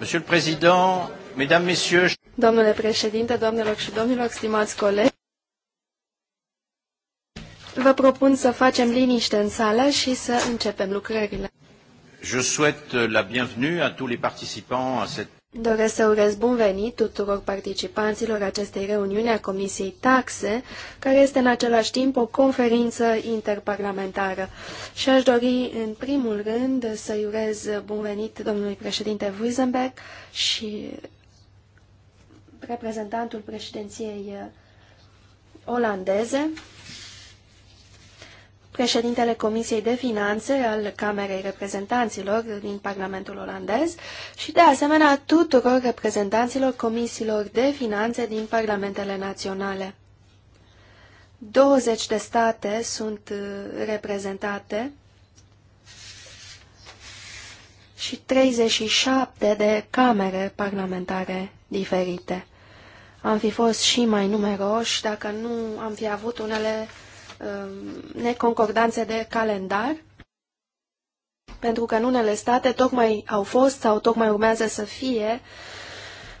Monsieur le Président, Mesdames, Messieurs. Domnule președinte, doamnelor și domnilor, stimați colegi, vă propun să facem liniște în sală și să începem lucrările. Je souhaite la bienvenue à tous les participants à cette Doresc să urez bun venit tuturor participanților acestei reuniuni a Comisiei Taxe, care este în același timp o conferință interparlamentară. Și aș dori în primul rând să-i urez bun venit domnului președinte Wiesenberg și reprezentantul președinției olandeze președintele Comisiei de Finanțe al Camerei Reprezentanților din Parlamentul olandez și, de asemenea, tuturor reprezentanților Comisiilor de Finanțe din Parlamentele Naționale. 20 de state sunt uh, reprezentate și 37 de camere parlamentare diferite. Am fi fost și mai numeroși dacă nu am fi avut unele Um, neconcordanțe de calendar, pentru că în unele state tocmai au fost sau tocmai urmează să fie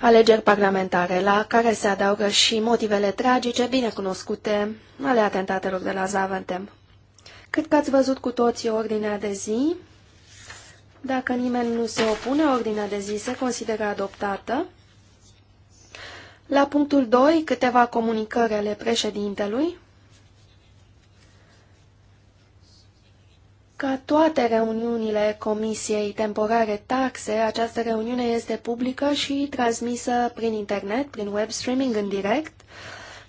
alegeri parlamentare, la care se adaugă și motivele tragice binecunoscute ale atentatelor de la Zaventem. Cât că ați văzut cu toții ordinea de zi. Dacă nimeni nu se opune, ordinea de zi se consideră adoptată. La punctul 2, câteva comunicări ale președintelui. Ca toate reuniunile Comisiei Temporare Taxe, această reuniune este publică și transmisă prin internet, prin web streaming în direct.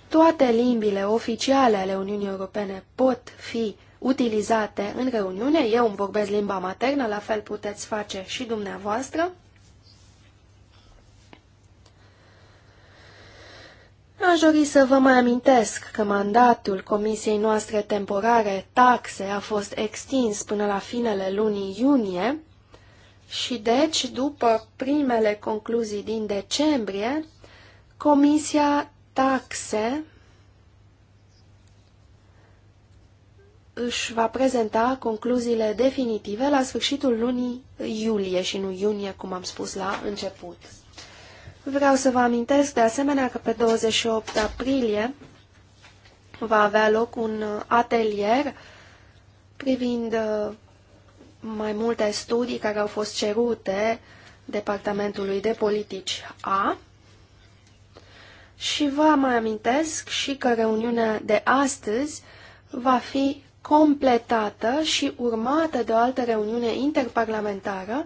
Toate limbile oficiale ale Uniunii Europene pot fi utilizate în reuniune. Eu îmi vorbesc limba maternă, la fel puteți face și dumneavoastră. Aș dori să vă mai amintesc că mandatul Comisiei noastre temporare taxe a fost extins până la finele lunii iunie și deci, după primele concluzii din decembrie, Comisia taxe își va prezenta concluziile definitive la sfârșitul lunii iulie și nu iunie, cum am spus la început. Vreau să vă amintesc de asemenea că pe 28 aprilie va avea loc un atelier privind uh, mai multe studii care au fost cerute Departamentului de Politici A. Și vă mai amintesc și că reuniunea de astăzi va fi completată și urmată de o altă reuniune interparlamentară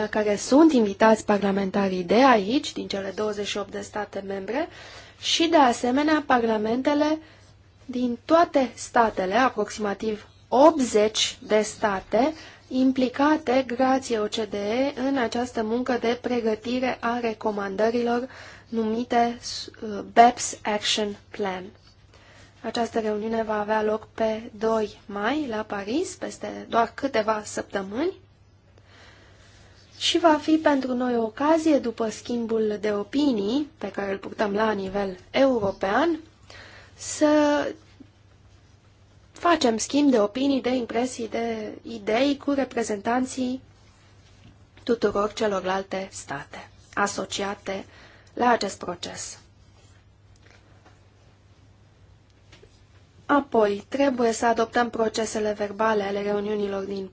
la care sunt invitați parlamentarii de aici, din cele 28 de state membre, și de asemenea parlamentele din toate statele, aproximativ 80 de state, implicate, grație OCDE, în această muncă de pregătire a recomandărilor numite uh, BEPS Action Plan. Această reuniune va avea loc pe 2 mai la Paris, peste doar câteva săptămâni, și va fi pentru noi o ocazie, după schimbul de opinii pe care îl purtăm la nivel european, să facem schimb de opinii, de impresii, de idei cu reprezentanții tuturor celorlalte state asociate la acest proces. Apoi, trebuie să adoptăm procesele verbale ale reuniunilor din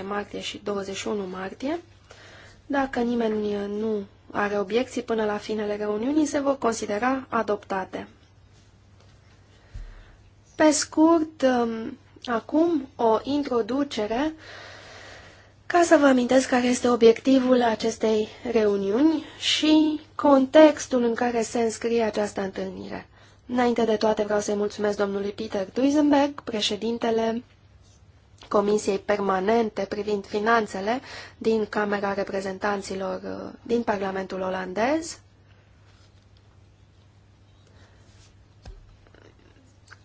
14-15 martie și 21 martie. Dacă nimeni nu are obiecții până la finele reuniunii, se vor considera adoptate. Pe scurt, um, acum o introducere ca să vă amintesc care este obiectivul acestei reuniuni și contextul în care se înscrie această întâlnire. Înainte de toate vreau să-i mulțumesc domnului Peter Duisenberg, președintele Comisiei Permanente privind finanțele din Camera Reprezentanților uh, din Parlamentul Olandez.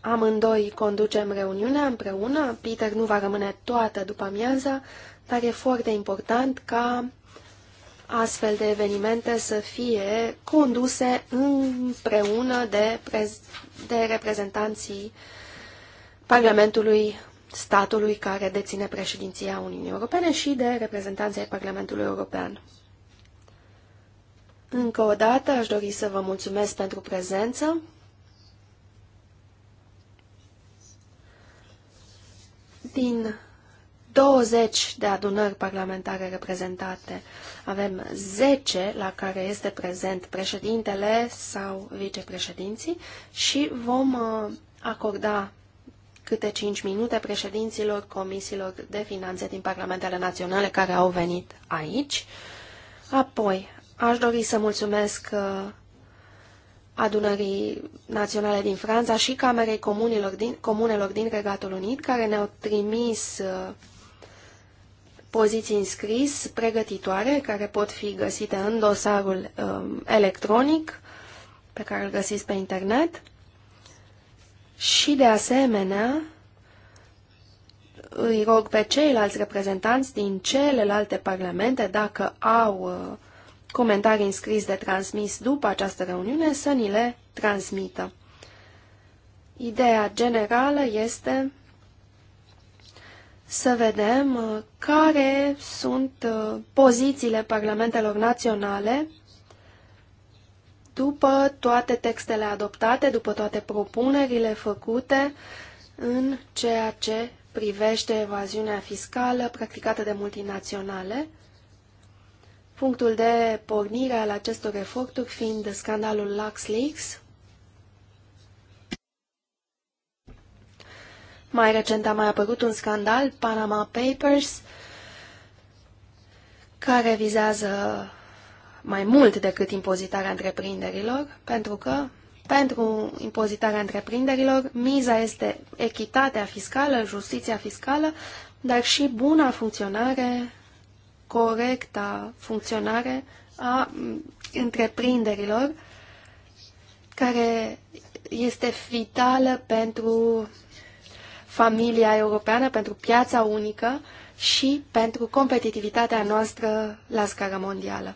Amândoi conducem reuniunea împreună, Peter nu va rămâne toată după amiaza, dar e foarte important ca astfel de evenimente să fie conduse împreună de, de reprezentanții Parlamentului statului care deține președinția Uniunii Europene și de reprezentanții Parlamentului European. Încă o dată aș dori să vă mulțumesc pentru prezență. Din 20 de adunări parlamentare reprezentate. Avem 10 la care este prezent președintele sau vicepreședinții și vom uh, acorda câte 5 minute președinților comisiilor de finanțe din parlamentele naționale care au venit aici. Apoi, aș dori să mulțumesc uh, adunării naționale din Franța și Camerei Comunilor din, Comunelor din Regatul Unit, care ne-au trimis uh, poziții în scris pregătitoare care pot fi găsite în dosarul um, electronic pe care îl găsiți pe internet și de asemenea îi rog pe ceilalți reprezentanți din celelalte parlamente dacă au uh, comentarii înscris de transmis după această reuniune să ni le transmită. Ideea generală este să vedem uh, care sunt uh, pozițiile parlamentelor naționale după toate textele adoptate, după toate propunerile făcute în ceea ce privește evaziunea fiscală practicată de multinaționale, punctul de pornire al acestor eforturi fiind scandalul LuxLeaks, Mai recent a mai apărut un scandal, Panama Papers, care vizează mai mult decât impozitarea întreprinderilor, pentru că pentru impozitarea întreprinderilor miza este echitatea fiscală, justiția fiscală, dar și buna funcționare, corecta funcționare a mm, întreprinderilor, care este vitală pentru familia europeană, pentru piața unică și pentru competitivitatea noastră la scară mondială.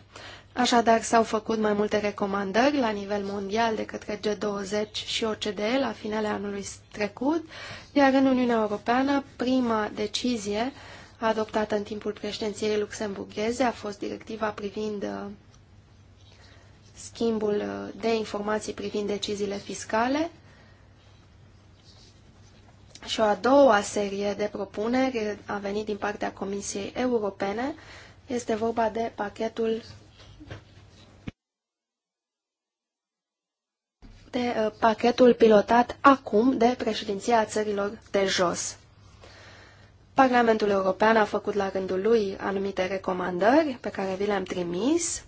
Așadar, s-au făcut mai multe recomandări la nivel mondial de către G20 și OCDE la finele anului trecut, iar în Uniunea Europeană, prima decizie adoptată în timpul președinției luxemburgheze a fost directiva privind uh, schimbul uh, de informații privind deciziile fiscale, și o a doua serie de propuneri a venit din partea Comisiei Europene. Este vorba de pachetul de uh, pachetul pilotat acum de președinția țărilor de jos. Parlamentul European a făcut la rândul lui anumite recomandări pe care vi le-am trimis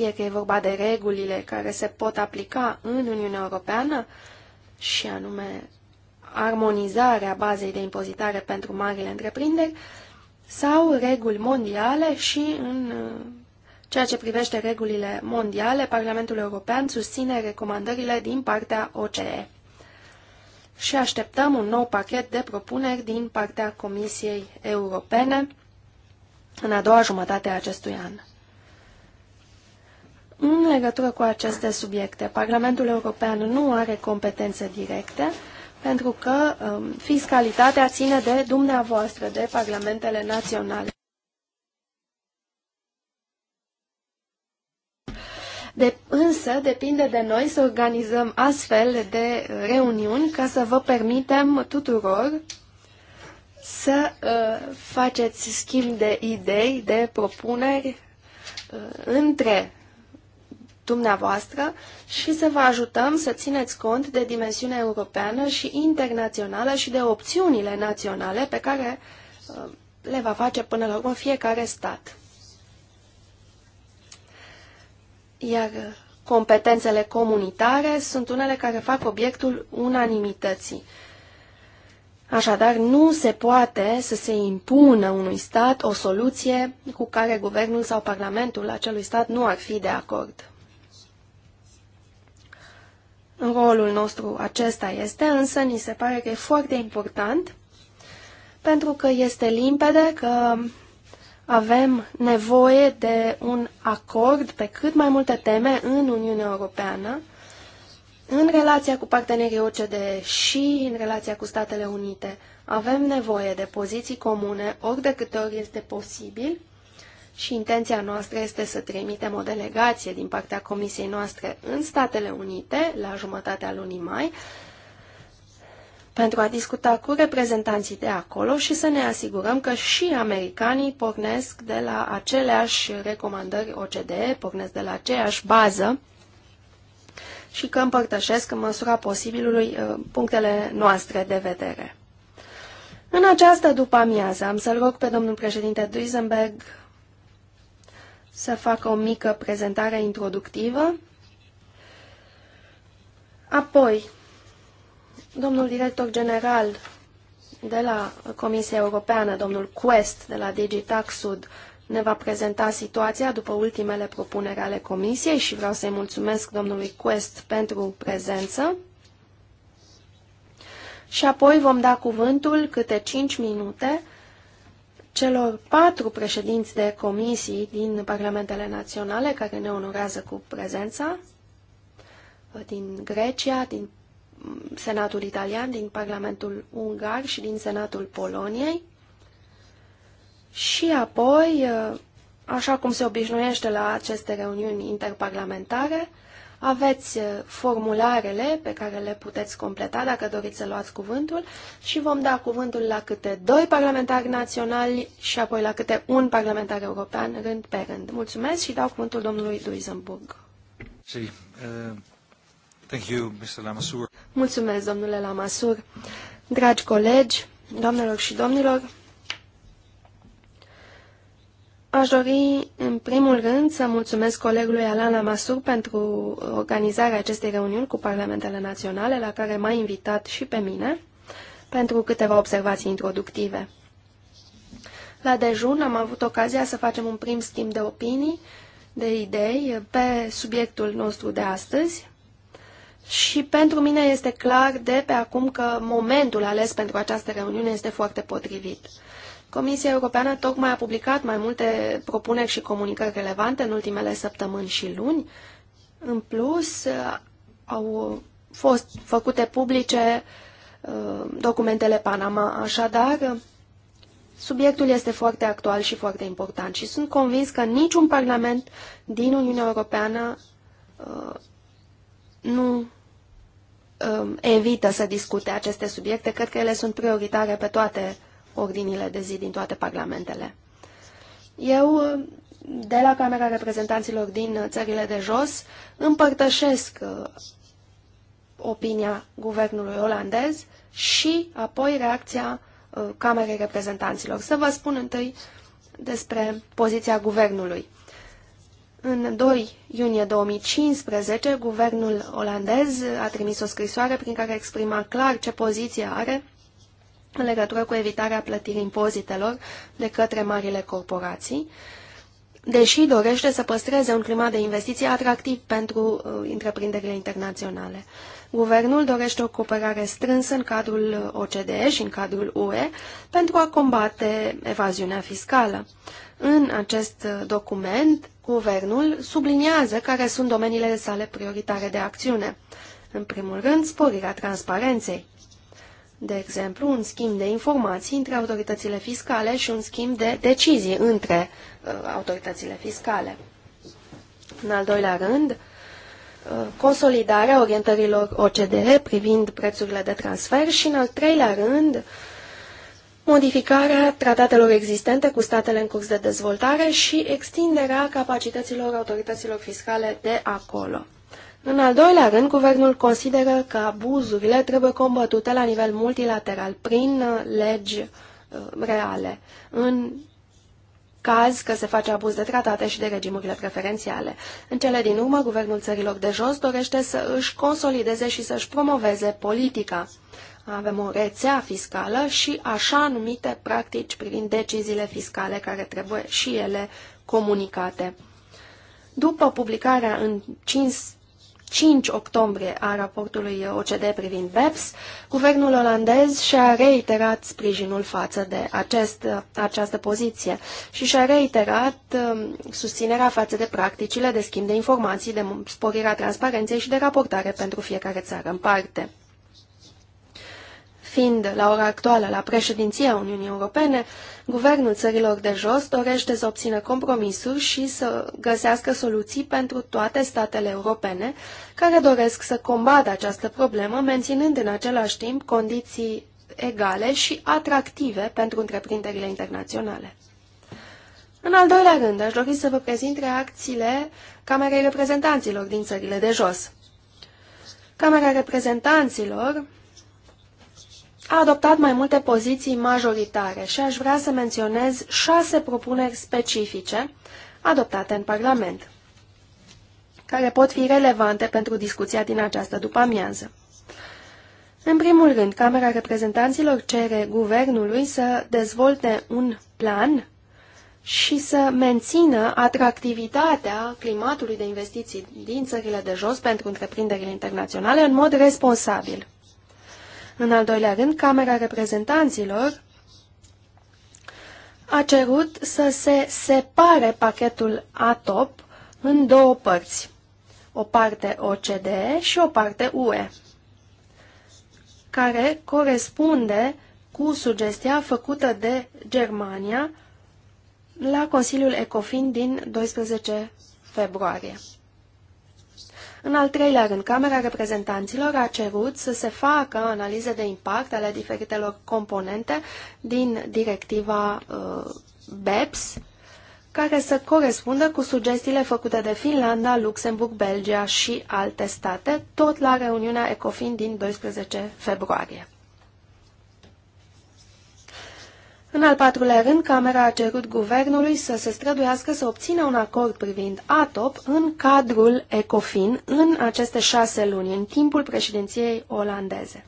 fie că e vorba de regulile care se pot aplica în Uniunea Europeană, și anume armonizarea bazei de impozitare pentru marile întreprinderi, sau reguli mondiale și în uh, ceea ce privește regulile mondiale, Parlamentul European susține recomandările din partea OCE. Și așteptăm un nou pachet de propuneri din partea Comisiei Europene în a doua jumătate a acestui an. În legătură cu aceste subiecte, Parlamentul European nu are competențe directe pentru că um, fiscalitatea ține de dumneavoastră, de parlamentele naționale. De, însă depinde de noi să organizăm astfel de uh, reuniuni ca să vă permitem tuturor să uh, faceți schimb de idei, de propuneri uh, între dumneavoastră și să vă ajutăm să țineți cont de dimensiunea europeană și internațională și de opțiunile naționale pe care uh, le va face până la urmă fiecare stat. Iar uh, competențele comunitare sunt unele care fac obiectul unanimității. Așadar, nu se poate să se impună unui stat o soluție cu care guvernul sau parlamentul acelui stat nu ar fi de acord. Rolul nostru acesta este, însă ni se pare că e foarte important pentru că este limpede că avem nevoie de un acord pe cât mai multe teme în Uniunea Europeană, în relația cu partenerii OCDE și în relația cu Statele Unite. Avem nevoie de poziții comune ori de câte ori este posibil și intenția noastră este să trimitem o delegație din partea Comisiei noastre în Statele Unite la jumătatea lunii mai pentru a discuta cu reprezentanții de acolo și să ne asigurăm că și americanii pornesc de la aceleași recomandări OCDE, pornesc de la aceeași bază și că împărtășesc în măsura posibilului uh, punctele noastre de vedere. În această după amiază am să-l rog pe domnul președinte Duisenberg să facă o mică prezentare introductivă. Apoi, domnul director general de la Comisia Europeană, domnul Quest de la Digitax Sud, ne va prezenta situația după ultimele propuneri ale Comisiei și vreau să-i mulțumesc domnului Quest pentru prezență. Și apoi vom da cuvântul câte 5 minute celor patru președinți de comisii din Parlamentele Naționale care ne onorează cu prezența, din Grecia, din Senatul Italian, din Parlamentul Ungar și din Senatul Poloniei. Și apoi, așa cum se obișnuiește la aceste reuniuni interparlamentare, aveți uh, formularele pe care le puteți completa dacă doriți să luați cuvântul și vom da cuvântul la câte doi parlamentari naționali și apoi la câte un parlamentar european rând pe rând. Mulțumesc și dau cuvântul domnului Duisenburg. Sí. Uh, thank you, Mr. Lamassur. Mulțumesc, domnule Lamasur. Dragi colegi, doamnelor și domnilor, Aș dori, în primul rând, să mulțumesc colegului Alan Masur pentru organizarea acestei reuniuni cu parlamentele naționale, la care m-a invitat și pe mine, pentru câteva observații introductive. La dejun am avut ocazia să facem un prim schimb de opinii, de idei, pe subiectul nostru de astăzi. Și pentru mine este clar de pe acum că momentul ales pentru această reuniune este foarte potrivit. Comisia Europeană tocmai a publicat mai multe propuneri și comunicări relevante în ultimele săptămâni și luni. În plus, uh, au fost făcute publice uh, documentele Panama, așadar subiectul este foarte actual și foarte important și sunt convins că niciun parlament din Uniunea Europeană uh, nu evită să discute aceste subiecte. Cred că ele sunt prioritare pe toate ordinile de zi din toate parlamentele. Eu, de la Camera Reprezentanților din țările de jos, împărtășesc uh, opinia guvernului olandez și apoi reacția uh, Camerei Reprezentanților. Să vă spun întâi despre poziția guvernului. În 2 iunie 2015, guvernul olandez a trimis o scrisoare prin care exprima clar ce poziție are în legătură cu evitarea plătirii impozitelor de către marile corporații, deși dorește să păstreze un climat de investiții atractiv pentru uh, întreprinderile internaționale. Guvernul dorește o cooperare strânsă în cadrul OCDE și în cadrul UE pentru a combate evaziunea fiscală. În acest document, guvernul subliniază care sunt domeniile sale prioritare de acțiune. În primul rând, sporirea transparenței de exemplu, un schimb de informații între autoritățile fiscale și un schimb de decizii între uh, autoritățile fiscale. În al doilea rând, uh, consolidarea orientărilor OCDE privind prețurile de transfer și, în al treilea rând, modificarea tratatelor existente cu statele în curs de dezvoltare și extinderea capacităților autorităților fiscale de acolo. În al doilea rând, guvernul consideră că abuzurile trebuie combătute la nivel multilateral prin uh, legi uh, reale, în caz că se face abuz de tratate și de regimurile preferențiale. În cele din urmă, guvernul țărilor de jos dorește să își consolideze și să își promoveze politica. Avem o rețea fiscală și așa numite practici privind deciziile fiscale care trebuie și ele comunicate. După publicarea în 5 5 octombrie a raportului OCD privind BEPS, guvernul olandez și-a reiterat sprijinul față de acest, această poziție și și-a reiterat um, susținerea față de practicile de schimb de informații, de sporirea transparenței și de raportare pentru fiecare țară în parte. Fiind la ora actuală la președinția Uniunii Europene, guvernul țărilor de jos dorește să obțină compromisuri și să găsească soluții pentru toate statele europene care doresc să combată această problemă, menținând în același timp condiții egale și atractive pentru întreprinderile internaționale. În al doilea rând, aș dori să vă prezint reacțiile Camerei Reprezentanților din țările de jos. Camera Reprezentanților a adoptat mai multe poziții majoritare și aș vrea să menționez șase propuneri specifice adoptate în Parlament, care pot fi relevante pentru discuția din această după-amiază. În primul rând, Camera Reprezentanților cere guvernului să dezvolte un plan și să mențină atractivitatea climatului de investiții din țările de jos pentru întreprinderile internaționale în mod responsabil. În al doilea rând, Camera Reprezentanților a cerut să se separe pachetul ATOP în două părți, o parte OCDE și o parte UE, care corespunde cu sugestia făcută de Germania la Consiliul ECOFIN din 12 februarie. În al treilea rând, Camera Reprezentanților a cerut să se facă analize de impact ale diferitelor componente din directiva uh, BEPS, care să corespundă cu sugestiile făcute de Finlanda, Luxemburg, Belgia și alte state, tot la reuniunea ECOFIN din 12 februarie. În al patrulea rând, Camera a cerut guvernului să se străduiască să obțină un acord privind ATOP în cadrul ECOFIN în aceste șase luni, în timpul președinției olandeze.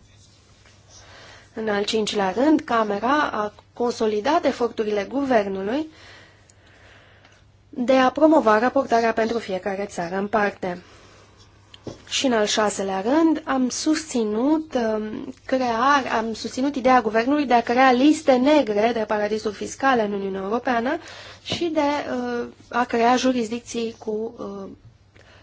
În al cincilea rând, Camera a consolidat eforturile guvernului de a promova raportarea pentru fiecare țară în parte. Și în al șaselea rând, am susținut, um, crear, am susținut ideea guvernului de a crea liste negre de paradisuri fiscale în Uniunea Europeană și de uh, a crea jurisdicții cu uh,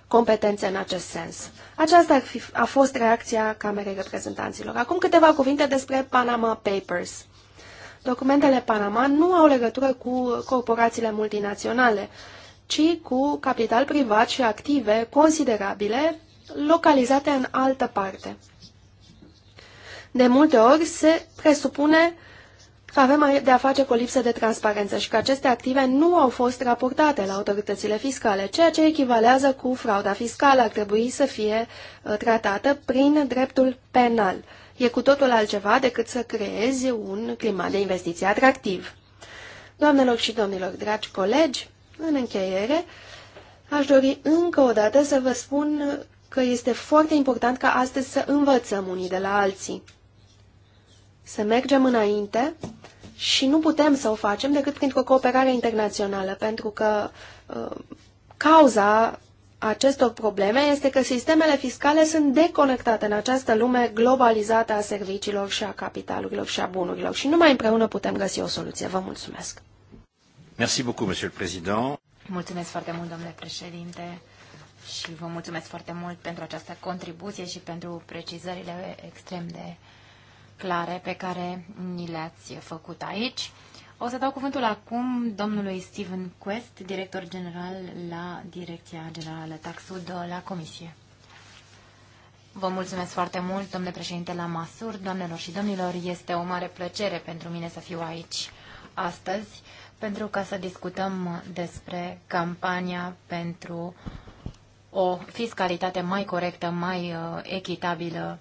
competențe în acest sens. Aceasta ar fi, a fost reacția Camerei Reprezentanților. Acum câteva cuvinte despre Panama Papers. Documentele Panama nu au legătură cu corporațiile multinaționale, ci cu capital privat și active considerabile localizate în altă parte. De multe ori se presupune că avem de a face cu o lipsă de transparență și că aceste active nu au fost raportate la autoritățile fiscale, ceea ce echivalează cu frauda fiscală ar trebui să fie uh, tratată prin dreptul penal. E cu totul altceva decât să creezi un climat de investiții atractiv. Doamnelor și domnilor, dragi colegi, în încheiere, aș dori încă o dată să vă spun că este foarte important ca astăzi să învățăm unii de la alții. Să mergem înainte și nu putem să o facem decât printr-o cooperare internațională, pentru că uh, cauza acestor probleme este că sistemele fiscale sunt deconectate în această lume globalizată a serviciilor și a capitalurilor și a bunurilor și numai împreună putem găsi o soluție. Vă mulțumesc! Merci beaucoup, Mulțumesc foarte mult, domnule președinte și vă mulțumesc foarte mult pentru această contribuție și pentru precizările extrem de clare pe care ni le-ați făcut aici. O să dau cuvântul acum domnului Steven Quest, director general la Direcția Generală Taxud la Comisie. Vă mulțumesc foarte mult, domnule președinte la Masur, doamnelor și domnilor. Este o mare plăcere pentru mine să fiu aici astăzi pentru ca să discutăm despre campania pentru uh, o fiscalitate mai corectă, mai uh, echitabilă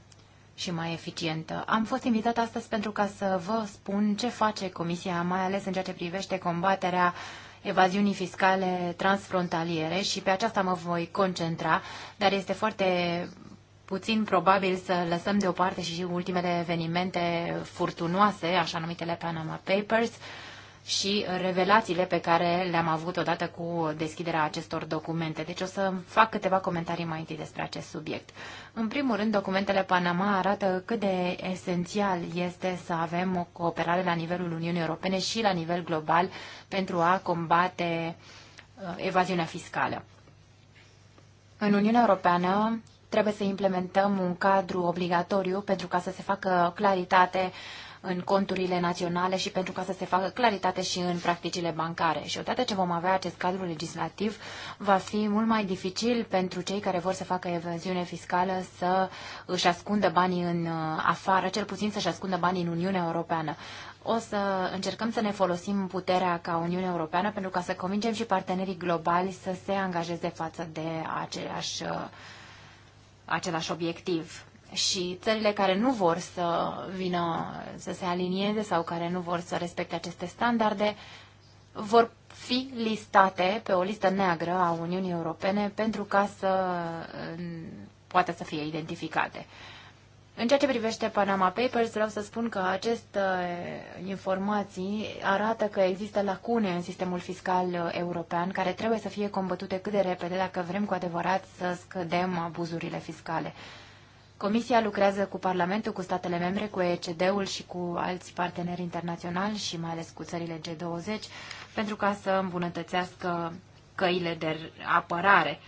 și mai eficientă. Am fost invitat astăzi pentru ca să vă spun ce face Comisia, mai ales în ceea ce privește combaterea evaziunii fiscale transfrontaliere și pe aceasta mă voi concentra, dar este foarte puțin probabil să lăsăm deoparte și ultimele evenimente furtunoase, așa numitele Panama Papers, uh, și revelațiile pe care le-am avut odată cu deschiderea acestor documente. Deci o să fac câteva comentarii mai întâi despre acest subiect. În primul rând, documentele Panama arată cât de esențial este să avem o cooperare la nivelul Uniunii Europene și la nivel global pentru a combate uh, evaziunea fiscală. În Uniunea Europeană trebuie să implementăm un cadru obligatoriu pentru ca să se facă claritate în conturile naționale și pentru ca să se facă claritate și în practicile bancare. Și odată ce vom avea acest cadru legislativ, va fi mult mai dificil pentru cei care vor să facă evaziune fiscală să își ascundă banii în uh, afară, cel puțin să-și ascundă banii în Uniunea Europeană o să încercăm să ne folosim puterea ca Uniunea Europeană pentru ca să convingem și partenerii globali să se angajeze față de aceleași, uh, același obiectiv și țările care nu vor să vină să se alinieze sau care nu vor să respecte aceste standarde vor fi listate pe o listă neagră a Uniunii Europene pentru ca să poată să fie identificate. În ceea ce privește Panama Papers, vreau să spun că aceste informații arată că există lacune în sistemul fiscal european care trebuie să fie combătute cât de repede dacă vrem cu adevărat să scădem abuzurile fiscale. Comisia lucrează cu Parlamentul, cu statele membre, cu ECD-ul și cu alți parteneri internaționali și mai ales cu țările G20 pentru ca să îmbunătățească căile de apărare.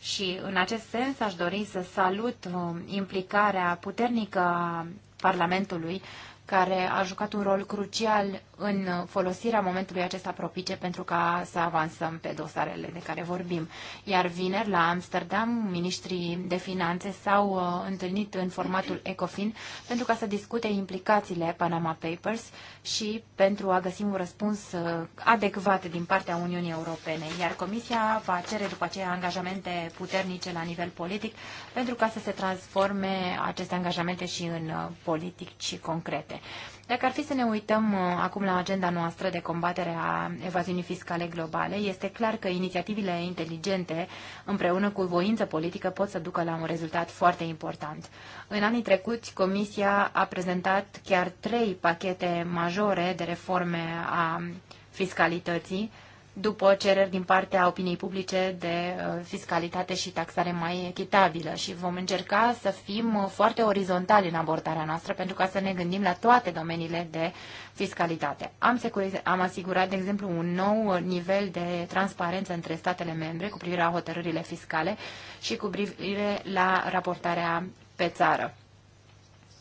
Și în acest sens aș dori să salut um, implicarea puternică a Parlamentului care a jucat un rol crucial în folosirea momentului acesta propice pentru ca să avansăm pe dosarele de care vorbim. Iar vineri la Amsterdam, ministrii de finanțe s-au uh, întâlnit în formatul ECOFIN pentru ca să discute implicațiile Panama Papers și pentru a găsi un răspuns uh, adecvat din partea Uniunii Europene. Iar Comisia va cere după aceea angajamente puternice la nivel politic pentru ca să se transforme aceste angajamente și în uh, politici concrete. Dacă ar fi să ne uităm uh, acum la agenda noastră de combatere a evaziunii fiscale globale, este clar că inițiativele inteligente împreună cu voință politică pot să ducă la un rezultat foarte important. În anii trecuți, Comisia a prezentat chiar trei pachete majore de reforme a fiscalității, după cereri din partea opiniei publice de uh, fiscalitate și taxare mai echitabilă și vom încerca să fim uh, foarte orizontali în abordarea noastră pentru ca să ne gândim la toate domeniile de fiscalitate. Am, am asigurat, de exemplu, un nou nivel de transparență între statele membre cu privire la hotărârile fiscale și cu privire la raportarea pe țară.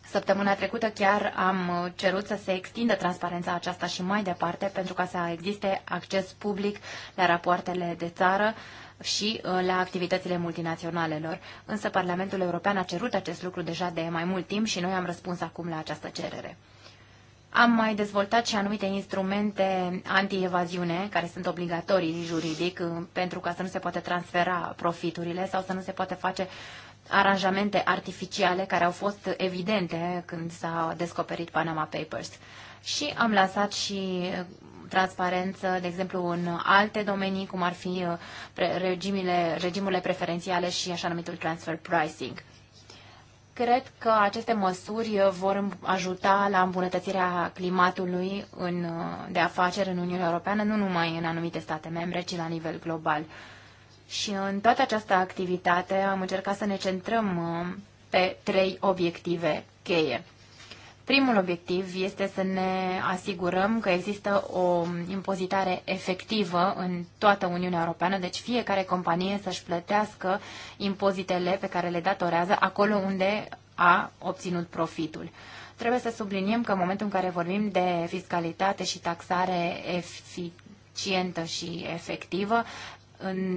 Săptămâna trecută chiar am uh, cerut să se extindă transparența aceasta și mai departe pentru ca să existe acces public la rapoartele de țară și uh, la activitățile multinaționalelor. Însă Parlamentul European a cerut acest lucru deja de mai mult timp și noi am răspuns acum la această cerere. Am mai dezvoltat și anumite instrumente anti-evaziune, care sunt obligatorii juridic, uh, pentru ca să nu se poate transfera profiturile sau să nu se poate face aranjamente artificiale care au fost evidente când s-a descoperit Panama Papers. Și am lansat și uh, transparență, de exemplu, în alte domenii, cum ar fi uh, regimile, regimurile preferențiale și așa numitul transfer pricing. Cred că aceste măsuri uh, vor ajuta la îmbunătățirea climatului în, de afaceri în Uniunea Europeană, nu numai în anumite state membre, ci la nivel global. Și în toată această activitate am încercat să ne centrăm uh, pe trei obiective cheie. Primul obiectiv este să ne asigurăm că există o impozitare efectivă în toată Uniunea Europeană, deci fiecare companie să-și plătească impozitele pe care le datorează acolo unde a obținut profitul. Trebuie să subliniem că în momentul în care vorbim de fiscalitate și taxare eficientă și efectivă,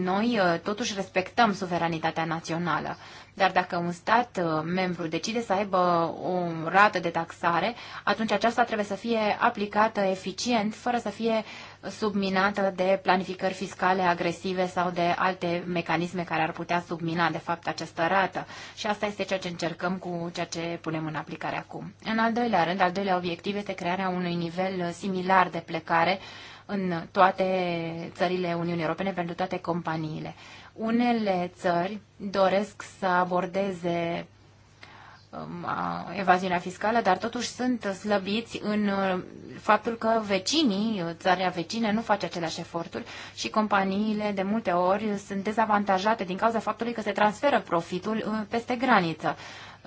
noi uh, totuși respectăm suveranitatea națională. Dar dacă un stat uh, membru decide să aibă o rată de taxare, atunci aceasta trebuie să fie aplicată eficient, fără să fie subminată de planificări fiscale agresive sau de alte mecanisme care ar putea submina, de fapt, această rată. Și asta este ceea ce încercăm cu ceea ce punem în aplicare acum. În al doilea rând, al doilea obiectiv este crearea unui nivel uh, similar de plecare în toate țările Uniunii Europene, pentru toate companiile. Unele țări doresc să abordeze um, evaziunea fiscală, dar totuși sunt slăbiți în uh, faptul că vecinii, uh, țara vecină, nu face aceleași eforturi și companiile de multe ori sunt dezavantajate din cauza faptului că se transferă profitul uh, peste graniță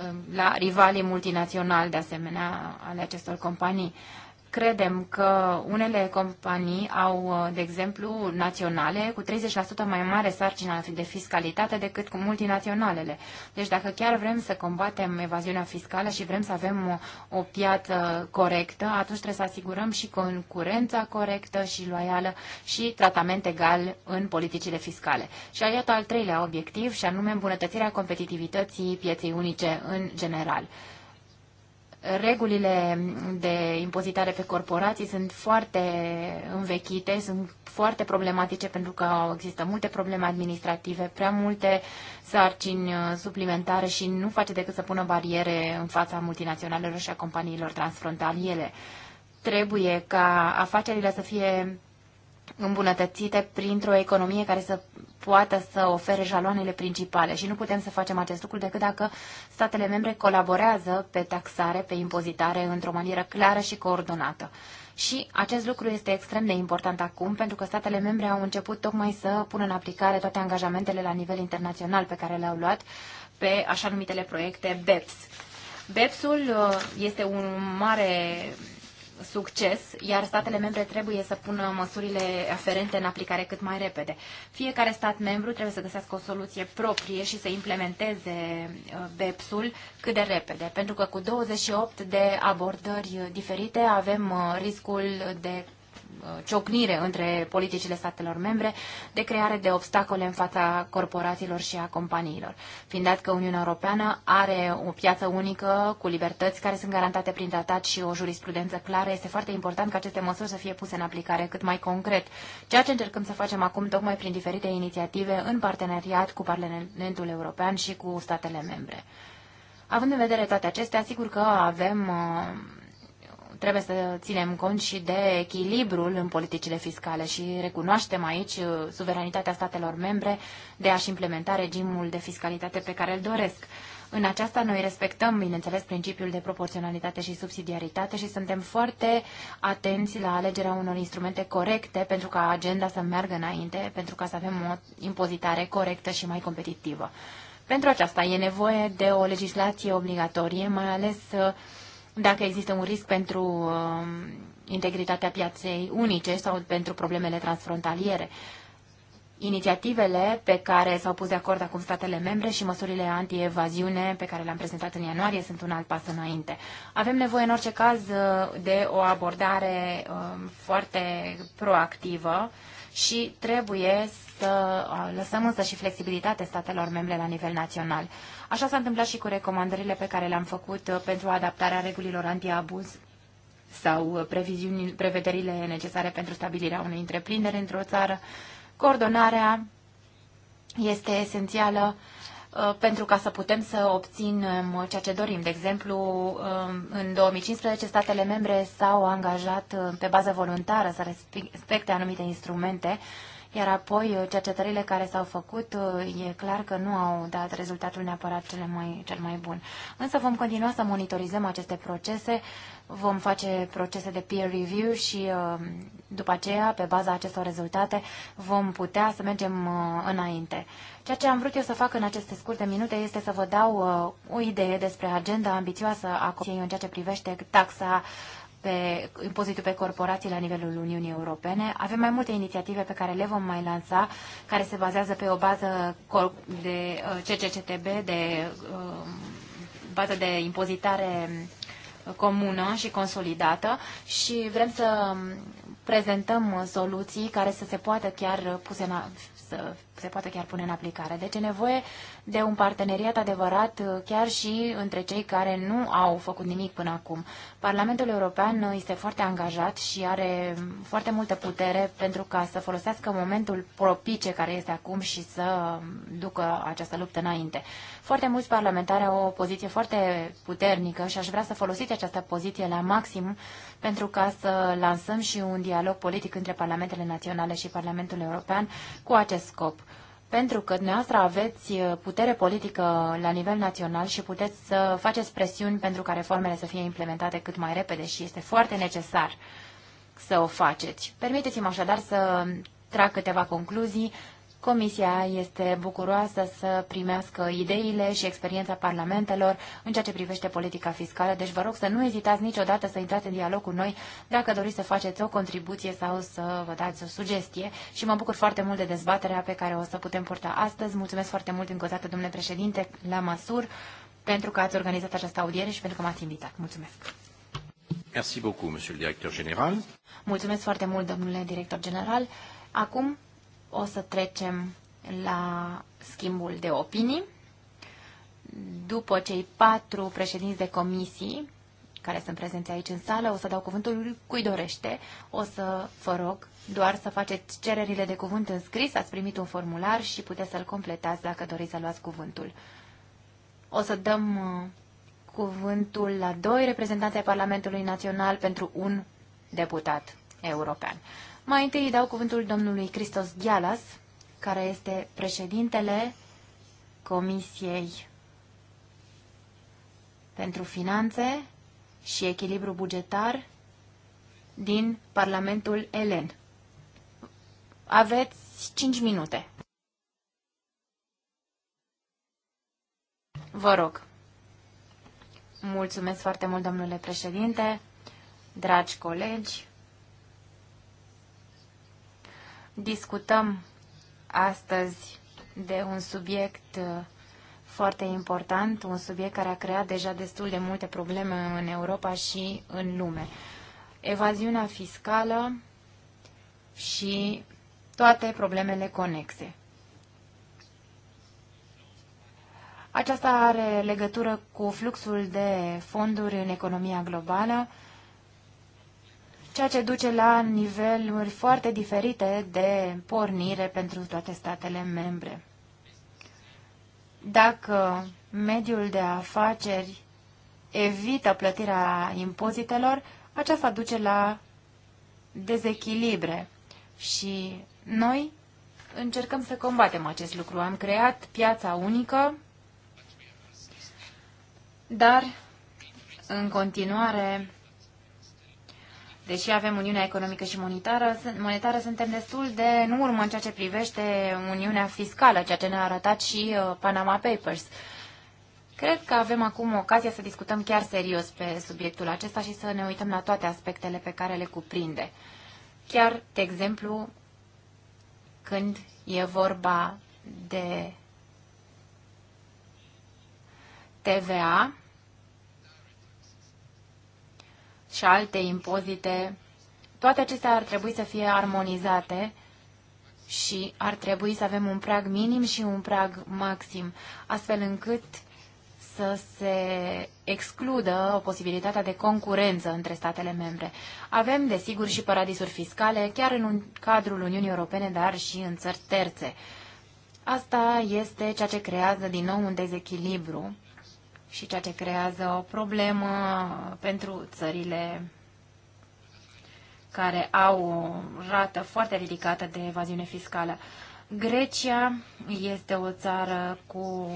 um, la rivalii multinaționali, de asemenea, ale acestor companii. Credem că unele companii au, de exemplu, naționale cu 30% mai mare sarcină de fiscalitate decât cu multinaționalele. Deci dacă chiar vrem să combatem evaziunea fiscală și vrem să avem o, o piață corectă, atunci trebuie să asigurăm și concurența corectă și loială și tratament egal în politicile fiscale. Și iată al treilea obiectiv, și anume îmbunătățirea competitivității pieței unice în general. Regulile de impozitare pe corporații sunt foarte învechite, sunt foarte problematice pentru că există multe probleme administrative, prea multe sarcini uh, suplimentare și nu face decât să pună bariere în fața multinaționalelor și a companiilor transfrontaliere. Trebuie ca afacerile să fie îmbunătățite printr-o economie care să poată să ofere jaloanele principale și nu putem să facem acest lucru decât dacă statele membre colaborează pe taxare, pe impozitare într-o manieră clară și coordonată. Și acest lucru este extrem de important acum, pentru că statele membre au început tocmai să pună în aplicare toate angajamentele la nivel internațional pe care le-au luat pe așa numitele proiecte BEPS. BEPS-ul uh, este un mare succes, iar statele membre trebuie să pună măsurile aferente în aplicare cât mai repede. Fiecare stat membru trebuie să găsească o soluție proprie și să implementeze uh, BEPS-ul cât de repede, pentru că cu 28 de abordări uh, diferite avem uh, riscul de Uh, ciocnire între politicile statelor membre de creare de obstacole în fața corporațiilor și a companiilor. Fiind dat că Uniunea Europeană are o piață unică cu libertăți care sunt garantate prin tratat și o jurisprudență clară, este foarte important ca aceste măsuri să fie puse în aplicare cât mai concret. Ceea ce încercăm să facem acum tocmai prin diferite inițiative în parteneriat cu Parlamentul European și cu statele membre. Având în vedere toate acestea, sigur că avem uh, trebuie să ținem cont și de echilibrul în politicile fiscale și recunoaștem aici uh, suveranitatea statelor membre de a-și implementa regimul de fiscalitate pe care îl doresc. În aceasta noi respectăm, bineînțeles, principiul de proporționalitate și subsidiaritate și suntem foarte atenți la alegerea unor instrumente corecte pentru ca agenda să meargă înainte, pentru ca să avem o impozitare corectă și mai competitivă. Pentru aceasta e nevoie de o legislație obligatorie, mai ales uh, dacă există un risc pentru um, integritatea piaței unice sau pentru problemele transfrontaliere. Inițiativele pe care s-au pus de acord acum statele membre și măsurile anti-evaziune pe care le-am prezentat în ianuarie sunt un alt pas înainte. Avem nevoie în orice caz de o abordare um, foarte proactivă și trebuie să lăsăm însă și flexibilitate statelor membre la nivel național. Așa s-a întâmplat și cu recomandările pe care le-am făcut uh, pentru adaptarea regulilor antiabuz sau uh, prevederile necesare pentru stabilirea unei întreprinderi într-o țară. Coordonarea este esențială Uh, pentru ca să putem să obținem ceea ce dorim. De exemplu, um, în 2015 statele membre s-au angajat uh, pe bază voluntară să respecte anumite instrumente, iar apoi uh, cercetările care s-au făcut e clar că nu au dat rezultatul neapărat cel mai, cel mai bun. Însă vom continua să monitorizăm aceste procese vom face procese de peer review și uh, după aceea, pe baza acestor rezultate, vom putea să mergem uh, înainte. Ceea ce am vrut eu să fac în aceste scurte minute este să vă dau uh, o idee despre agenda ambițioasă a Comisiei în ceea ce privește taxa pe impozitul pe corporații la nivelul Uniunii Europene. Avem mai multe inițiative pe care le vom mai lansa, care se bazează pe o bază de CCCTB, de bază de impozitare comună și consolidată și vrem să prezentăm soluții care să se poată chiar puse în să se poată chiar pune în aplicare. Deci e nevoie de un parteneriat adevărat uh, chiar și între cei care nu au făcut nimic până acum. Parlamentul European uh, este foarte angajat și are foarte multă putere pentru ca să folosească momentul propice care este acum și să um, ducă această luptă înainte. Foarte mulți parlamentari au o poziție foarte puternică și aș vrea să folosiți această poziție la maxim pentru ca să lansăm și un dialog politic între Parlamentele Naționale și Parlamentul European cu acest scop. Pentru că dumneavoastră aveți uh, putere politică la nivel național și puteți să faceți presiuni pentru ca reformele să fie implementate cât mai repede și este foarte necesar să o faceți. Permiteți-mi așadar să trag câteva concluzii Comisia este bucuroasă să primească ideile și experiența parlamentelor în ceea ce privește politica fiscală, deci vă rog să nu ezitați niciodată să intrați în dialog cu noi dacă doriți să faceți o contribuție sau să vă dați o sugestie și mă bucur foarte mult de dezbaterea pe care o să putem purta astăzi. Mulțumesc foarte mult încă o dată, domnule președinte, la măsur pentru că ați organizat această audiere și pentru că m-ați invitat. Mulțumesc! Merci beaucoup, monsieur le directeur général. Mulțumesc foarte mult, domnule director general. Acum o să trecem la schimbul de opinii. După cei patru președinți de comisii care sunt prezenți aici în sală, o să dau cuvântul cui dorește. O să vă rog doar să faceți cererile de cuvânt în scris, ați primit un formular și puteți să-l completați dacă doriți să luați cuvântul. O să dăm uh, cuvântul la doi reprezentanți ai Parlamentului Național pentru un deputat european. Mai întâi îi dau cuvântul domnului Cristos Ghialas, care este președintele Comisiei pentru Finanțe și Echilibru Bugetar din Parlamentul Elen. Aveți 5 minute. Vă rog. Mulțumesc foarte mult, domnule președinte, dragi colegi, Discutăm astăzi de un subiect uh, foarte important, un subiect care a creat deja destul de multe probleme în Europa și în lume. Evaziunea fiscală și toate problemele conexe. Aceasta are legătură cu fluxul de fonduri în economia globală ceea ce duce la niveluri foarte diferite de pornire pentru toate statele membre. Dacă mediul de afaceri evită plătirea impozitelor, aceasta duce la dezechilibre și noi încercăm să combatem acest lucru. Am creat piața unică, dar în continuare deși avem Uniunea Economică și Monetară, monetară suntem destul de în urmă în ceea ce privește Uniunea Fiscală, ceea ce ne-a arătat și uh, Panama Papers. Cred că avem acum ocazia să discutăm chiar serios pe subiectul acesta și să ne uităm la toate aspectele pe care le cuprinde. Chiar, de exemplu, când e vorba de TVA, și alte impozite, toate acestea ar trebui să fie armonizate și ar trebui să avem un prag minim și un prag maxim, astfel încât să se excludă o posibilitate de concurență între statele membre. Avem, desigur, și paradisuri fiscale, chiar în cadrul Uniunii Europene, dar și în țări terțe. Asta este ceea ce creează din nou un dezechilibru și ceea ce creează o problemă pentru țările care au o rată foarte ridicată de evaziune fiscală. Grecia este o țară cu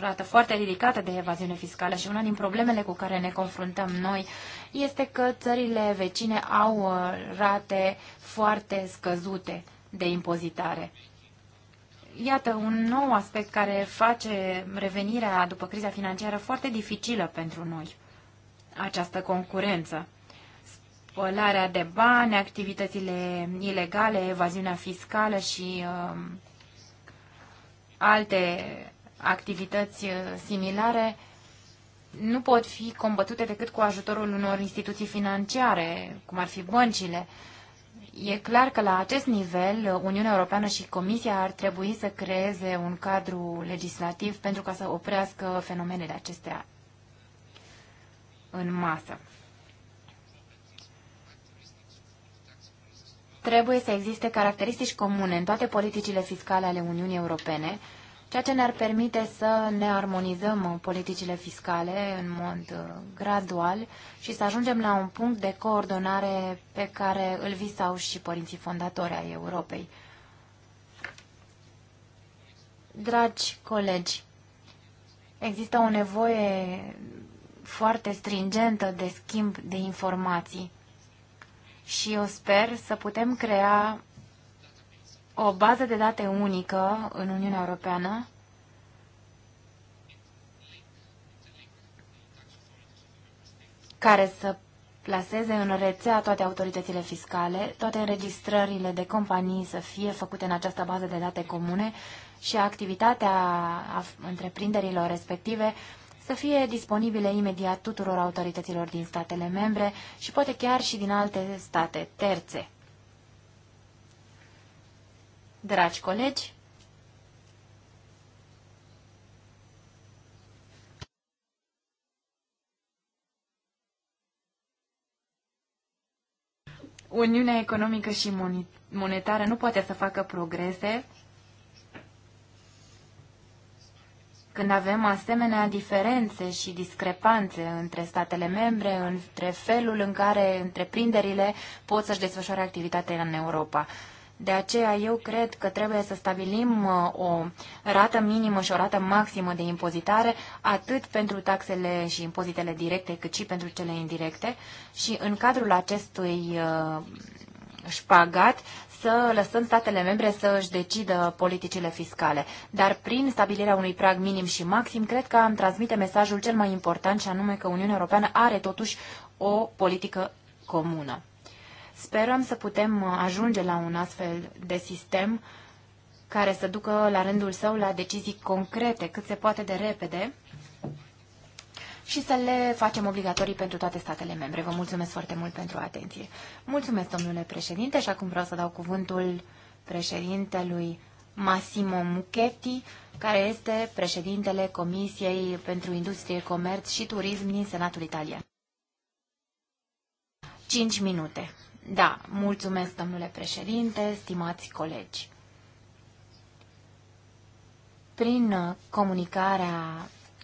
rată foarte ridicată de evaziune fiscală și una din problemele cu care ne confruntăm noi este că țările vecine au uh, rate foarte scăzute de impozitare. Iată un nou aspect care face revenirea după criza financiară foarte dificilă pentru noi, această concurență. Spălarea de bani, activitățile ilegale, evaziunea fiscală și uh, alte activități uh, similare nu pot fi combătute decât cu ajutorul unor instituții financiare, cum ar fi băncile. Uh, E clar că la acest nivel Uniunea Europeană și Comisia ar trebui să creeze un cadru legislativ pentru ca să oprească fenomenele acestea în masă. Trebuie să existe caracteristici comune în toate politicile fiscale ale Uniunii Europene ceea ce ne-ar permite să ne armonizăm uh, politicile fiscale în mod uh, gradual și să ajungem la un punct de coordonare pe care îl visau și părinții fondatori ai Europei. Dragi colegi, există o nevoie foarte stringentă de schimb de informații și eu sper să putem crea o bază de date unică în Uniunea Europeană care să plaseze în rețea toate autoritățile fiscale, toate înregistrările de companii să fie făcute în această bază de date comune și activitatea întreprinderilor respective să fie disponibile imediat tuturor autorităților din statele membre și poate chiar și din alte state terțe. Dragi colegi, Uniunea economică și monetară nu poate să facă progrese când avem asemenea diferențe și discrepanțe între statele membre, între felul în care întreprinderile pot să-și desfășoare activitatea în Europa. De aceea eu cred că trebuie să stabilim uh, o rată minimă și o rată maximă de impozitare, atât pentru taxele și impozitele directe, cât și pentru cele indirecte. Și în cadrul acestui uh, șpagat să lăsăm statele membre să își decidă politicile fiscale. Dar prin stabilirea unui prag minim și maxim, cred că am transmite mesajul cel mai important și anume că Uniunea Europeană are totuși o politică comună. Sperăm să putem uh, ajunge la un astfel de sistem care să ducă la rândul său la decizii concrete cât se poate de repede și să le facem obligatorii pentru toate statele membre. Vă mulțumesc foarte mult pentru atenție. Mulțumesc, domnule președinte, și acum vreau să dau cuvântul președintelui Massimo Muchetti, care este președintele Comisiei pentru Industrie, Comerț și Turism din Senatul Italian. 5 minute. Da, mulțumesc, domnule președinte, stimați colegi. Prin uh, comunicarea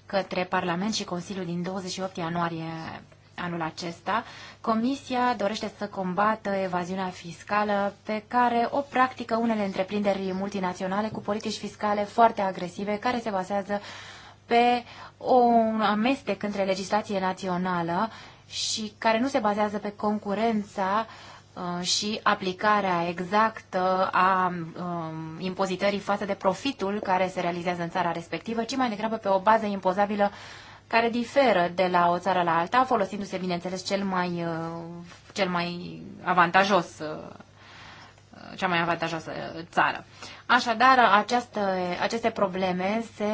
către Parlament și Consiliul din 28 ianuarie anul acesta, Comisia dorește să combată evaziunea fiscală pe care o practică unele întreprinderi multinaționale cu politici fiscale foarte agresive care se bazează pe un amestec între legislație națională și care nu se bazează pe concurența uh, Uh, și aplicarea exactă a um, impozitării față de profitul care se realizează în țara respectivă, ci mai degrabă pe o bază impozabilă care diferă de la o țară la alta, folosindu-se, bineînțeles, cel mai, uh, cel mai avantajos uh, cea mai avantajoasă uh, țară. Așadar, această, aceste probleme se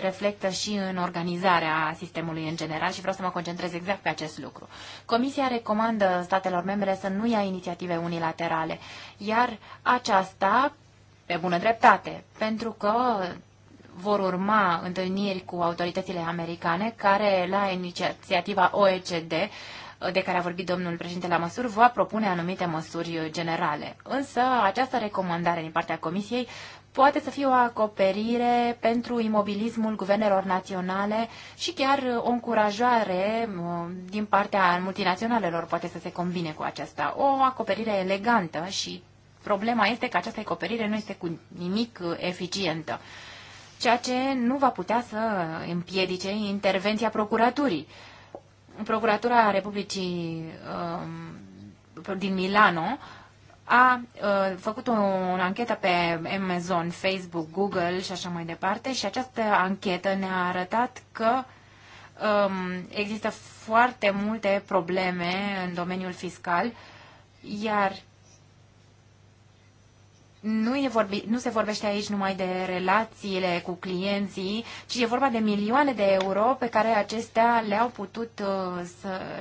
reflectă și în organizarea sistemului în general și vreau să mă concentrez exact pe acest lucru. Comisia recomandă statelor membre să nu ia inițiative unilaterale, iar aceasta pe bună dreptate, pentru că vor urma întâlniri cu autoritățile americane care, la inițiativa OECD, de care a vorbit domnul președinte la măsuri va propune anumite măsuri generale. Însă această recomandare din partea Comisiei poate să fie o acoperire pentru imobilismul guvernelor naționale și chiar o încurajare uh, din partea multinaționalelor poate să se combine cu aceasta. O acoperire elegantă și problema este că această acoperire nu este cu nimic uh, eficientă ceea ce nu va putea să împiedice intervenția procuraturii. Procuratura Republicii um, din Milano a uh, făcut o, o anchetă pe Amazon, Facebook, Google și așa mai departe și această anchetă ne-a arătat că um, există foarte multe probleme în domeniul fiscal, iar nu, e vorbi, nu se vorbește aici numai de relațiile cu clienții, ci e vorba de milioane de euro pe care acestea le-au putut, uh,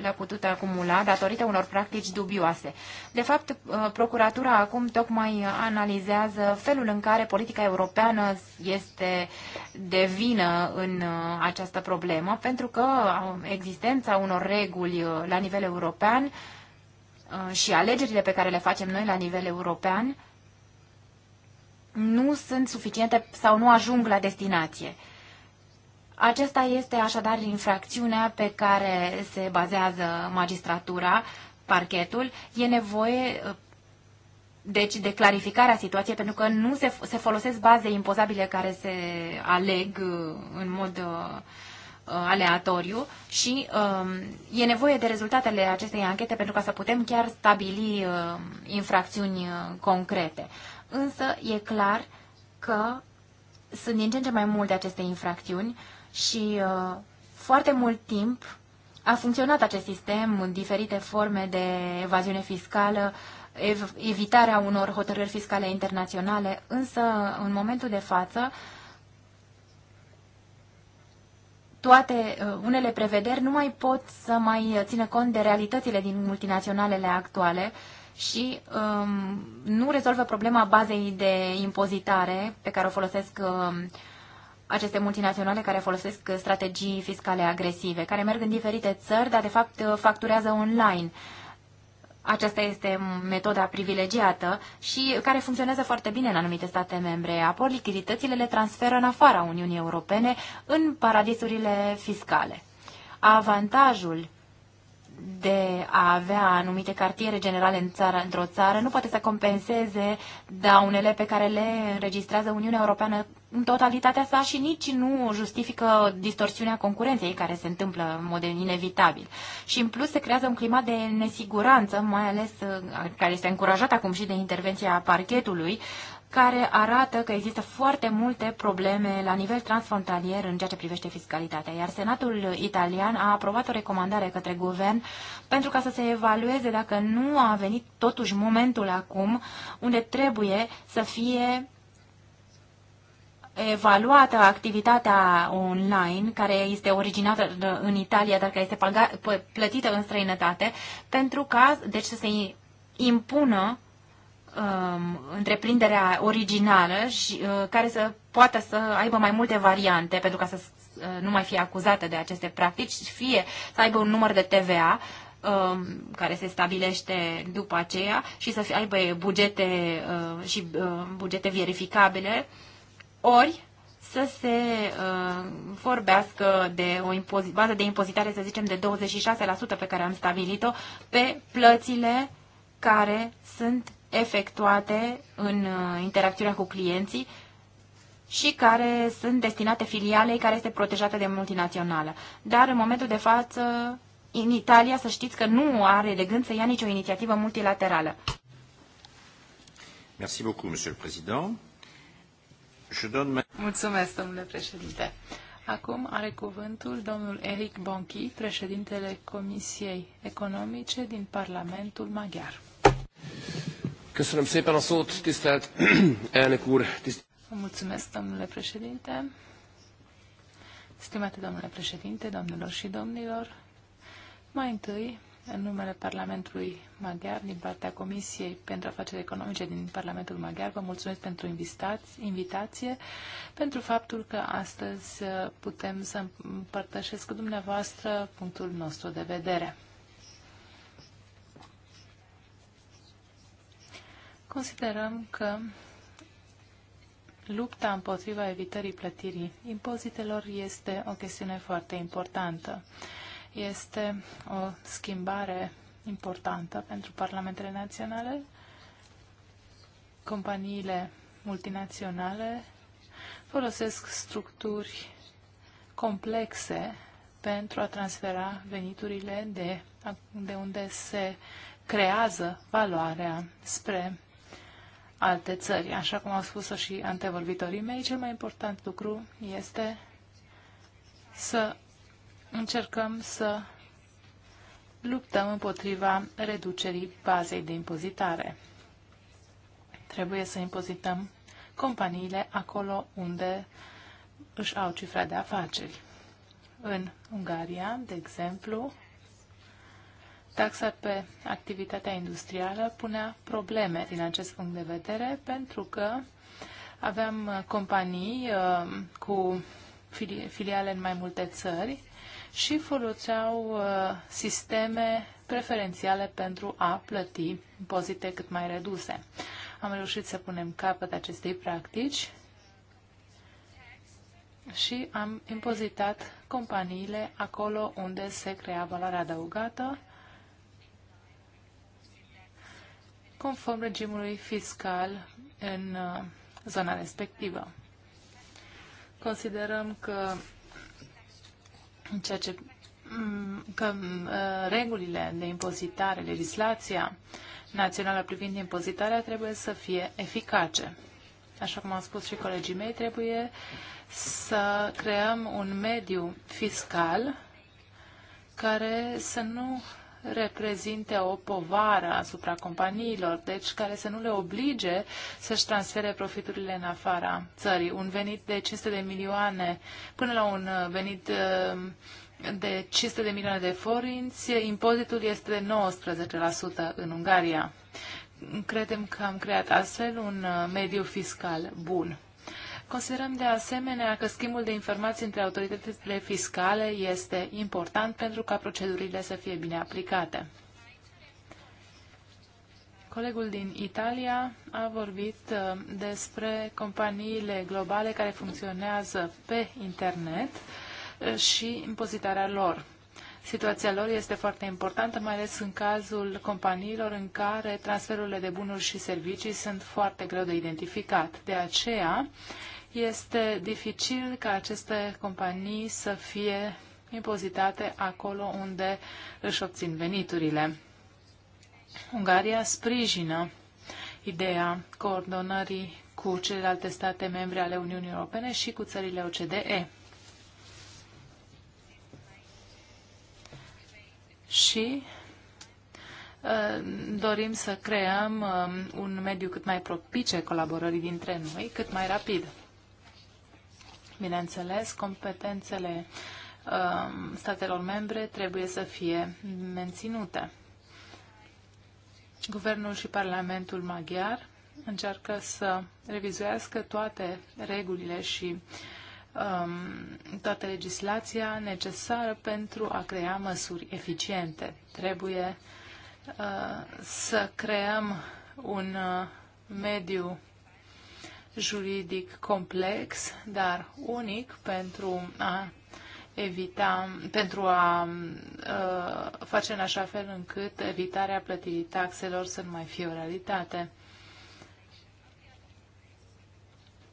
le-au putut acumula datorită unor practici dubioase. De fapt, uh, procuratura acum tocmai analizează felul în care politica europeană este de vină în uh, această problemă, pentru că existența unor reguli la nivel european și alegerile pe care le facem noi la nivel european nu sunt suficiente sau nu ajung la destinație. Aceasta este așadar infracțiunea pe care se bazează magistratura, parchetul. E nevoie deci de clarificarea situației, pentru că nu se, se folosesc baze impozabile care se aleg uh, în mod uh, uh aleatoriu și uh, e nevoie de rezultatele acestei anchete pentru ca să putem chiar stabili uh, infracțiuni uh, concrete însă e clar că sunt din ce în ce mai multe aceste infracțiuni și uh, foarte mult timp a funcționat acest sistem în diferite forme de evaziune fiscală, ev- evitarea unor hotărâri fiscale internaționale, însă în momentul de față toate uh, unele prevederi nu mai pot să mai țină cont de realitățile din multinaționalele actuale uh, și um, nu rezolvă problema bazei de impozitare pe care o folosesc um, aceste multinaționale care folosesc strategii fiscale agresive, care merg în diferite țări, dar de fapt facturează online. Aceasta este metoda privilegiată și care funcționează foarte bine în anumite state membre. Apoi lichiditățile le transferă în afara Uniunii Europene, în paradisurile fiscale. Avantajul de a avea anumite cartiere generale în țară, într-o țară nu poate să compenseze daunele pe care le înregistrează Uniunea Europeană în totalitatea sa și nici nu justifică distorsiunea concurenței care se întâmplă în mod inevitabil. Și în plus se creează un climat de nesiguranță, mai ales uh, care este încurajat acum și de intervenția parchetului, care arată că există foarte multe probleme la nivel transfrontalier în ceea ce privește fiscalitatea, iar Senatul italian a aprobat o recomandare către guvern pentru ca să se evalueze dacă nu a venit totuși momentul acum unde trebuie să fie evaluată activitatea online, care este originată în Italia, dar care este plătită în străinătate, pentru ca deci, să se impună uh, întreprinderea originală și uh, care să poată să aibă mai multe variante pentru ca să uh, nu mai fie acuzată de aceste practici, fie să aibă un număr de TVA um, care se stabilește după aceea și să aibă bugete uh, și uh, bugete verificabile, ori să se uh, vorbească de o bază de impozitare, să zicem, de 26% pe care am stabilit-o pe plățile care sunt efectuate în uh, interacțiunea cu clienții și care sunt destinate filialei care este protejată de multinațională. Dar în momentul de față, în Italia, să știți că nu are de gând să ia nicio inițiativă multilaterală. Merci beaucoup, monsieur le président. Je donne... Mulțumesc, domnule președinte. Acum are cuvântul domnul Eric Bonchi, președintele Comisiei Economice din Parlamentul Maghiar. Köszönöm szépen a szót, tisztelt elnök úr. Mulțumesc, domnule președinte. Stimate domnule președinte, domnilor și domnilor, mai întâi, în numele Parlamentului Maghiar, din partea Comisiei pentru Afaceri Economice din Parlamentul Maghiar, vă mulțumesc pentru invitație, pentru faptul că astăzi putem să împărtășesc cu dumneavoastră punctul nostru de vedere. Considerăm că lupta împotriva evitării plătirii impozitelor este o chestiune foarte importantă. Este o schimbare importantă pentru parlamentele naționale, companiile multinaționale folosesc structuri complexe pentru a transfera veniturile de, de unde se creează valoarea spre alte țări. Așa cum au spus-o și antevorbitorii mei, cel mai important lucru este să încercăm să luptăm împotriva reducerii bazei de impozitare. Trebuie să impozităm companiile acolo unde își au cifra de afaceri. În Ungaria, de exemplu, taxa pe activitatea industrială punea probleme din acest punct de vedere, pentru că aveam companii uh, cu filiale în mai multe țări și foloseau uh, sisteme preferențiale pentru a plăti impozite cât mai reduse. Am reușit să punem capăt acestei practici și am impozitat companiile acolo unde se crea valoarea adăugată conform regimului fiscal în uh, zona respectivă. Considerăm că în ceea ce mm, că mm, uh, regulile de impozitare, legislația națională privind impozitarea trebuie să fie eficace. Așa cum au spus și colegii mei, trebuie să creăm un mediu fiscal care să nu reprezinte o povară asupra companiilor, deci care să nu le oblige să-și transfere profiturile în afara țării. Un venit de 500 de milioane până la un uh, venit uh, de 500 de milioane de forinți, impozitul este de 19% în Ungaria. Credem că am creat astfel un uh, mediu fiscal bun. Considerăm de asemenea că schimbul de informații între autoritățile fiscale este important pentru ca procedurile să fie bine aplicate. Colegul din Italia a vorbit uh, despre companiile globale care funcționează pe internet uh, și impozitarea lor. Situația lor este foarte importantă, mai ales în cazul companiilor în care transferurile de bunuri și servicii sunt foarte greu de identificat. De aceea, este dificil ca aceste companii să fie impozitate acolo unde își obțin veniturile. Ungaria sprijină ideea coordonării cu celelalte state membre ale Uniunii Europene și cu țările OCDE. Și uh, dorim să creăm um, un mediu cât mai propice colaborării dintre noi, cât mai rapid. Bineînțeles, competențele um, statelor membre trebuie să fie menținute. Guvernul și Parlamentul maghiar încearcă să revizuiască toate regulile și um, toată legislația necesară pentru a crea măsuri eficiente. Trebuie uh, să creăm un uh, mediu juridic complex, dar unic pentru a evita, pentru a uh, face în așa fel încât evitarea plătirii taxelor să nu mai fie o realitate.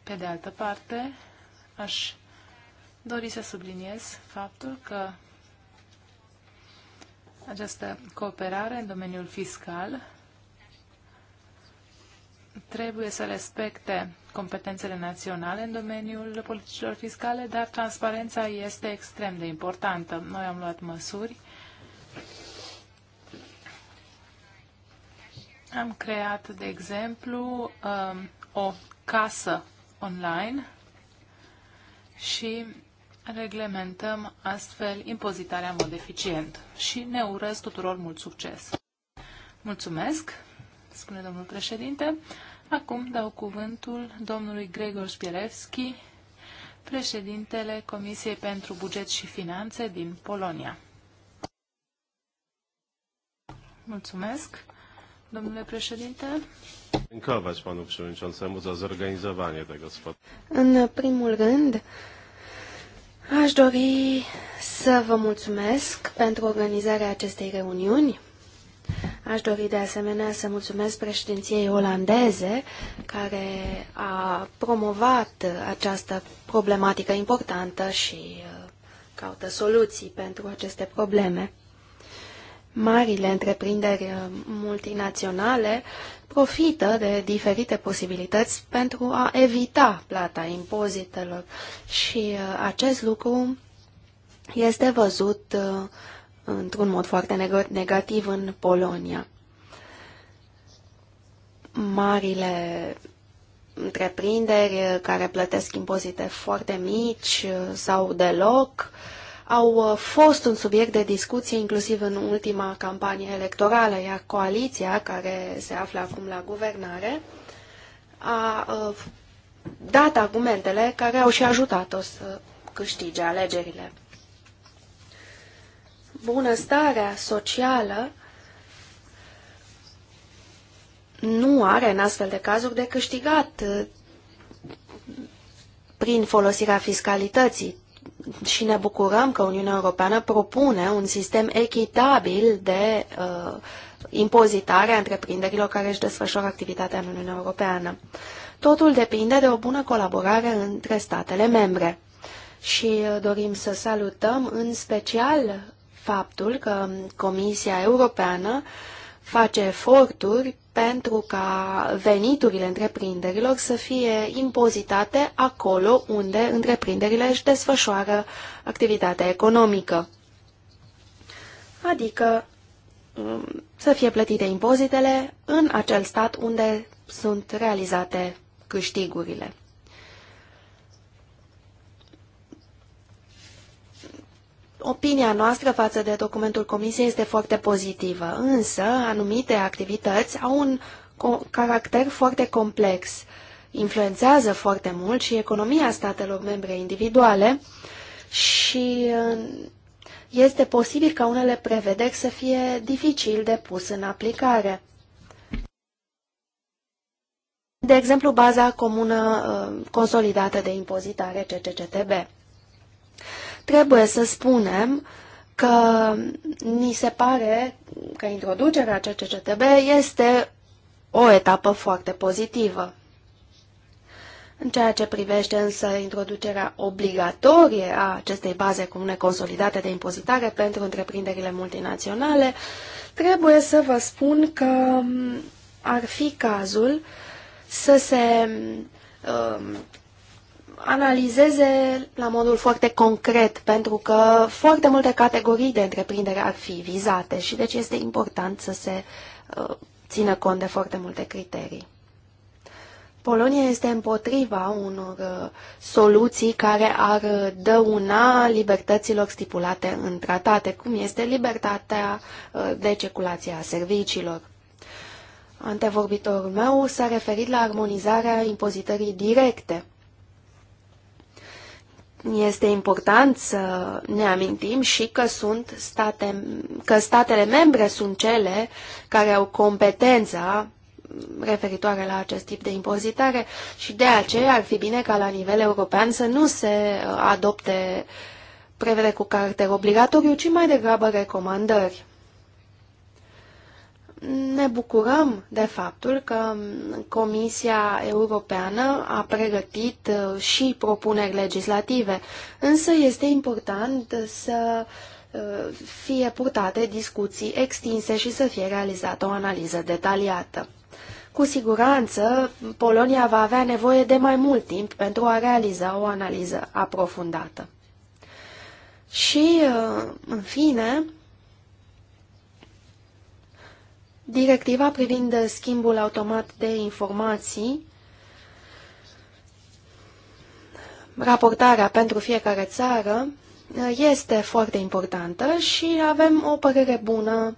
Pe de altă parte, aș dori să subliniez faptul că această cooperare în domeniul fiscal trebuie să respecte competențele naționale în domeniul politicilor fiscale, dar transparența este extrem de importantă. Noi am luat măsuri. Am creat, de exemplu, um, o casă online și reglementăm astfel impozitarea în mod eficient și ne urez tuturor mult succes. Mulțumesc, spune domnul președinte. Acum dau cuvântul domnului Gregor Spierewski, președintele Comisiei pentru Buget și Finanțe din Polonia. Mulțumesc, domnule președinte. În primul rând, aș dori să vă mulțumesc pentru organizarea acestei reuniuni. Aș dori de asemenea să mulțumesc președinției olandeze care a promovat această problematică importantă și uh, caută soluții pentru aceste probleme. Marile întreprinderi uh, multinaționale profită de diferite posibilități pentru a evita plata impozitelor și uh, acest lucru este văzut uh, într-un mod foarte negativ în Polonia. Marile întreprinderi care plătesc impozite foarte mici sau deloc au uh, fost un subiect de discuție inclusiv în ultima campanie electorală, iar coaliția care se află acum la guvernare a uh, dat argumentele care au și ajutat-o să câștige alegerile bunăstarea socială nu are în astfel de cazuri de câștigat uh, prin folosirea fiscalității. Și ne bucurăm că Uniunea Europeană propune un sistem echitabil de uh, impozitare a întreprinderilor care își desfășoară activitatea în Uniunea Europeană. Totul depinde de o bună colaborare între statele membre. Și uh, dorim să salutăm în special faptul că Comisia Europeană face eforturi pentru ca veniturile întreprinderilor să fie impozitate acolo unde întreprinderile își desfășoară activitatea economică. Adică um, să fie plătite impozitele în acel stat unde sunt realizate câștigurile. Opinia noastră față de documentul Comisiei este foarte pozitivă, însă anumite activități au un caracter foarte complex, influențează foarte mult și economia statelor membre individuale și este posibil ca unele prevederi să fie dificil de pus în aplicare. De exemplu, baza comună uh, consolidată de impozitare CCCTB. Trebuie să spunem că ni se pare că introducerea CCCTB este o etapă foarte pozitivă. În ceea ce privește însă introducerea obligatorie a acestei baze comune consolidate de impozitare pentru întreprinderile multinaționale, trebuie să vă spun că ar fi cazul să se um, analizeze la modul foarte concret, pentru că foarte multe categorii de întreprindere ar fi vizate și deci este important să se uh, țină cont de foarte multe criterii. Polonia este împotriva unor uh, soluții care ar dăuna libertăților stipulate în tratate, cum este libertatea uh, de circulație a serviciilor. Antevorbitorul meu s-a referit la armonizarea impozitării directe. Este important să ne amintim și că, sunt state, că statele membre sunt cele care au competența referitoare la acest tip de impozitare și de aceea ar fi bine ca la nivel european să nu se uh, adopte prevederi cu caracter obligatoriu, ci mai degrabă recomandări ne bucurăm de faptul că Comisia Europeană a pregătit uh, și propuneri legislative, însă este important să uh, fie purtate discuții extinse și să fie realizată o analiză detaliată. Cu siguranță, Polonia va avea nevoie de mai mult timp pentru a realiza o analiză aprofundată. Și, uh, în fine, Directiva privind schimbul automat de informații, raportarea pentru fiecare țară, este foarte importantă și avem o părere bună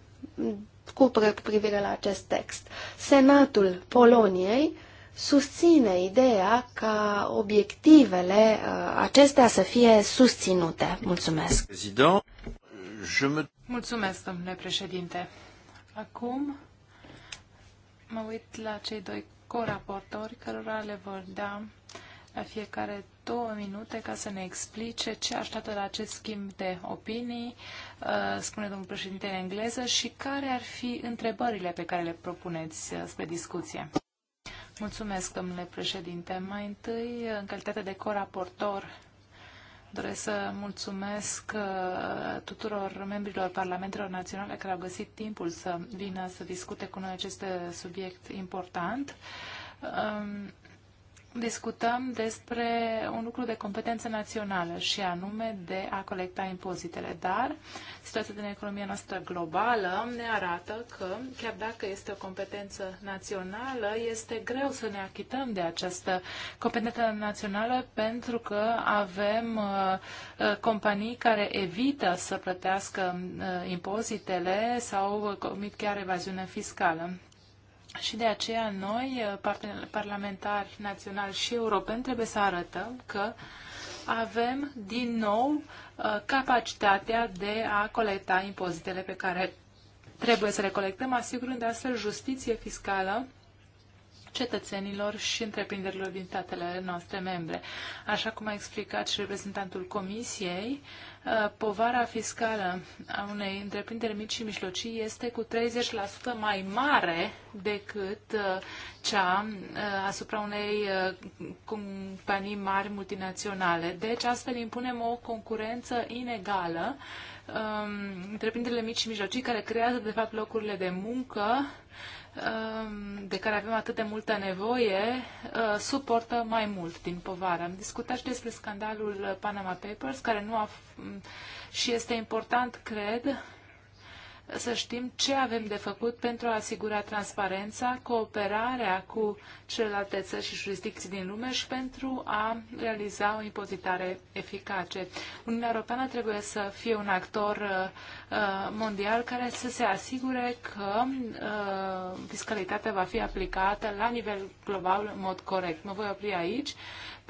cu privire la acest text. Senatul Poloniei susține ideea ca obiectivele uh, acestea să fie susținute. Mulțumesc. Mulțumesc, domnule președinte. Acum mă uit la cei doi coraportori, cărora le vor da la fiecare două minute ca să ne explice ce așteaptă la acest schimb de opinii, uh, spune domnul președinte în engleză, și care ar fi întrebările pe care le propuneți uh, spre discuție. Mulțumesc, domnule președinte. Mai întâi, în calitate de coraportor, Doresc să mulțumesc uh, tuturor membrilor Parlamentelor Naționale care au găsit timpul să vină să discute cu noi acest subiect important. Um, discutăm despre un lucru de competență națională și anume de a colecta impozitele. Dar situația din economia noastră globală ne arată că, chiar dacă este o competență națională, este greu să ne achităm de această competență națională pentru că avem uh, uh companii care evită să plătească uh, impozitele sau comit chiar evaziune fiscală. Și de aceea noi, parlamentari naționali și europeni, trebuie să arătăm că avem din nou uh, capacitatea de a colecta impozitele pe care trebuie să le colectăm, asigurând astfel justiție fiscală cetățenilor și întreprinderilor din statele noastre membre. Așa cum a explicat și reprezentantul Comisiei, uh, Uh, povara fiscală a unei întreprinderi mici și mijlocii este cu 30% mai mare decât uh, cea uh, asupra unei companii mari multinaționale. Deci astfel impunem o concurență inegală um, întreprinderile mici și mijlocii care creează de fapt locurile de muncă Um, de care avem atât de multă nevoie uh, suportă mai mult din povară. Am discutat și despre scandalul Panama Papers, care nu a... și este important, cred, să știm ce avem de făcut pentru a asigura transparența, cooperarea cu celelalte țări și jurisdicții din lume și pentru a realiza o impozitare eficace. Uniunea Europeană trebuie să fie un actor uh, uh, mondial care să se asigure că uh, fiscalitatea va fi aplicată la nivel global în mod corect. Mă voi opri aici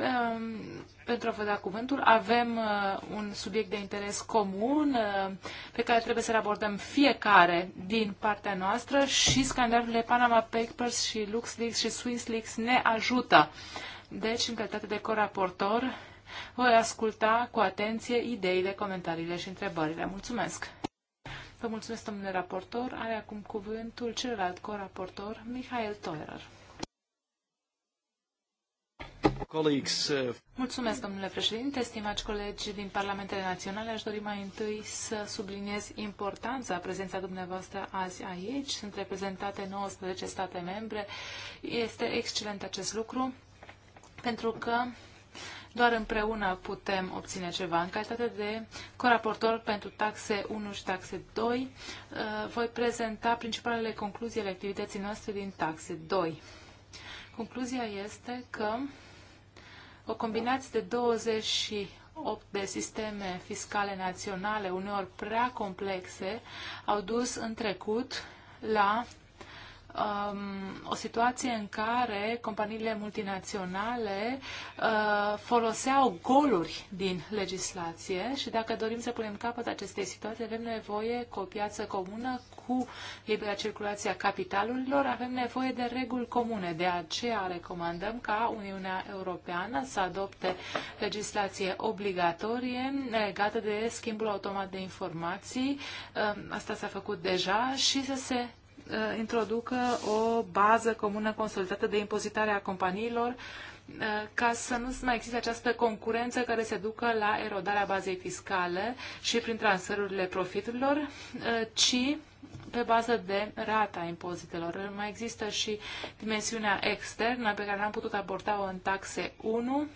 Ehm, pentru a vă da cuvântul. Avem eh, un subiect de interes comun eh, pe care trebuie să-l abordăm fiecare din partea noastră și scandalurile Panama Papers și LuxLeaks și SwissLeaks ne ajută. Deci, în calitate de coraportor, voi asculta cu atenție ideile, comentariile și întrebările. Mulțumesc! Vă mulțumesc, domnule raportor. Are acum cuvântul celălalt coraportor, Mihail Toerer. Colleagues, uh, Mulțumesc, domnule președinte, stimați colegi din Parlamentele Naționale. Aș dori mai întâi să subliniez importanța prezența dumneavoastră azi aici. Sunt reprezentate 19 state membre. Este excelent acest lucru pentru că doar împreună putem obține ceva. În calitate de coraportor pentru taxe 1 și taxe 2, uh, voi prezenta principalele concluzii ale activității noastre din taxe 2. Concluzia este că o combinație de 28 de sisteme fiscale naționale, uneori prea complexe, au dus în trecut la um, o situație în care companiile multinaționale uh, foloseau goluri din legislație și dacă dorim să punem capăt acestei situații, avem nevoie cu o piață comună, cu libera circulație a capitalurilor, avem nevoie de reguli comune. De aceea recomandăm ca Uniunea Europeană să adopte legislație obligatorie legată de schimbul automat de informații, um, asta s-a făcut deja, și să se Uh, introducă o bază comună consolidată de impozitare a companiilor uh, ca să nu mai existe această concurență care se ducă la erodarea bazei fiscale și prin transferurile profiturilor, uh, ci pe bază de rata impozitelor. Mai există și dimensiunea externă pe care n-am putut aborda-o în taxe 1,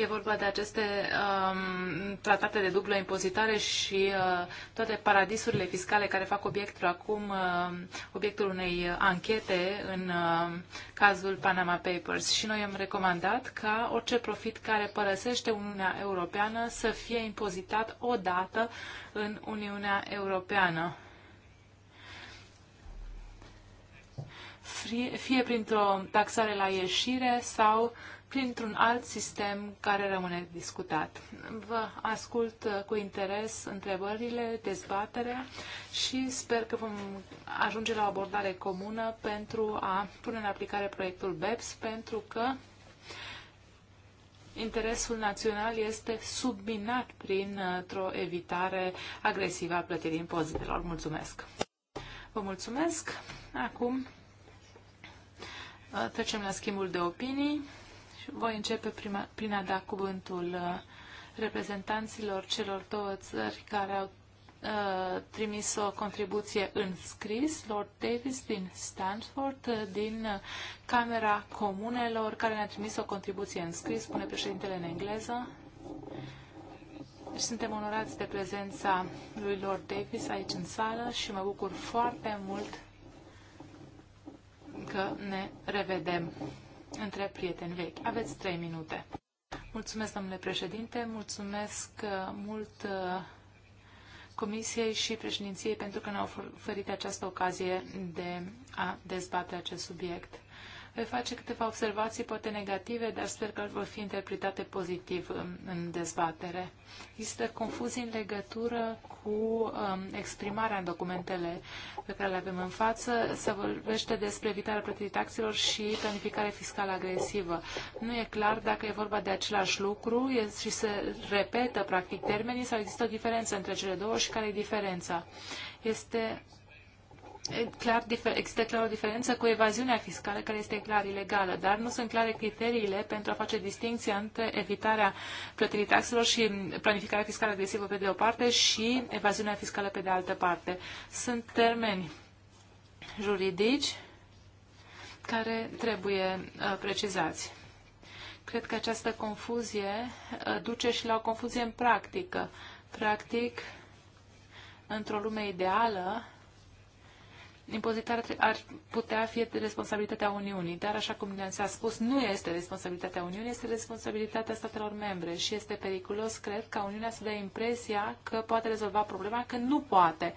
E vorba de aceste um, tratate de dublă impozitare și uh, toate paradisurile fiscale care fac obiectul acum uh, obiectul unei anchete în uh, cazul Panama Papers. Și noi am recomandat ca orice profit care părăsește Uniunea Europeană să fie impozitat odată în Uniunea Europeană. fie printr-o taxare la ieșire sau printr-un alt sistem care rămâne discutat. Vă ascult uh, cu interes întrebările, dezbaterea și sper că vom ajunge la o abordare comună pentru a pune în aplicare proiectul BEPS, pentru că interesul național este subminat printr-o uh, evitare agresivă a plătirii impozitelor. Mulțumesc! Vă mulțumesc! Acum uh, trecem la schimbul de opinii voi începe prima, prin a da cuvântul uh, reprezentanților celor două țări care au uh, trimis o contribuție în scris, Lord Davis din Stanford, uh, din Camera Comunelor, care ne-a trimis o contribuție în scris, spune președintele în engleză. Deci suntem onorați de prezența lui Lord Davis aici în sală și mă bucur foarte mult că ne revedem între prieteni vechi. Aveți trei minute. Mulțumesc, domnule președinte, mulțumesc uh, mult uh, Comisiei și președinției pentru că ne-au oferit această ocazie de a dezbate acest subiect. Voi face câteva observații, poate negative, dar sper că vor fi interpretate pozitiv în, um, în dezbatere. Există confuzii în legătură cu um, exprimarea în documentele pe care le avem în față. Se vorbește despre evitarea plătirii taxelor și planificare fiscală agresivă. Nu e clar dacă e vorba de același lucru e, și se repetă practic termenii sau există o diferență între cele două și care e diferența. Este clar, există clar o diferență cu evaziunea fiscală, care este clar ilegală, dar nu sunt clare criteriile pentru a face distinția între evitarea plătirii taxelor și planificarea fiscală agresivă pe de o parte și evaziunea fiscală pe de altă parte. Sunt termeni juridici care trebuie uh, precizați. Cred că această confuzie uh, duce și la o confuzie în practică. Practic, într-o lume ideală, impozitarea ar putea fi de responsabilitatea Uniunii, dar așa cum ne a spus, nu este responsabilitatea Uniunii, este responsabilitatea statelor membre și este periculos, cred, ca Uniunea să dea impresia că poate rezolva problema că nu poate,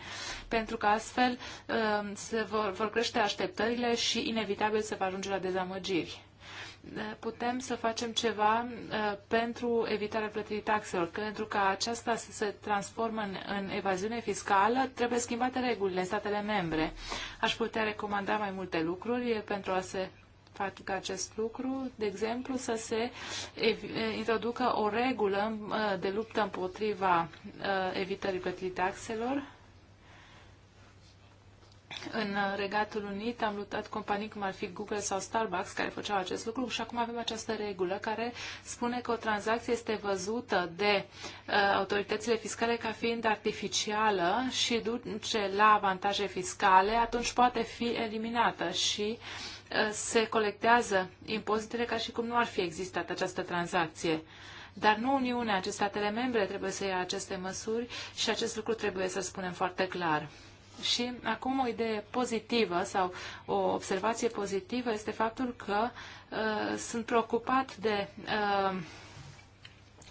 pentru că astfel ă, se vor, vor crește așteptările și inevitabil se va ajunge la dezamăgiri putem să facem ceva uh, pentru evitarea plătirii taxelor. Pentru ca aceasta să se transformă în, în evaziune fiscală, trebuie schimbate regulile în statele membre. Aș putea recomanda mai multe lucruri pentru a se face acest lucru, de exemplu, să se introducă o regulă uh, de luptă împotriva uh, evitării plătirii taxelor în uh, Regatul Unit am luptat companii cum ar fi Google sau Starbucks care făceau acest lucru și acum avem această regulă care spune că o tranzacție este văzută de uh, autoritățile fiscale ca fiind artificială și duce la avantaje fiscale, atunci poate fi eliminată și uh, se colectează impozitele ca și cum nu ar fi existat această tranzacție. Dar nu Uniunea, ci statele membre trebuie să ia aceste măsuri și acest lucru trebuie să spunem foarte clar. Și acum o idee pozitivă sau o observație pozitivă este faptul că uh, sunt preocupat de uh,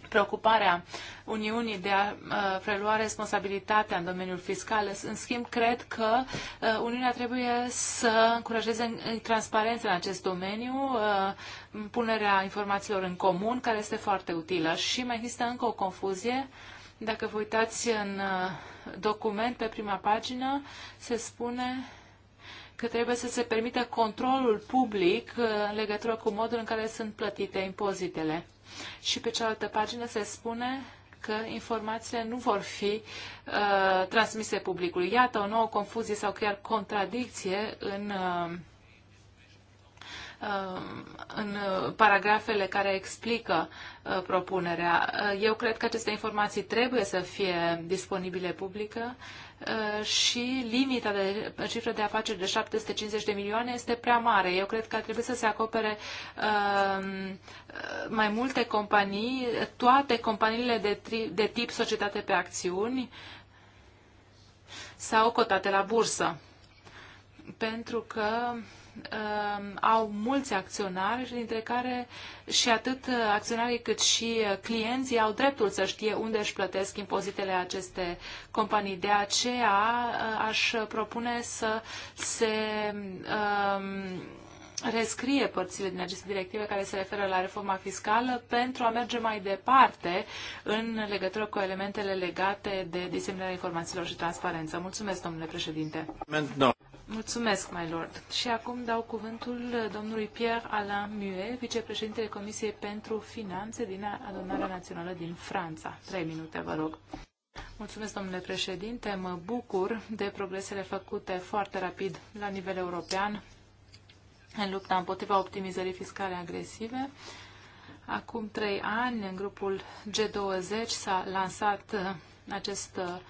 preocuparea Uniunii de a uh, prelua responsabilitatea în domeniul fiscal. În schimb, cred că uh, Uniunea trebuie să încurajeze transparența în acest domeniu, uh, punerea informațiilor în comun, care este foarte utilă. Și mai există încă o confuzie dacă vă uitați în uh, document, pe prima pagină, se spune că trebuie să se permită controlul public uh, în legătură cu modul în care sunt plătite impozitele. Și pe cealaltă pagină se spune că informațiile nu vor fi uh, transmise publicului. Iată o nouă confuzie sau chiar contradicție în uh, Um, în uh, paragrafele care explică uh, propunerea. Uh, eu cred că aceste informații trebuie să fie disponibile publică și limita de cifră de afaceri de 750 de milioane este prea mare. Eu cred că trebuie să se acopere um, mai multe companii, toate companiile de, de tip societate pe acțiuni sau cotate la bursă. Pentru că Um, au mulți acționari, dintre care și atât acționarii cât și clienții au dreptul să știe unde își plătesc impozitele aceste companii. De aceea uh, aș propune să se um, rescrie părțile din aceste directive care se referă la reforma fiscală pentru a merge mai departe în legătură cu elementele legate de diseminarea informațiilor și transparență. Mulțumesc, domnule președinte. No. Mulțumesc, my lord. Și acum dau cuvântul domnului Pierre Alain Muet, vicepreședintele Comisiei pentru Finanțe din Adunarea Națională din Franța. Trei minute, vă rog. Mulțumesc, domnule președinte. Mă bucur de progresele făcute foarte rapid la nivel european în lupta împotriva optimizării fiscale agresive. Acum trei ani, în grupul G20, s-a lansat uh, acest, uh,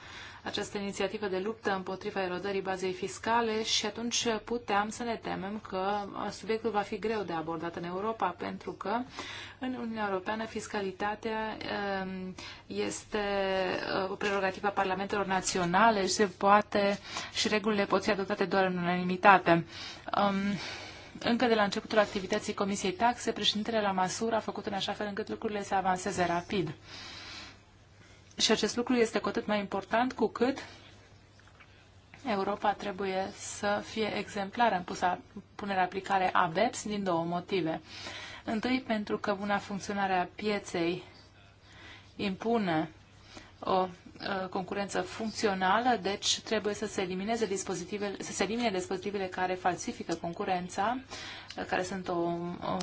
această inițiativă de luptă împotriva erodării bazei fiscale și atunci puteam să ne temem că uh, subiectul va fi greu de abordat în Europa, pentru că în Uniunea Europeană fiscalitatea um, este o prerogativă a parlamentelor naționale și se poate și regulile pot fi adoptate doar în unanimitate. Um, încă de la începutul activității Comisiei Taxe, președintele la măsură a făcut în așa fel încât lucrurile să avanseze rapid. Și acest lucru este cu atât mai important cu cât Europa trebuie să fie exemplară în pusa, punerea aplicare a BEPS din două motive. Întâi, pentru că buna funcționare a pieței impune o Uh, concurență funcțională, deci trebuie să se, elimineze dispozitivele, să se elimine dispozitivele care falsifică concurența, uh, care sunt o,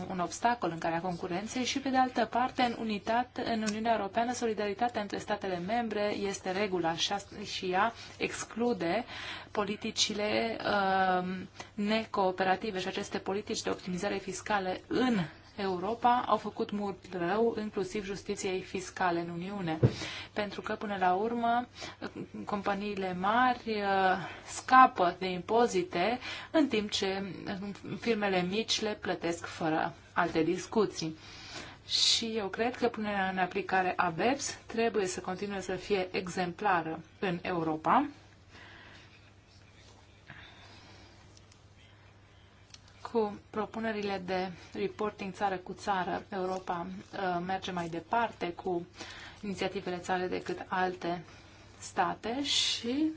un obstacol în calea concurenței și, pe de altă parte, în, unitate, în Uniunea Europeană, solidaritatea între statele membre este regula și, și ea exclude politicile uh, necooperative și aceste politici de optimizare fiscală în Europa au făcut mult rău, inclusiv justiției fiscale în Uniune. Pentru că, până la urmă, companiile mari uh, scapă de impozite, în timp ce uh, firmele mici le plătesc fără alte discuții. Și eu cred că punerea în aplicare a BEPS trebuie să continue să fie exemplară în Europa cu propunerile de reporting țară cu țară. Europa uh, merge mai departe cu inițiativele țare decât alte state și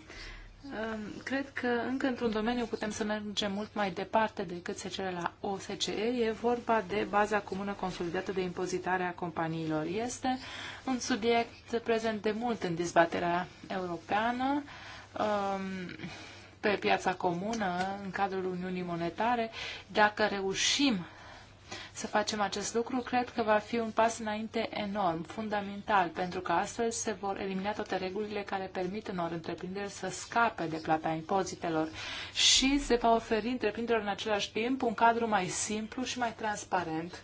um, Cred că încă într-un domeniu putem să mergem mult mai departe decât se cere la OSCE. E vorba de baza comună consolidată de impozitare a companiilor. Este un subiect prezent de mult în dezbaterea europeană. Um, pe piața comună în cadrul Uniunii Monetare. Dacă reușim să facem acest lucru, cred că va fi un pas înainte enorm, fundamental, pentru că astfel se vor elimina toate regulile care permit unor întreprinderi să scape de plata impozitelor și se va oferi întreprinderilor în același timp un cadru mai simplu și mai transparent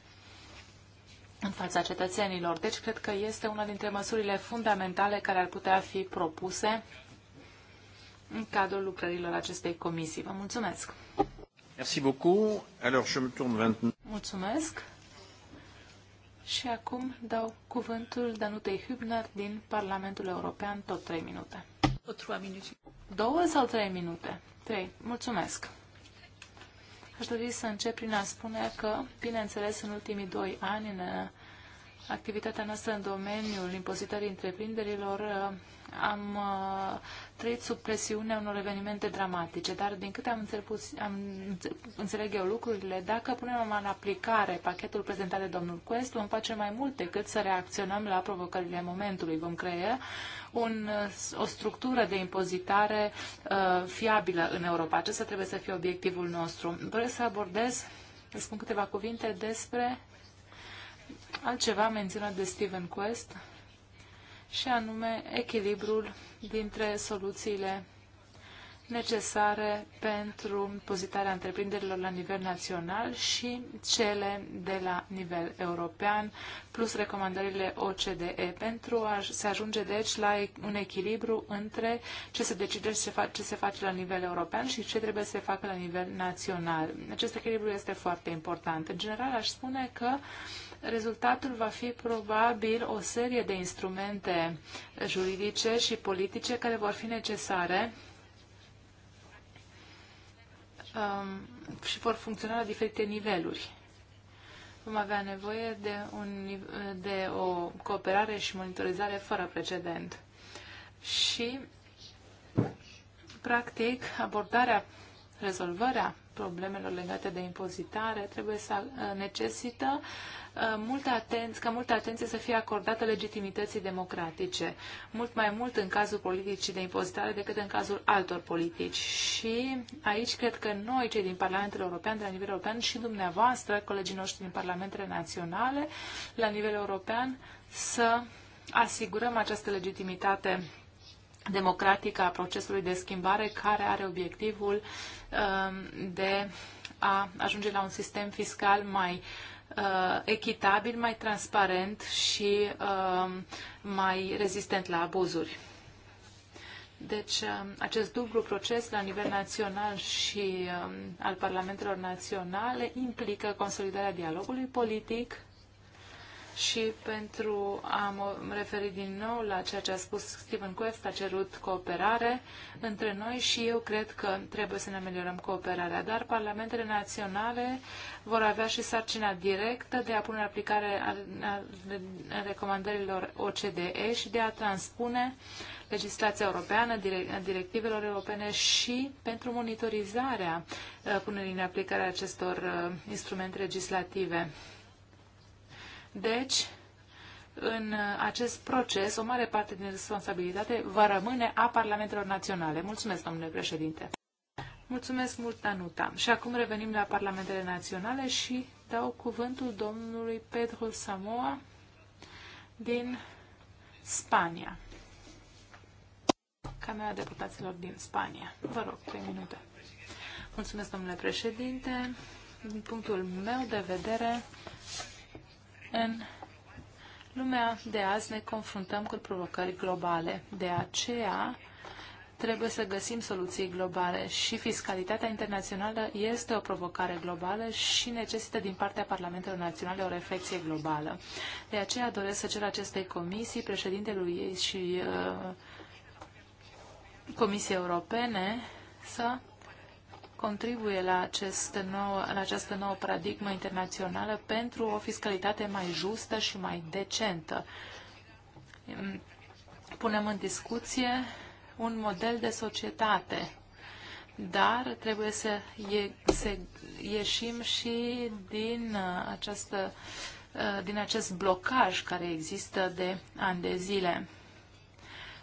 în fața cetățenilor. Deci cred că este una dintre măsurile fundamentale care ar putea fi propuse în cadrul lucrărilor acestei comisii. Vă mulțumesc! Merci beaucoup. Alors, je me tourne 20... Mulțumesc! Și acum dau cuvântul Danutei Hübner din Parlamentul European, tot 3 minute. Două sau trei minute? Trei. Mulțumesc! Aș dori să încep prin a spune că, bineînțeles, în ultimii doi ani, în uh, activitatea noastră în domeniul impozitării întreprinderilor, uh, am uh, trăit sub presiunea unor evenimente dramatice, dar din câte am, înțeles, am înțeleg eu lucrurile, dacă punem în aplicare pachetul prezentat de domnul Quest, vom face mai mult decât să reacționăm la provocările momentului. Vom crea un, o structură de impozitare uh, fiabilă în Europa. Acesta trebuie să fie obiectivul nostru. Vreau să abordez, să spun câteva cuvinte despre altceva menționat de Stephen Quest, și anume echilibrul dintre soluțiile necesare pentru pozitarea întreprinderilor la nivel național și cele de la nivel european, plus recomandările OCDE, pentru a se ajunge deci la un echilibru între ce se decide și ce se face la nivel european și ce trebuie să se facă la nivel național. Acest echilibru este foarte important. În general, aș spune că uh, Rezultatul va fi probabil o serie de instrumente juridice și politice care vor fi necesare um, și vor funcționa la diferite niveluri. Vom avea nevoie de, un, de o cooperare și monitorizare fără precedent. Și, practic, abordarea, rezolvarea problemelor legate de impozitare trebuie să uh, necesită uh, multă atenție, ca multă atenție să fie acordată legitimității democratice, mult mai mult în cazul politicii de impozitare decât în cazul altor politici. Și aici cred că noi, cei din Parlamentul European, de la nivel european și dumneavoastră, colegii noștri din Parlamentele Naționale, la nivel european, să asigurăm această legitimitate democratică a procesului de schimbare care are obiectivul um, de a ajunge la un sistem fiscal mai uh, echitabil, mai transparent și um, mai rezistent la abuzuri. Deci, um, acest dublu proces la nivel național și al parlamentelor naționale implică consolidarea dialogului politic, și pentru a mă referi din nou la ceea ce a spus Stephen Quest, a cerut cooperare între noi și eu cred că trebuie să ne ameliorăm cooperarea, dar parlamentele naționale vor avea și sarcina directă de a pune în aplicare a recomandărilor OCDE și de a transpune legislația europeană, directivelor europene și pentru monitorizarea uh, punerii în aplicare a acestor uh, instrumente legislative. Deci, în acest proces, o mare parte din responsabilitate va rămâne a Parlamentelor Naționale. Mulțumesc, domnule președinte. Mulțumesc mult, Anuta. Și acum revenim la Parlamentele Naționale și dau cuvântul domnului Pedro Samoa din Spania. Camera Deputaților din Spania. Vă rog, 3 minute. Mulțumesc, domnule președinte. Din punctul meu de vedere, în lumea de azi ne confruntăm cu provocări globale. De aceea trebuie să găsim soluții globale și fiscalitatea internațională este o provocare globală și necesită din partea Parlamentelor Naționale o reflexie globală. De aceea doresc să cer acestei comisii, președintelui ei și uh, Comisiei Europene să contribuie la, acest nou, la această nouă paradigmă internațională pentru o fiscalitate mai justă și mai decentă. Punem în discuție un model de societate, dar trebuie să, ie, să ieșim și din, uh, această, uh, din acest blocaj care există de ani de zile.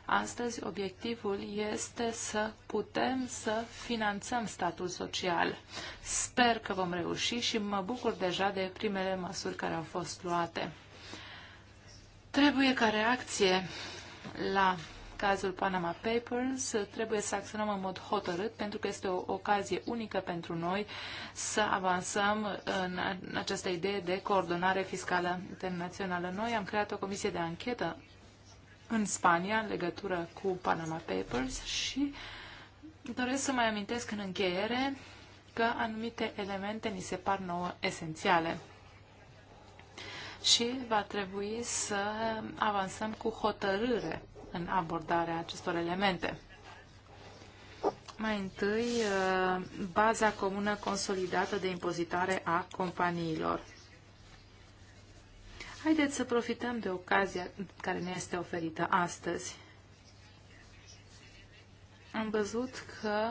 Astăzi, obiectivul este să putem să finanțăm statul social. Sper că vom reuși și mă bucur deja de primele măsuri care au fost luate. Trebuie ca reacție la cazul Panama Papers, trebuie să acționăm în mod hotărât pentru că este o ocazie unică pentru noi să avansăm în această idee de coordonare fiscală internațională. Noi am creat o comisie de anchetă în Spania în legătură cu Panama Papers și doresc să mai amintesc în încheiere că anumite elemente ni se par nouă esențiale și va trebui să avansăm cu hotărâre în abordarea acestor elemente. Mai întâi, uh, baza comună consolidată de impozitare a companiilor. Haideți să profităm de ocazia care ne este oferită astăzi. Am văzut că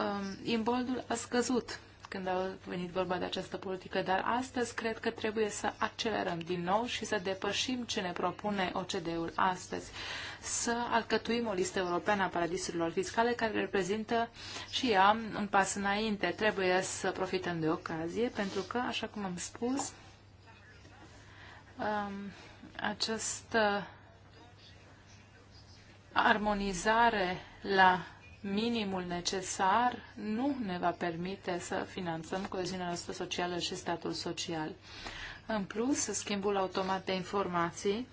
um, imboldul a scăzut când a venit vorba de această politică, dar astăzi cred că trebuie să accelerăm din nou și să depășim ce ne propune OCDE-ul astăzi, să alcătuim o listă europeană a paradisurilor fiscale care reprezintă și ea un pas înainte. Trebuie să profităm de ocazie, pentru că, așa cum am spus, Um, această armonizare la minimul necesar nu ne va permite să finanțăm coeziunea noastră socială și statul social. În plus, schimbul automat de informații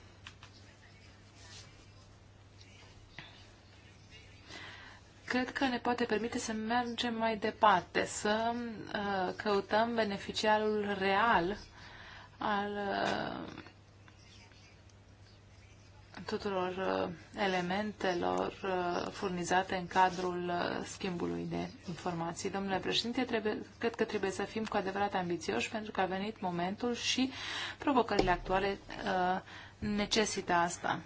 cred că ne poate permite să mergem mai departe, să uh, căutăm beneficiarul real al uh, tuturor uh, elementelor uh, furnizate în cadrul schimbului de informații. Domnule președinte, trebuie, cred că trebuie să fim cu adevărat ambițioși pentru că a venit momentul și provocările actuale necesită asta.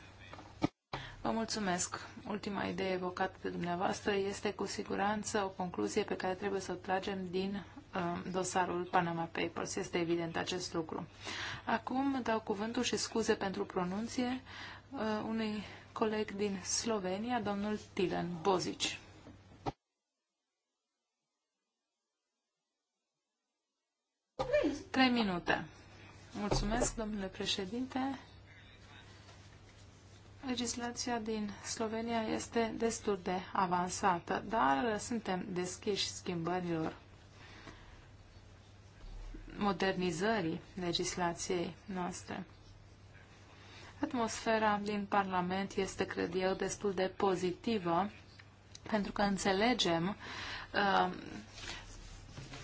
Vă mulțumesc. Ultima idee evocată de dumneavoastră este cu siguranță o concluzie pe care trebuie să o tragem din Uh, dosarul Panama Papers. Este evident acest lucru. Acum dau cuvântul și scuze pentru pronunție uh, unui coleg din Slovenia, domnul Tilen Bozici. Trei minute. Mulțumesc, domnule președinte. Legislația din Slovenia este destul de avansată, dar suntem deschiși schimbărilor modernizării legislației noastre. Atmosfera din Parlament este, cred eu, destul de pozitivă, pentru că înțelegem uh,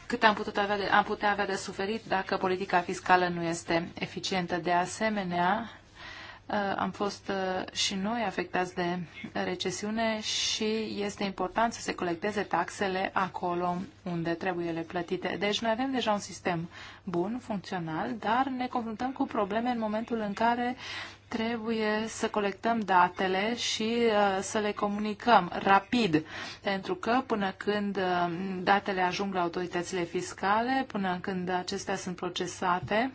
cât am, putut avea de, am putea avea de suferit dacă politica fiscală nu este eficientă. De asemenea, Uh, am fost uh, și noi afectați de recesiune și este important să se colecteze taxele acolo unde trebuie ele plătite. Deci noi avem deja un sistem bun, funcțional, dar ne confruntăm cu probleme în momentul în care trebuie să colectăm datele și uh, să le comunicăm rapid, pentru că până când datele ajung la autoritățile fiscale, până când acestea sunt procesate,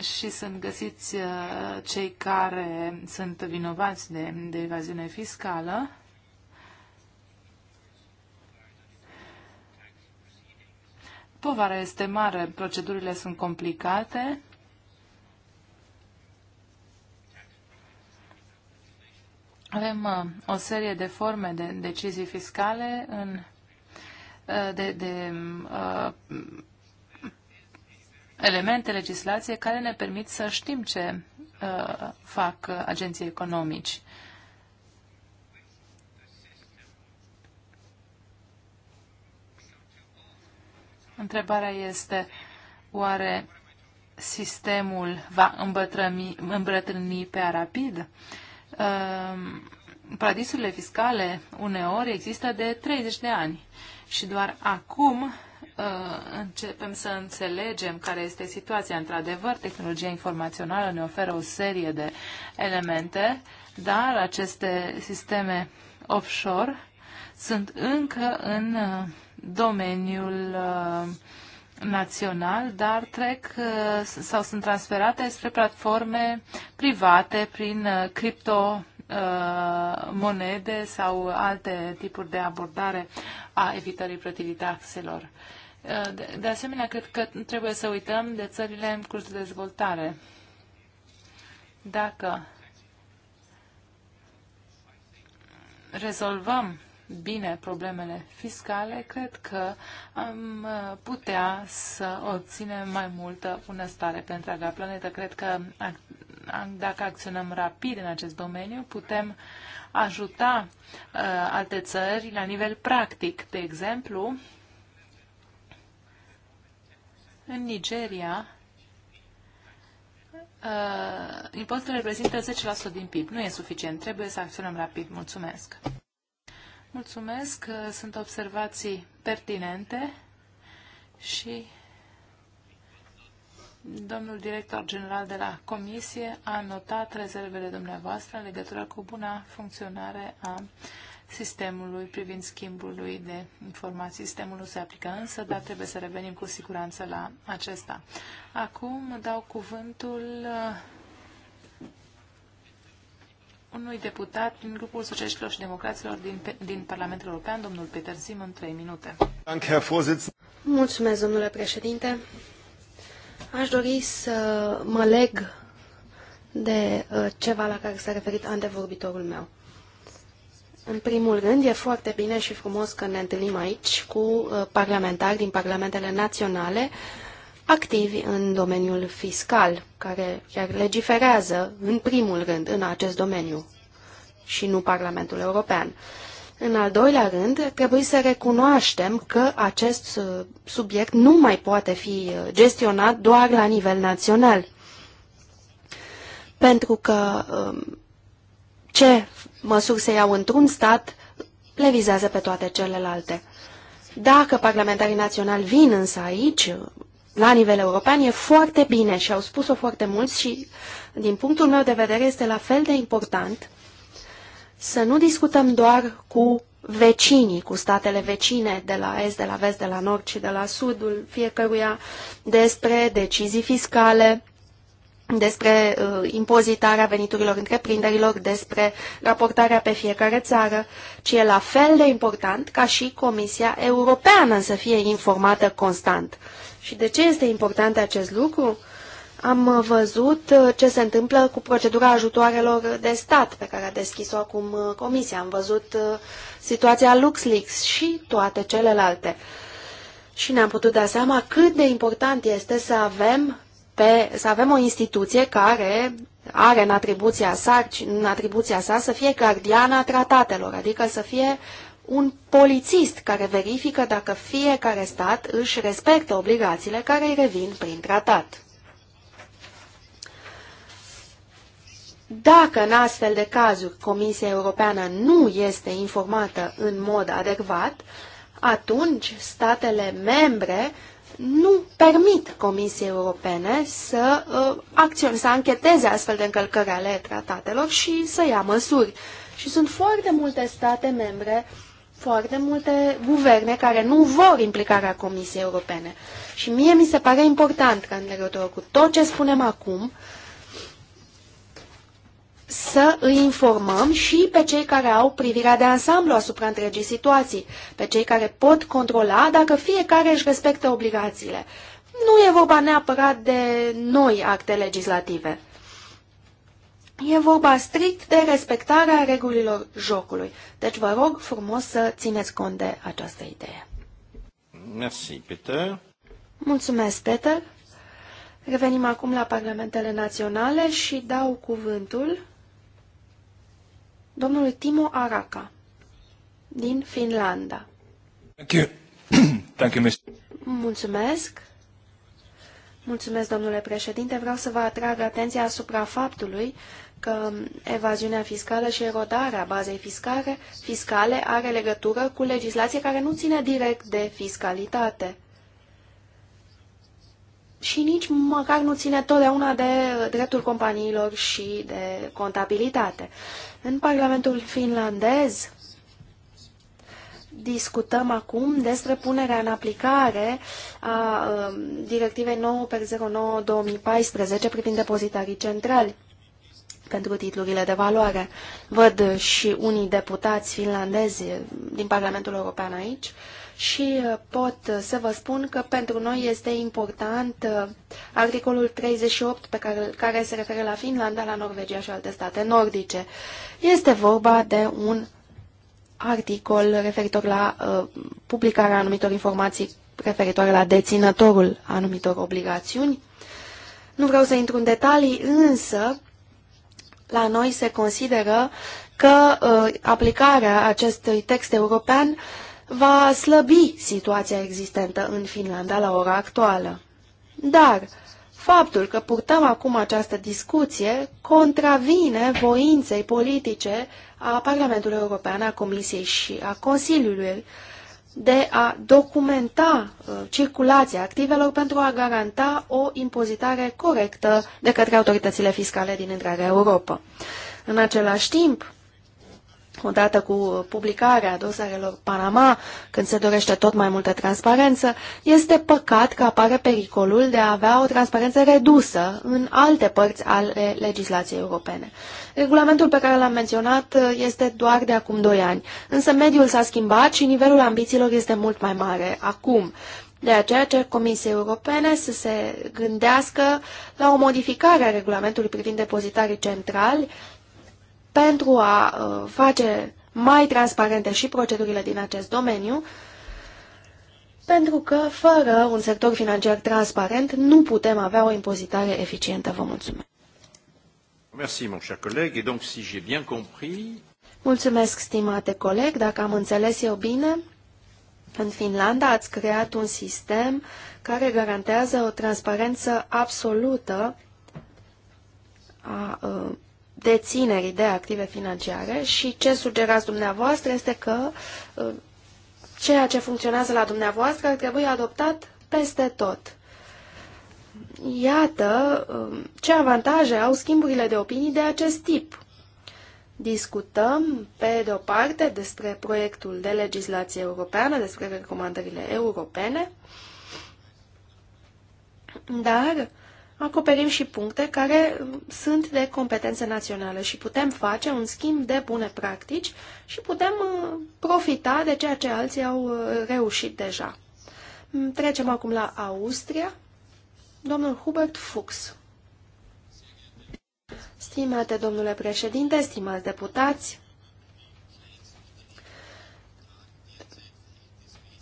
și sunt găsiți uh, cei care sunt vinovați de, de evaziune fiscală. Povara este mare, procedurile sunt complicate. Avem uh, o serie de forme de decizii fiscale în uh, de, de uh, elemente, legislație care ne permit să știm ce uh, fac agenții economici. Întrebarea este, oare sistemul va îmbătrâni, îmbătrâni pe rapid? Uh, paradisurile fiscale uneori există de 30 de ani și doar acum uh, începem să înțelegem care este situația. Într-adevăr, tehnologia informațională ne oferă o serie de elemente, dar aceste sisteme offshore sunt încă în uh, domeniul uh, național, dar trec uh, sau sunt transferate spre platforme private prin cripto monede sau alte tipuri de abordare a evitării plătirii taxelor. Uh, de, de asemenea, cred că trebuie să uităm de țările în curs de dezvoltare. Dacă rezolvăm bine problemele fiscale, cred că am uh, putea să obținem mai multă bunăstare pe întreaga planetă. Cred că dacă acționăm rapid în acest domeniu, putem ajuta uh, alte țări la nivel practic. De exemplu, în Nigeria, uh, impozitul reprezintă 10% din PIB. Nu e suficient. Trebuie să acționăm rapid. Mulțumesc. Mulțumesc. Uh, sunt observații pertinente și domnul director general de la Comisie a notat rezervele dumneavoastră în legătură cu buna funcționare a sistemului privind schimbului de informații. Sistemul se aplică însă, dar trebuie să revenim cu siguranță la acesta. Acum dau cuvântul uh, unui deputat din grupul Socialiștilor și Democraților din, din Parlamentul European, domnul Peter în trei minute. Mulțumesc, domnule președinte. Aș dori să mă leg de uh, ceva la care s-a referit antevorbitorul meu. În primul rând, e foarte bine și frumos că ne întâlnim aici cu uh, parlamentari din parlamentele naționale activi în domeniul fiscal, care chiar legiferează în primul rând în acest domeniu și nu Parlamentul European. În al doilea rând, trebuie să recunoaștem că acest uh, subiect nu mai poate fi uh, gestionat doar la nivel național. Pentru că um, ce măsuri se iau într-un stat, le vizează pe toate celelalte. Dacă parlamentarii naționali vin însă aici, la nivel european, e foarte bine și au spus-o foarte mulți și, din punctul meu de vedere, este la fel de important să nu discutăm doar cu vecinii, cu statele vecine de la est, de la vest, de la nord și de la sudul fiecăruia despre decizii fiscale, despre uh, impozitarea veniturilor întreprinderilor, despre raportarea pe fiecare țară, ci e la fel de important ca și Comisia Europeană să fie informată constant. Și de ce este important acest lucru? Am văzut uh, ce se întâmplă cu procedura ajutoarelor de stat pe care a deschis-o acum uh, Comisia. Am văzut uh, situația LuxLeaks și toate celelalte. Și ne-am putut da seama cât de important este să avem pe, să avem o instituție care are în atribuția sa, în atribuția sa să fie gardiana tratatelor, adică să fie un polițist care verifică dacă fiecare stat își respectă obligațiile care îi revin prin tratat. Dacă în astfel de cazuri Comisia Europeană nu este informată în mod adecvat, atunci statele membre nu permit Comisiei Europene să uh, acționeze, să ancheteze astfel de încălcări ale tratatelor și să ia măsuri. Și sunt foarte multe state membre, foarte multe guverne care nu vor implicarea Comisiei Europene. Și mie mi se pare important că în legătură cu tot ce spunem acum, uh, să îi informăm și pe cei care au privirea de ansamblu asupra întregii situații, pe cei care pot controla dacă fiecare își respectă obligațiile. Nu e vorba neapărat de noi acte legislative. E vorba strict de respectarea regulilor jocului. Deci vă rog frumos să țineți cont de această idee. Merci, Peter. Mulțumesc, Peter. Revenim acum la parlamentele naționale și dau cuvântul Domnul Timo Araka, din Finlanda. Thank you. Thank you, Mulțumesc. Mulțumesc, domnule președinte. Vreau să vă atrag atenția asupra faptului că evaziunea fiscală și erodarea bazei fiscale, fiscale are legătură cu legislație care nu ține direct de fiscalitate și nici măcar nu ține totdeauna de dreptul companiilor și de contabilitate. În Parlamentul finlandez discutăm acum despre punerea în aplicare a um, Directivei 9 per 09 2014 privind depozitarii centrali pentru titlurile de valoare. Văd și unii deputați finlandezi din Parlamentul European aici. Uh, și uh, pot uh, să vă spun că pentru noi este important uh, articolul 38 pe care, care se referă la Finlanda, la Norvegia și alte state nordice. Este vorba de un articol referitor la publicarea anumitor informații referitoare la deținătorul anumitor obligațiuni. Nu vreau să intru în detalii, însă la noi se consideră că uh, aplicarea acestui text european uh, va slăbi situația existentă în Finlanda la ora actuală. Dar faptul că purtăm acum această discuție contravine voinței politice a Parlamentului European, a Comisiei și a Consiliului de a documenta uh, circulația activelor pentru a garanta o impozitare corectă de către autoritățile fiscale din întreaga Europa. În același timp, odată cu publicarea dosarelor Panama, când se dorește tot mai multă transparență, este păcat că apare pericolul de a avea o transparență redusă în alte părți ale legislației europene. Regulamentul pe care l-am menționat uh, este doar de acum 2 ani, însă mediul s-a schimbat și nivelul ambițiilor este mult mai mare acum. De aceea cer Comisiei Europene să se gândească la o modificare a regulamentului privind depozitarii centrali, pentru a uh, face mai transparente și procedurile din acest domeniu, pentru că fără un sector financiar transparent nu putem avea o impozitare eficientă. Vă mulțumesc. Merci, mon cher collègue. Et donc, si j'ai bien compris... Mulțumesc, stimate coleg, dacă am înțeles eu bine, în Finlanda ați creat un sistem care garantează o transparență absolută a uh, deținerii de active financiare și ce sugerați dumneavoastră este că uh, ceea ce funcționează la dumneavoastră ar trebui adoptat peste tot. Iată um, ce avantaje au schimburile de opinii de acest tip. Discutăm, pe de o parte, despre proiectul de legislație europeană, despre recomandările europene, dar acoperim și puncte care um, sunt de competență națională și putem face un schimb de bune practici și putem uh, profita de ceea ce alții au uh, reușit deja. Mm, trecem acum la Austria. Domnul Hubert Fuchs. Stimate domnule președinte, stimați deputați,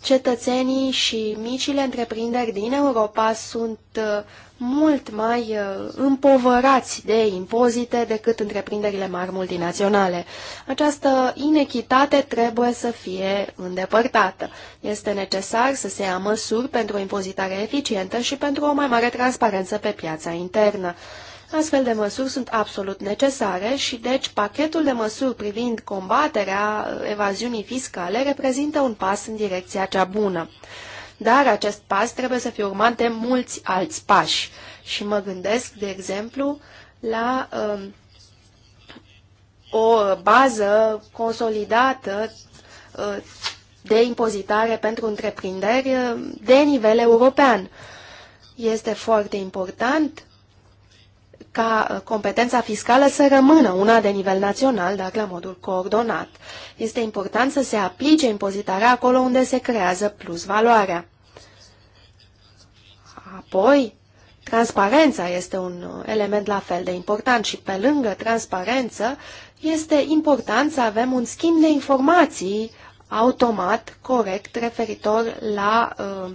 cetățenii și micile întreprinderi din Europa sunt uh, mult mai uh, împovărați de impozite decât întreprinderile mari multinaționale. Această inechitate trebuie să fie îndepărtată. Este necesar să se ia măsuri pentru o impozitare eficientă și pentru o mai mare transparență pe piața internă. Astfel de măsuri sunt absolut necesare și deci pachetul de măsuri privind combaterea evaziunii fiscale reprezintă un pas în direcția cea bună. Dar acest pas trebuie să fie urmat de mulți alți pași și mă gândesc, de exemplu, la um, o bază consolidată uh, de impozitare pentru întreprinderi uh, de nivel european. Este foarte important ca uh, competența fiscală să rămână una de nivel național, dar la modul coordonat. Este important să se aplice impozitarea acolo unde se creează plus valoarea. Apoi, transparența este un uh, element la fel de important și pe lângă transparență este important să avem un schimb de informații automat, corect, referitor la uh,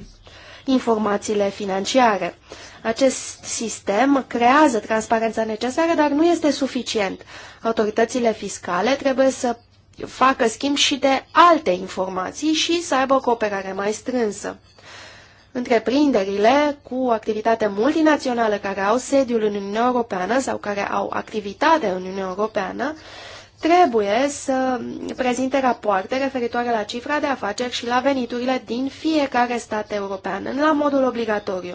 informațiile financiare. Acest sistem creează transparența necesară, dar nu este suficient. Autoritățile fiscale trebuie să facă schimb și de alte informații și să aibă o cooperare mai strânsă. Întreprinderile cu activitate multinațională care au sediul în Uniunea Europeană sau care au activitate în Uniunea Europeană trebuie să prezinte rapoarte referitoare la cifra de afaceri și la veniturile din fiecare stat european, la modul obligatoriu.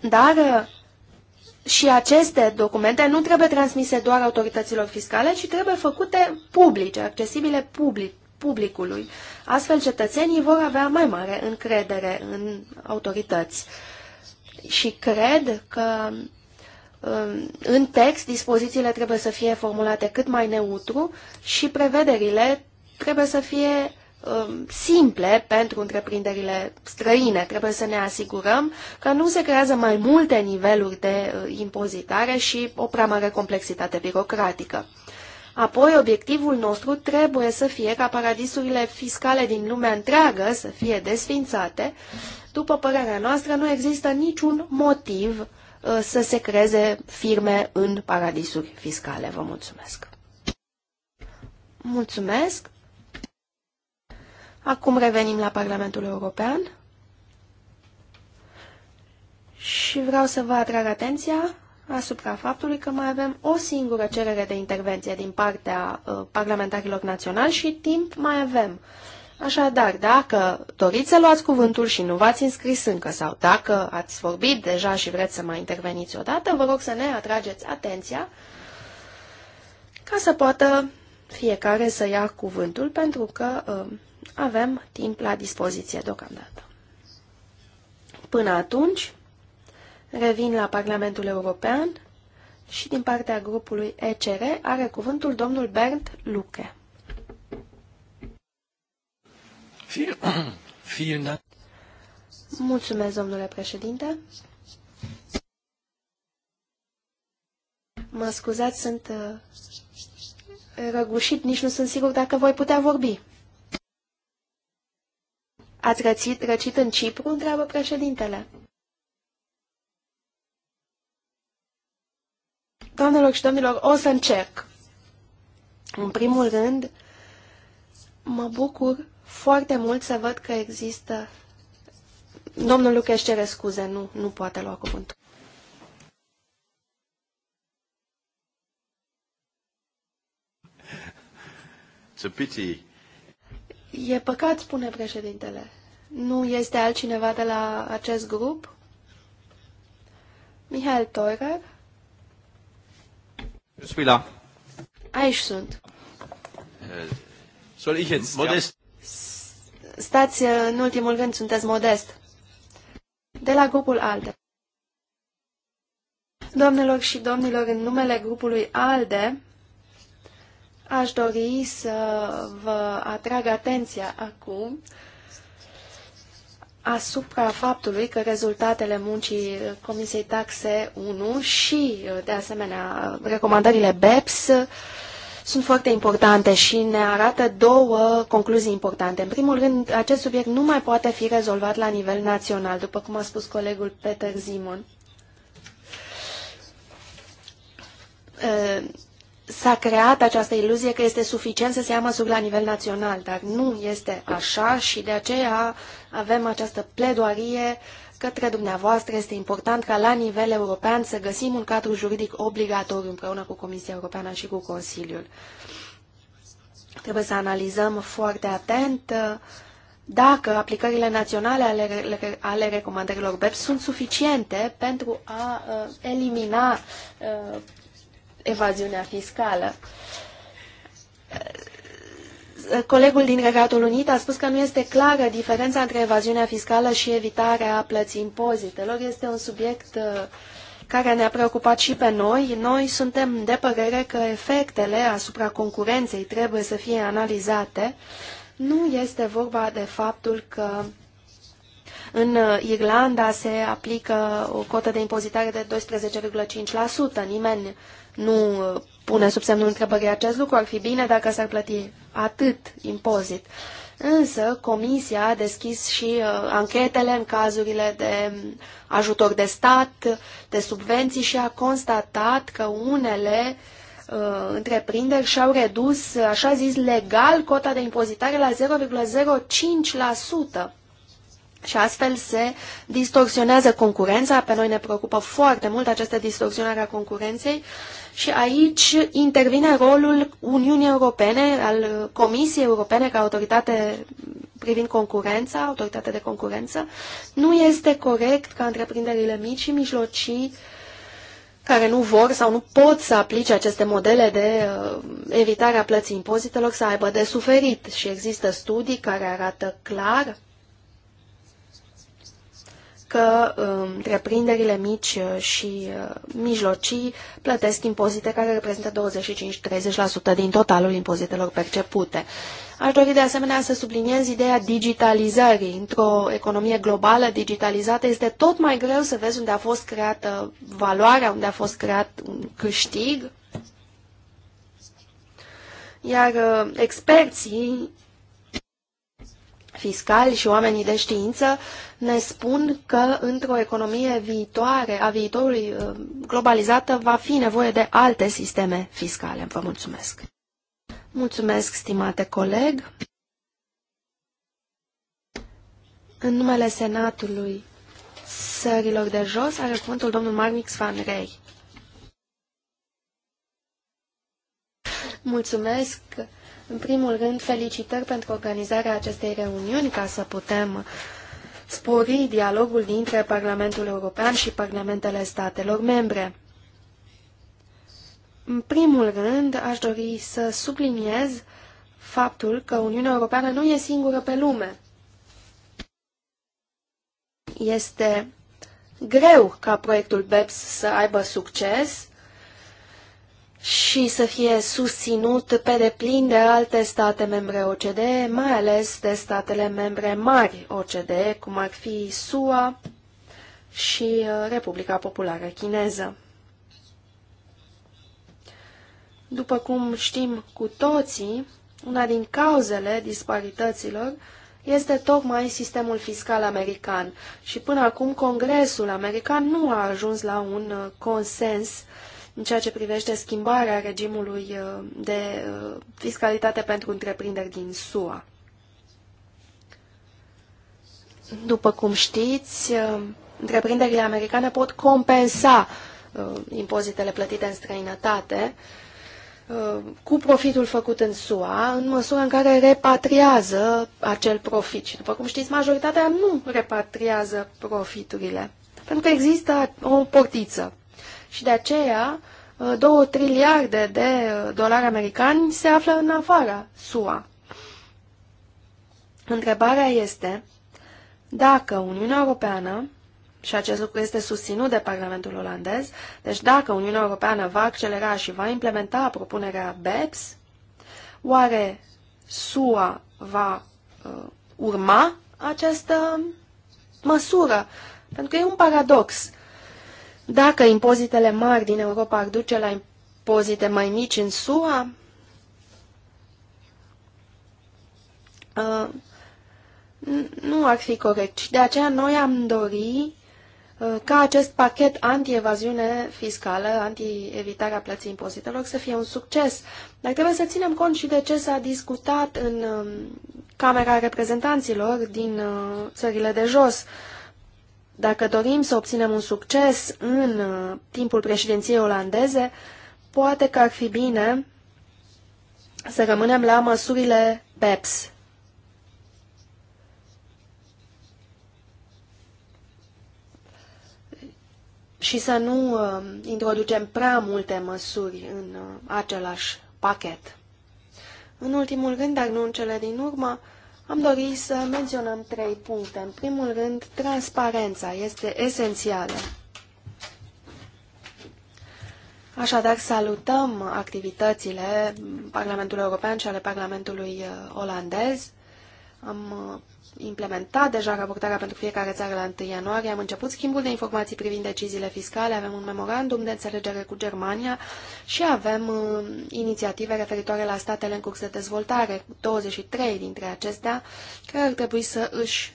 Dar uh, și aceste documente nu trebuie transmise doar autorităților fiscale, ci trebuie făcute publice, accesibile public, publicului. Astfel, cetățenii vor avea mai mare încredere în autorități. Și cred că Um, în text dispozițiile trebuie să fie formulate cât mai neutru și prevederile trebuie să fie um, simple pentru întreprinderile străine. Trebuie să ne asigurăm că nu se creează mai multe niveluri de uh, impozitare și o prea mare complexitate birocratică. Apoi, obiectivul nostru trebuie să fie ca paradisurile fiscale din lumea întreagă să fie desfințate. După părerea noastră, nu există niciun motiv Uh, să se creeze firme în paradisuri fiscale. Vă mulțumesc! Mulțumesc! Acum revenim la Parlamentul European și vreau să vă atrag atenția asupra faptului că mai avem o singură cerere de intervenție din partea uh, parlamentarilor naționali și timp mai avem. Uh, Așadar, dacă doriți să luați cuvântul și nu v-ați înscris încă sau dacă ați vorbit deja și vreți să mai interveniți odată, vă rog să ne atrageți atenția ca să poată fiecare să ia cuvântul pentru că uh, avem timp la dispoziție deocamdată. Până atunci, revin la Parlamentul European și din partea grupului ECR are cuvântul domnul Bernd Luke. Mulțumesc, domnule președinte. Mă scuzați, sunt uh, răgușit, nici nu sunt sigur dacă voi putea vorbi. Ați răcit, răcit în Cipru? Întreabă președintele. Doamnelor și domnilor, o să încerc. În primul rând, mă bucur foarte mult să văd că există... Domnul Luca cere scuze, nu, nu poate lua cuvântul. It's a pity. E păcat, spune președintele. Nu este altcineva de la acest grup? Mihail Teurer? Eu sunt Aici sunt. Uh, soll ich jetzt modest? stați uh, în ultimul gând, sunteți modest. De la grupul ALDE. Doamnelor și domnilor, în numele grupului ALDE, aș dori să vă atrag atenția acum asupra faptului că rezultatele muncii Comisiei Taxe 1 și, de asemenea, recomandările BEPS sunt foarte importante și ne arată două concluzii importante. În primul rând, acest subiect nu mai poate fi rezolvat la nivel național, după cum a spus colegul Peter Zimon. S-a creat această iluzie că este suficient să se ia măsuri la nivel național, dar nu este așa și de aceea avem această pledoarie uh, către dumneavoastră este important ca la nivel european să găsim un cadru juridic obligatoriu împreună cu Comisia Europeană și cu Consiliul. Trebuie să analizăm foarte atent uh, dacă aplicările naționale ale, ale recomandărilor BEPS sunt suficiente pentru a uh, elimina uh, evaziunea fiscală Eh, colegul din Regatul Unit a spus că nu este clară diferența între evaziunea fiscală și evitarea plății impozitelor. Este un subiect eh, care ne-a preocupat și pe noi. Noi suntem de părere că efectele asupra concurenței trebuie să fie analizate. Nu este vorba de faptul că în uh, Irlanda se aplică o cotă de impozitare de 12,5%. Nimeni nu uh, pune sub semnul întrebării acest lucru. Ar fi bine dacă s-ar plăti atât impozit. Însă, Comisia a deschis și uh, anchetele în cazurile de um, ajutor de stat, de subvenții și a constatat că unele uh, întreprinderi și-au redus, așa zis, legal cota de impozitare la 0,05%. Și astfel se distorsionează concurența. Pe noi ne preocupă foarte mult această distorsionare a concurenței și aici intervine rolul Uniunii Europene, al Comisiei Europene ca autoritate privind concurența, autoritatea de concurență. Nu este corect ca întreprinderile mici și mijlocii care nu vor sau nu pot să aplice aceste modele de uh, evitare a plății impozitelor să aibă de suferit. Și există studii care arată clar că um, întreprinderile mici uh, și uh, mijlocii plătesc impozite care reprezintă 25-30% din totalul impozitelor percepute. Aș dori de asemenea să subliniez ideea digitalizării. Într-o economie globală digitalizată este tot mai greu să vezi unde a fost creată valoarea, unde a fost creat un câștig. Iar uh, experții fiscali și oamenii de știință ne spun că într-o economie viitoare, a viitorului uh, globalizată, va fi nevoie de alte sisteme fiscale. Vă mulțumesc! Mulțumesc, stimate coleg! În numele Senatului Sărilor de Jos are cuvântul domnul Marmix Van Rey. Mulțumesc! În primul rând, felicitări pentru organizarea acestei reuniuni ca să putem spori dialogul dintre Parlamentul European și Parlamentele statelor membre. În primul rând, aș dori să subliniez faptul că Uniunea Europeană nu e singură pe lume. Este greu ca proiectul BEPS să aibă succes și să fie susținut pe deplin de alte state membre OCDE, mai ales de statele membre mari OCDE, cum ar fi SUA și uh, Republica Populară Chineză. După cum știm cu toții, una din cauzele disparităților este tocmai sistemul fiscal american și până acum Congresul american nu a ajuns la un uh, consens uh, în ceea ce privește schimbarea regimului uh, de uh, fiscalitate pentru întreprinderi din SUA. După cum știți, uh, întreprinderile americane pot compensa impozitele plătite în străinătate cu profitul făcut în SUA, în măsura în care repatriază acel profit. Și după cum știți, majoritatea nu repatriază profiturile, pentru că există o portiță și de aceea, 2 uh, triliarde de uh, dolari americani se află în afara SUA. Întrebarea este dacă Uniunea Europeană, și acest lucru este susținut de Parlamentul olandez, deci dacă Uniunea Europeană va accelera și va implementa propunerea BEPS, oare SUA va uh, urma această uh, măsură? Pentru că e un paradox. Dacă impozitele mari din Europa ar duce la impozite mai mici în SUA, uh, nu ar fi corect. Și de aceea noi am dori uh, ca acest pachet anti-evaziune fiscală, anti-evitarea plății impozitelor, să fie un succes. Dar trebuie să ținem cont și de ce s-a discutat în um, Camera Reprezentanților din uh, țările de jos. Dacă dorim să obținem un succes în uh, timpul președinției olandeze, poate că ar fi bine să rămânem la măsurile BEPS. Și să nu uh, introducem prea multe măsuri în uh, același pachet. În ultimul rând, dar nu în cele din urmă, am dorit să menționăm trei puncte. În primul rând, transparența este esențială. Așadar, salutăm activitățile Parlamentului European și ale Parlamentului uh, olandez. Am uh, implementat deja raportarea pentru fiecare țară la 1 ianuarie, am început schimbul de informații privind deciziile fiscale, avem un memorandum de înțelegere cu Germania și avem uh, inițiative referitoare la statele în curs de dezvoltare, 23 dintre acestea, care ar trebui să își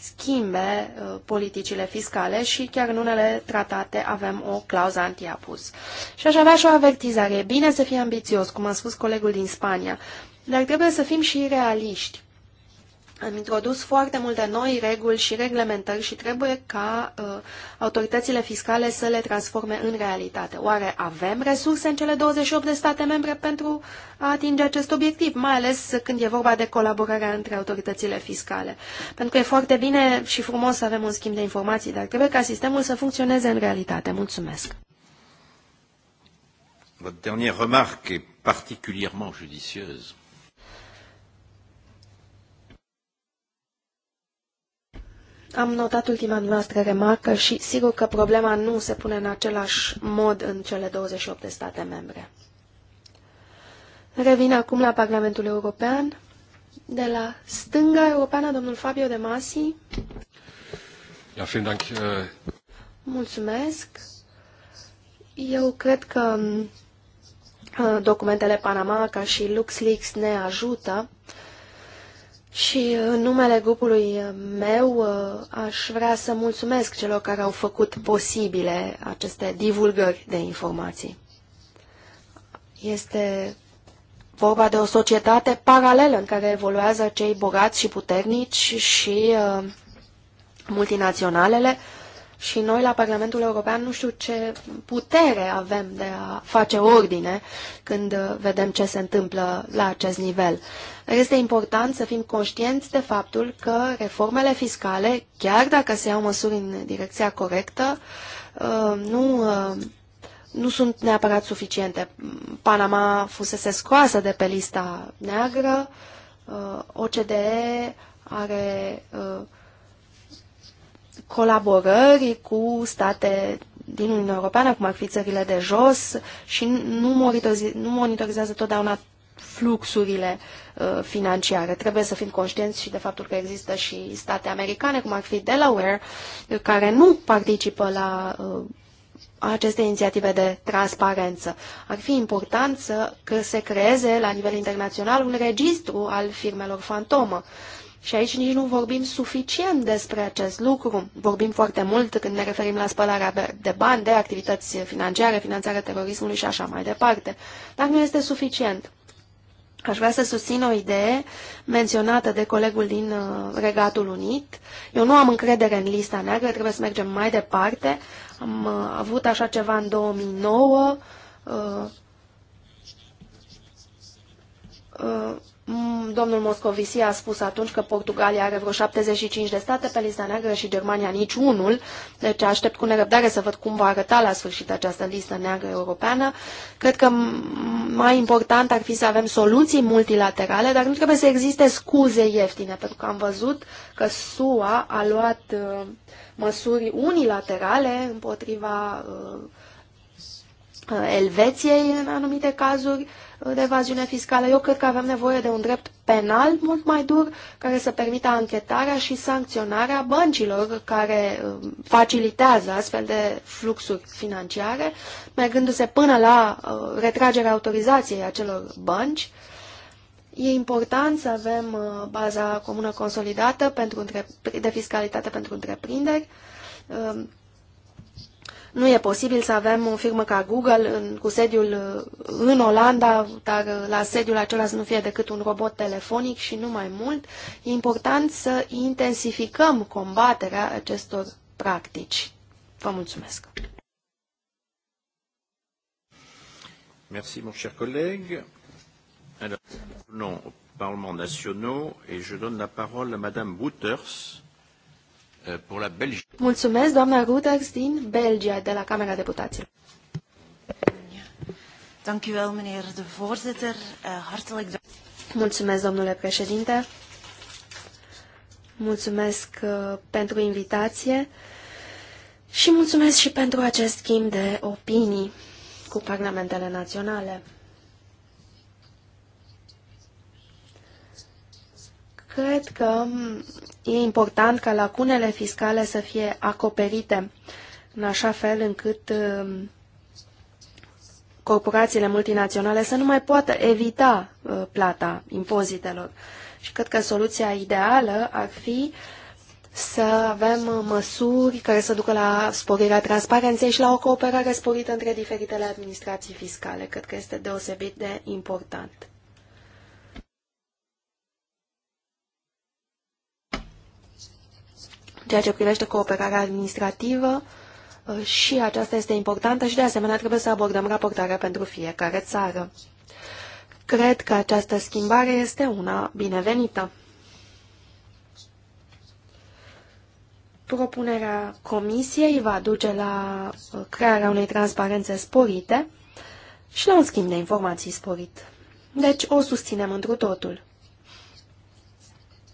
schimbe uh, politicile fiscale și chiar în unele tratate avem o clauză antiapus. Și aș avea și o avertizare. E bine să fii ambițios, cum a spus colegul din Spania, dar trebuie să fim și realiști am introdus foarte multe noi reguli și reglementări și trebuie ca uh, autoritățile fiscale să le transforme în realitate. Oare avem resurse în cele 28 de state membre pentru a atinge acest obiectiv, mai ales când e vorba de colaborarea între autoritățile fiscale? Pentru că e foarte bine și frumos să avem un schimb de informații, dar trebuie ca sistemul să funcționeze în realitate. Mulțumesc! Votre dernière remarque est particulièrement judicieuse. Am notat ultima noastră remarcă și sigur că problema nu se pune în același mod în cele 28 de state membre. Revin acum la Parlamentul European. De la stânga europeană, domnul Fabio De Masi. Ja, Dank. Äh, Mulțumesc. Eu cred că äh, documentele Panama, ca și LuxLeaks, ne ajută și uh, în numele grupului meu uh, aș vrea să mulțumesc celor care au făcut posibile aceste divulgări de informații. Este vorba de o societate paralelă în care evoluează cei bogați și puternici și uh, multinaționalele, și noi la Parlamentul European nu știu ce putere avem de a face ordine când uh, vedem ce se întâmplă la acest nivel. Este important să fim conștienți de faptul că reformele fiscale, chiar dacă se iau măsuri în direcția corectă, uh, nu, uh, nu sunt neapărat suficiente. Panama fusese scoasă de pe lista neagră, OCDE are uh, colaborări cu state din Uniunea Europeană, cum ar fi țările de jos, și nu, nu monitorizează totdeauna fluxurile uh, financiare. Trebuie să fim conștienți și de faptul că există și state americane, cum ar fi Delaware, care nu participă la uh, aceste inițiative de transparență. Ar fi important să că se creeze la nivel internațional un registru al firmelor fantomă. Uh, și aici nici nu vorbim suficient despre acest lucru. Vorbim foarte mult când ne referim la spălarea de bani, de activități financiare, finanțarea terorismului și așa mai departe. Dar nu este suficient. Aș vrea să susțin o idee menționată de colegul din uh, Regatul Unit. Eu nu am încredere în lista neagră, trebuie să mergem mai departe. Am uh, avut așa ceva în 2009. Mm, domnul Moscovici a spus atunci că Portugalia are vreo 75 de state pe lista neagră și Germania niciunul, deci aștept cu nerăbdare să văd cum va arăta la sfârșit această listă neagră europeană. Cred că mai important ar fi să avem soluții multilaterale, dar nu trebuie să existe scuze ieftine, pentru că am văzut că SUA a luat uh, măsuri unilaterale împotriva uh, uh, Elveției în anumite cazuri, de evaziune fiscală. Eu cred că avem nevoie de un drept penal mult mai dur care să permită anchetarea și sancționarea băncilor care um, facilitează astfel de fluxuri financiare, mergându-se până la uh, retragerea autorizației acelor bănci. E important să avem uh, baza comună consolidată pentru de fiscalitate pentru întreprinderi um, nu e posibil să avem o firmă ca Google în, cu sediul uh, în Olanda, dar uh, la sediul acela să nu fie decât un robot telefonic și nu mai mult. E important să intensificăm combaterea acestor practici. Vă mulțumesc! Merci, mon cher collègue. Alors, nous parlements nationaux et je donne la parole à Madame Wouters pour la Belgique. Mulțumesc, doamna Ruders din Belgia, de la Camera Deputaților. Dank u wel, meneer de voorzitter. Eh, hartelijk dank. Mulțumesc, domnule președinte. Mulțumesc eh, pentru invitație și mulțumesc și pentru acest schimb de opinii cu parlamentele naționale. Cred că e important ca lacunele fiscale să fie acoperite în așa fel încât um, corporațiile multinaționale să nu mai poată evita uh, plata impozitelor. Și cred că soluția ideală ar fi să avem uh, măsuri care să ducă la sporirea transparenței și la o cooperare sporită între diferitele administrații fiscale. Cred că este deosebit de important. ceea ce privește cooperarea administrativă uh, și aceasta este importantă și de asemenea trebuie să abordăm raportarea pentru fiecare țară. Cred că această schimbare este una binevenită. Propunerea comisiei va duce la uh, crearea unei transparențe sporite și la un schimb de informații sporit. Deci o susținem întru totul.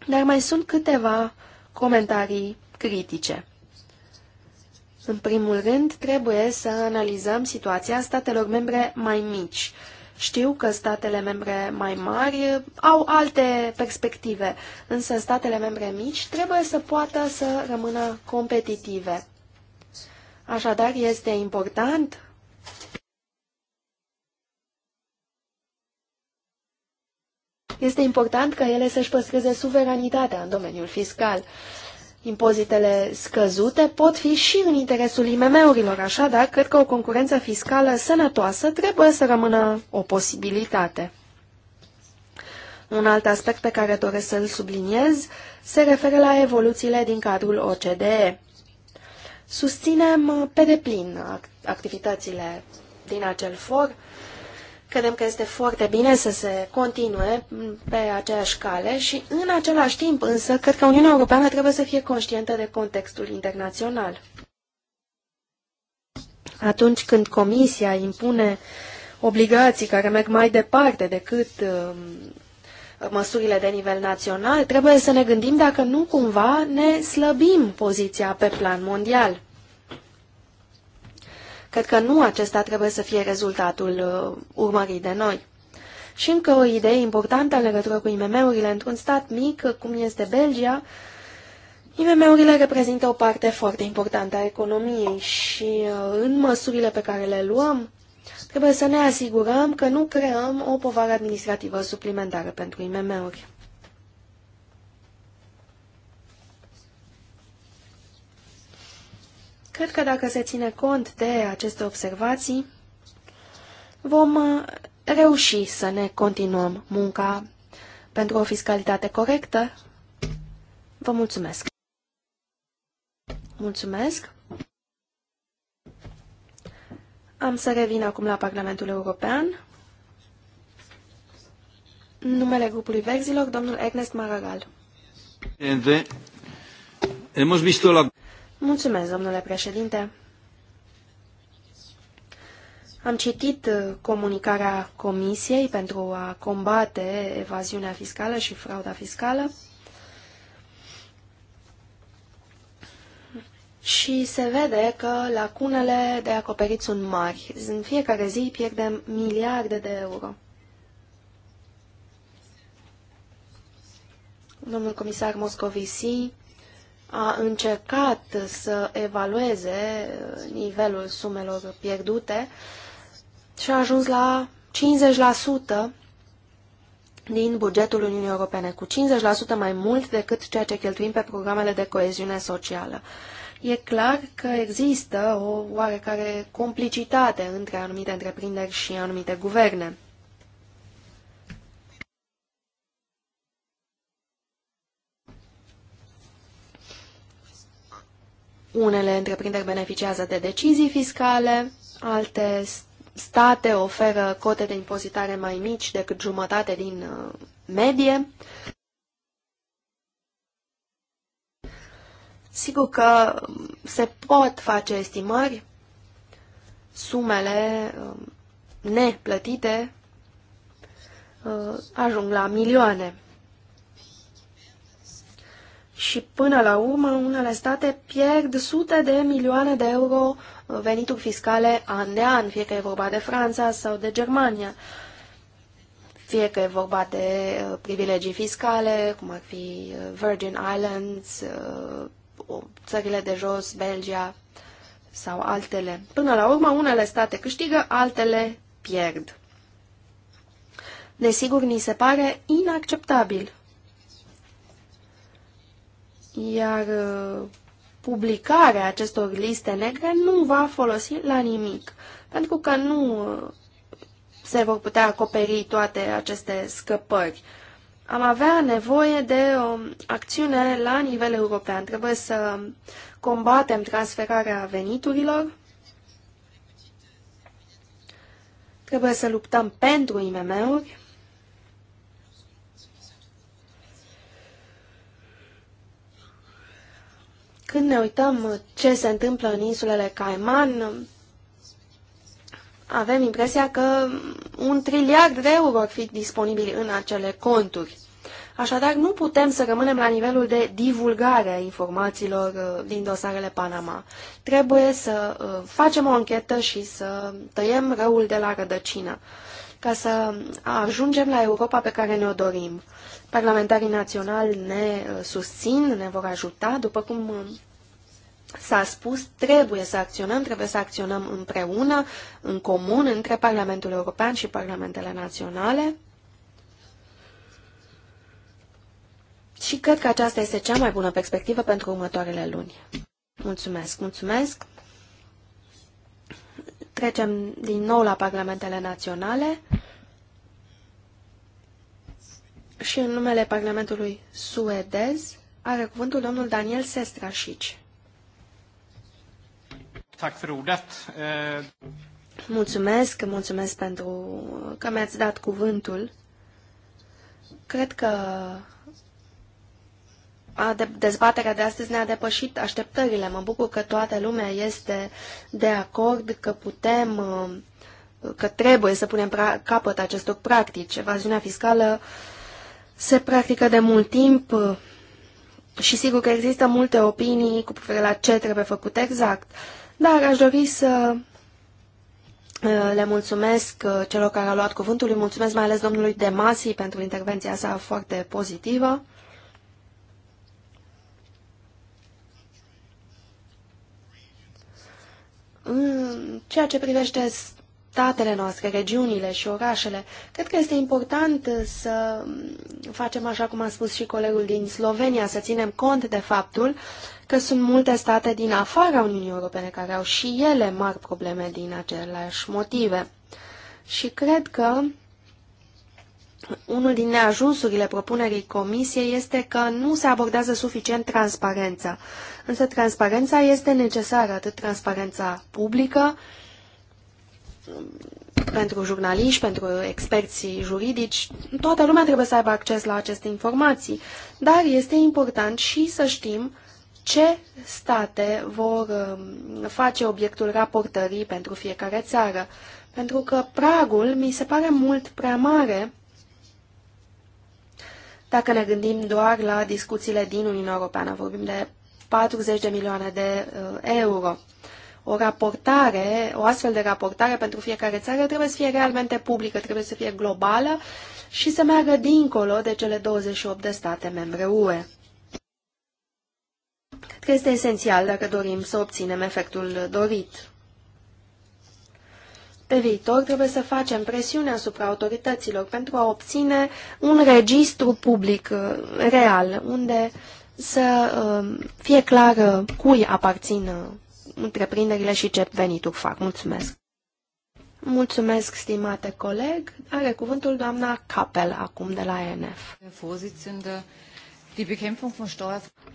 Dar mai sunt câteva comentarii critice. În primul rând, trebuie să analizăm situația statelor membre mai mici. Știu că statele membre mai mari au alte perspective, însă statele membre mici trebuie să poată să rămână competitive. Așadar, este important Este important ca ele să-și păstreze suveranitatea în domeniul fiscal impozitele scăzute pot fi și în interesul IMM-urilor, așadar cred că o concurență fiscală sănătoasă trebuie să rămână o posibilitate. Un alt aspect pe care doresc să-l subliniez se referă la evoluțiile din cadrul OCDE. Susținem pe deplin activitățile din acel for, Credem că este foarte bine să se continue pe aceeași cale și în același timp însă cred că Uniunea Europeană trebuie să fie conștientă de contextul internațional. Atunci când Comisia impune obligații care merg mai departe decât um, măsurile de nivel național, trebuie să ne gândim dacă nu cumva ne slăbim poziția pe plan mondial. Cred că nu acesta trebuie să fie rezultatul uh, urmărit de noi. Și încă o idee importantă în legătură cu IMM-urile într-un stat mic, uh, cum este Belgia, IMM-urile reprezintă o parte foarte importantă a economiei și uh, în măsurile pe care le luăm, trebuie să ne asigurăm că nu creăm o povară administrativă suplimentară pentru IMM-uri. Cred că dacă se ține cont de aceste observații, vom uh, reuși să ne continuăm munca pentru o fiscalitate corectă. Vă mulțumesc! Mulțumesc! Am să revin acum la Parlamentul European. Numele grupului Verzilor, domnul Ernest Maragall. Hemos visto la... Mulțumesc, domnule președinte. Am citit uh, comunicarea Comisiei pentru a combate evaziunea fiscală și frauda fiscală și se vede că lacunele de acoperit sunt mari. În fiecare zi pierdem miliarde de euro. Domnul comisar Moscovici a încercat să evalueze nivelul sumelor pierdute și a ajuns la 50% din bugetul Uniunii Europene, cu 50% mai mult decât ceea ce cheltuim pe programele de coeziune socială. E clar că există o oarecare complicitate între anumite întreprinderi și anumite guverne. Unele întreprinderi beneficiază de decizii fiscale, alte state oferă cote de impozitare mai mici decât jumătate din uh, medie. Sigur că um, se pot face estimări, sumele um, neplătite uh, ajung la milioane. Și până la urmă, unele state pierd sute de milioane de euro uh, venituri fiscale an de an, fie că e vorba de Franța sau de Germania, fie că e vorba de uh, privilegii fiscale, cum ar fi uh, Virgin Islands, țările de jos, Belgia sau altele. Până la urmă, unele state câștigă, altele pierd. Desigur, ni se pare inacceptabil iar uh, publicarea acestor liste negre nu va folosi la nimic, pentru că nu uh, se vor putea acoperi toate aceste scăpări. Am avea nevoie de o um, acțiune la nivel european. Trebuie să combatem transferarea veniturilor, trebuie să luptăm pentru IMM-uri, Când ne uităm ce se întâmplă în insulele Caiman, avem impresia că un triliard de euro ar fi disponibili în acele conturi. Așadar, nu putem să rămânem la nivelul de divulgare a informațiilor uh, din dosarele Panama. Trebuie să uh, facem o anchetă și să tăiem răul de la rădăcină ca să ajungem la Europa pe care ne-o dorim. Parlamentarii naționali ne uh, susțin, ne vor ajuta, după cum uh, s-a spus, trebuie să acționăm, trebuie să acționăm împreună, în comun, între Parlamentul European și Parlamentele Naționale. Și cred că aceasta este cea mai bună perspectivă pentru următoarele luni. Mulțumesc, mulțumesc! Trecem din nou la parlamentele naționale și în numele Parlamentului suedez are cuvântul domnul Daniel Sestrașici. Mulțumesc, mulțumesc pentru că mi-ați dat cuvântul. Cred că dezbaterea de astăzi ne-a depășit așteptările. Mă bucur că toată lumea este de acord că putem, uh, că trebuie să punem capăt acestor practici. Evaziunea fiscală se practică de mult timp uh, și sigur că există multe opinii cu privire la ce trebuie făcut exact, dar aș dori să uh, le mulțumesc celor care au luat cuvântul, îi mulțumesc mai ales domnului Demasi pentru intervenția sa foarte pozitivă. În ceea ce privește statele noastre, regiunile și orașele, cred că este important să facem așa cum a spus și colegul din Slovenia, să ținem cont de faptul că sunt multe state din afara Uniunii Europene care au și ele mari probleme din aceleași motive. Și cred că unul din neajunsurile propunerii comisiei este că nu se abordează suficient transparența. Însă transparența este necesară, atât transparența publică, pentru jurnaliști, pentru experții juridici, toată lumea trebuie să aibă acces la aceste informații, dar este important și să știm ce state vor um, face obiectul raportării pentru fiecare țară, pentru că pragul mi se pare mult prea mare dacă ne gândim doar la discuțiile din Uniunea Europeană, vorbim de 40 de milioane de uh, euro. O raportare, o astfel de raportare pentru fiecare țară trebuie să fie realmente publică, trebuie să fie globală și să meargă dincolo de cele 28 de state membre UE. Cred că este esențial dacă dorim să obținem efectul dorit. Pe viitor trebuie să facem presiune asupra autorităților pentru a obține un registru public uh, real, unde să uh, fie clar uh, cui aparțin întreprinderile și ce venituri fac. Mulțumesc! Mulțumesc, stimate coleg. Are cuvântul doamna Capel acum de la ENF.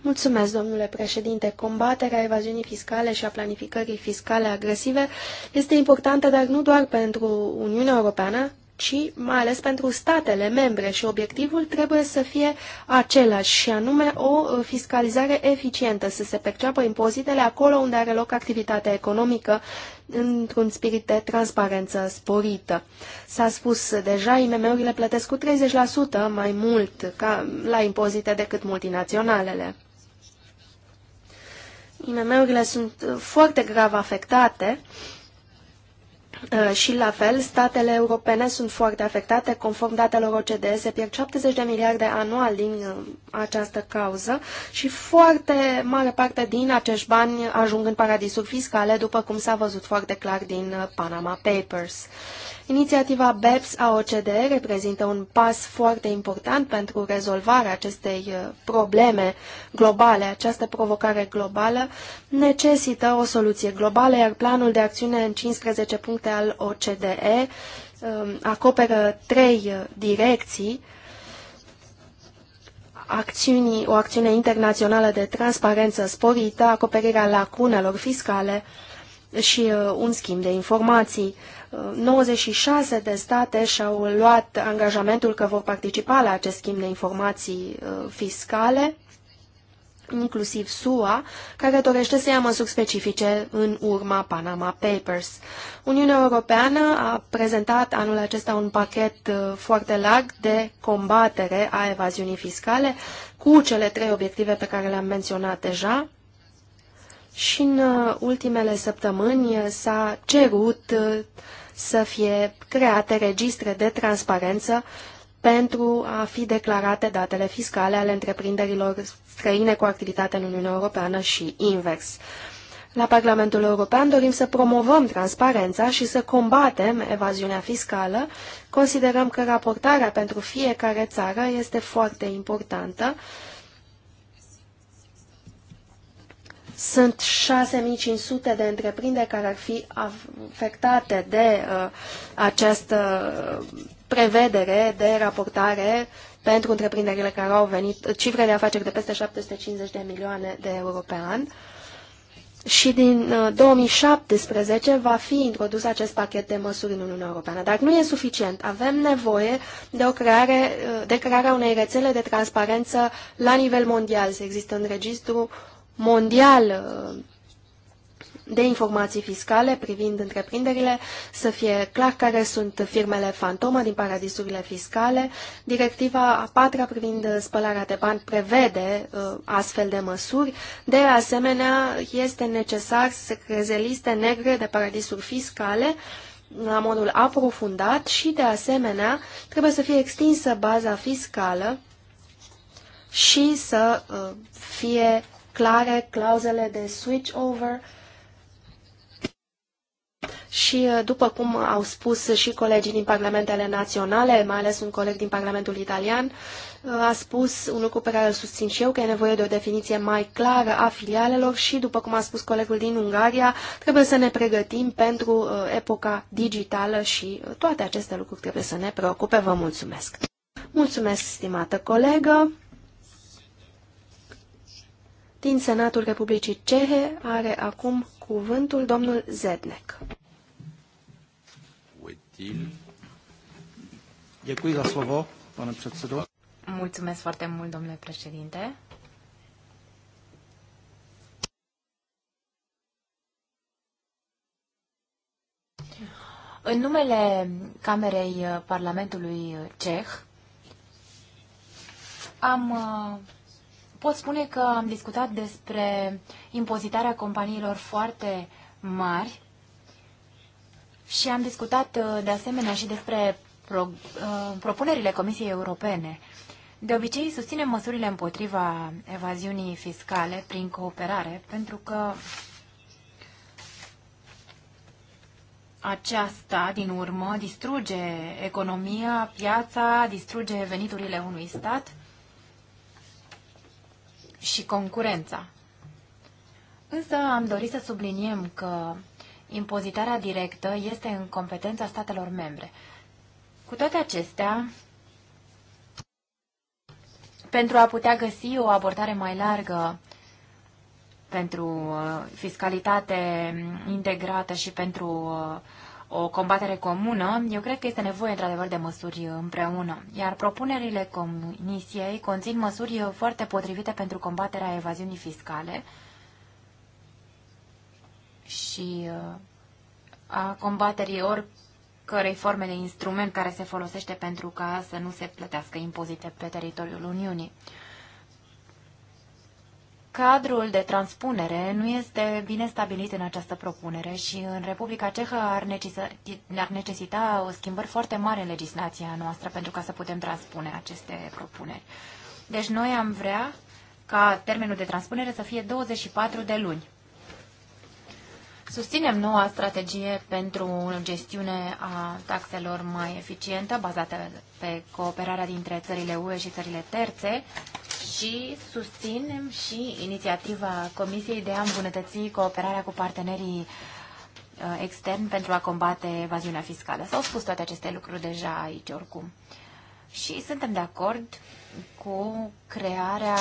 Mulțumesc, domnule președinte. Combaterea evaziunii fiscale și a planificării fiscale agresive este importantă, dar nu doar pentru Uniunea Europeană, ci mai ales pentru statele membre și obiectivul trebuie să fie același și anume o uh, fiscalizare eficientă, să se perceapă impozitele acolo unde are loc activitatea economică într-un spirit de transparență sporită. S-a spus deja, IMM-urile plătesc cu 30% mai mult ca la impozite decât multinaționalele. IMM-urile sunt foarte grav afectate Uh, și la fel, statele europene sunt foarte afectate. Conform datelor OCDE, se pierd 70 de miliarde anual din uh, această cauză și foarte mare parte din acești bani ajung în paradisuri fiscale, după cum s-a văzut foarte clar din uh, Panama Papers. Inițiativa BEPS a OCDE reprezintă un pas foarte important pentru rezolvarea acestei uh, probleme globale. Această provocare globală necesită o soluție globală, iar planul de acțiune în 15 puncte al OCDE um, acoperă trei uh, direcții acțiuni, o acțiune internațională de transparență sporită, acoperirea lacunelor fiscale și uh, un schimb de informații. 96 de state și-au luat angajamentul că vor participa la acest schimb de informații uh, fiscale, inclusiv SUA, care dorește să ia măsuri specifice în urma Panama Papers. Uniunea Europeană a prezentat anul acesta un pachet uh, foarte larg de combatere a evaziunii fiscale cu cele trei obiective pe care le-am menționat deja, și în uh, ultimele săptămâni uh, s-a cerut uh, să fie create registre de transparență pentru a fi declarate datele fiscale ale întreprinderilor străine cu activitate în Uniunea Europeană și invers. La Parlamentul European dorim să promovăm transparența și să combatem evaziunea fiscală. Considerăm că raportarea pentru fiecare țară este foarte importantă Sunt 6500 de întreprinderi care ar fi afectate de uh, această prevedere de raportare pentru întreprinderile care au venit cifre de afaceri de peste 750 de milioane de euro pe an. Și din 2017 uh, va fi introdus acest pachet de măsuri în Uniunea Europeană. Dar nu e suficient. Avem nevoie de, o creare, uh, de crearea unei rețele de transparență la nivel mondial. Se există un registru mondial de informații fiscale privind întreprinderile, să fie clar care sunt firmele fantomă din paradisurile fiscale. Directiva a patra privind spălarea de bani prevede uh, astfel de măsuri. De asemenea, este necesar să creeze liste negre de paradisuri fiscale la modul aprofundat și, de asemenea, trebuie să fie extinsă baza fiscală și să uh, fie clare, clauzele de switch-over și, uh, după cum au spus și colegii din parlamentele naționale, mai ales un coleg din Parlamentul Italian, uh, a spus un lucru pe care îl susțin și eu, că e nevoie de o definiție mai clară a filialelor și, după cum a spus colegul din Ungaria, trebuie să ne pregătim pentru uh, epoca digitală și toate aceste lucruri trebuie să ne preocupe. Vă mulțumesc! Mulțumesc, stimată colegă! din Senatul Republicii Cehe are acum cuvântul domnul Zednek. Mulțumesc foarte mult, domnule președinte. În numele Camerei Parlamentului Ceh am uh, Pot spune că am discutat despre impozitarea companiilor foarte mari și am discutat uh, de asemenea și despre pro, uh, propunerile Comisiei Europene. De obicei, susținem măsurile împotriva evaziunii fiscale prin cooperare, pentru că aceasta, din urmă, distruge economia, piața, distruge veniturile unui stat și concurența. Însă am dorit să subliniem că impozitarea directă este în competența statelor membre. Cu toate acestea, pentru a putea găsi o abordare mai largă pentru uh, fiscalitate integrată și pentru uh, o combatere comună, eu cred că este nevoie într-adevăr de măsuri împreună. Iar propunerile Comisiei conțin măsuri foarte potrivite pentru combaterea evaziunii fiscale și uh, a combaterii oricărei forme de instrument care se folosește pentru ca să nu se plătească impozite pe teritoriul Uniunii. Cadrul de transpunere nu este bine stabilit în această propunere și în Republica Cehă ar necesita, ar necesita o schimbări foarte mare în legislația noastră pentru ca să putem transpune aceste propuneri. Deci noi am vrea ca termenul de transpunere să fie 24 de luni. Susținem noua strategie pentru o gestiune a taxelor mai eficientă, bazată pe cooperarea dintre țările UE și țările terțe și susținem și inițiativa Comisiei de a îmbunătăți cooperarea cu partenerii uh, externi pentru a combate evaziunea fiscală. S-au spus toate aceste lucruri deja aici oricum. Și suntem de acord cu crearea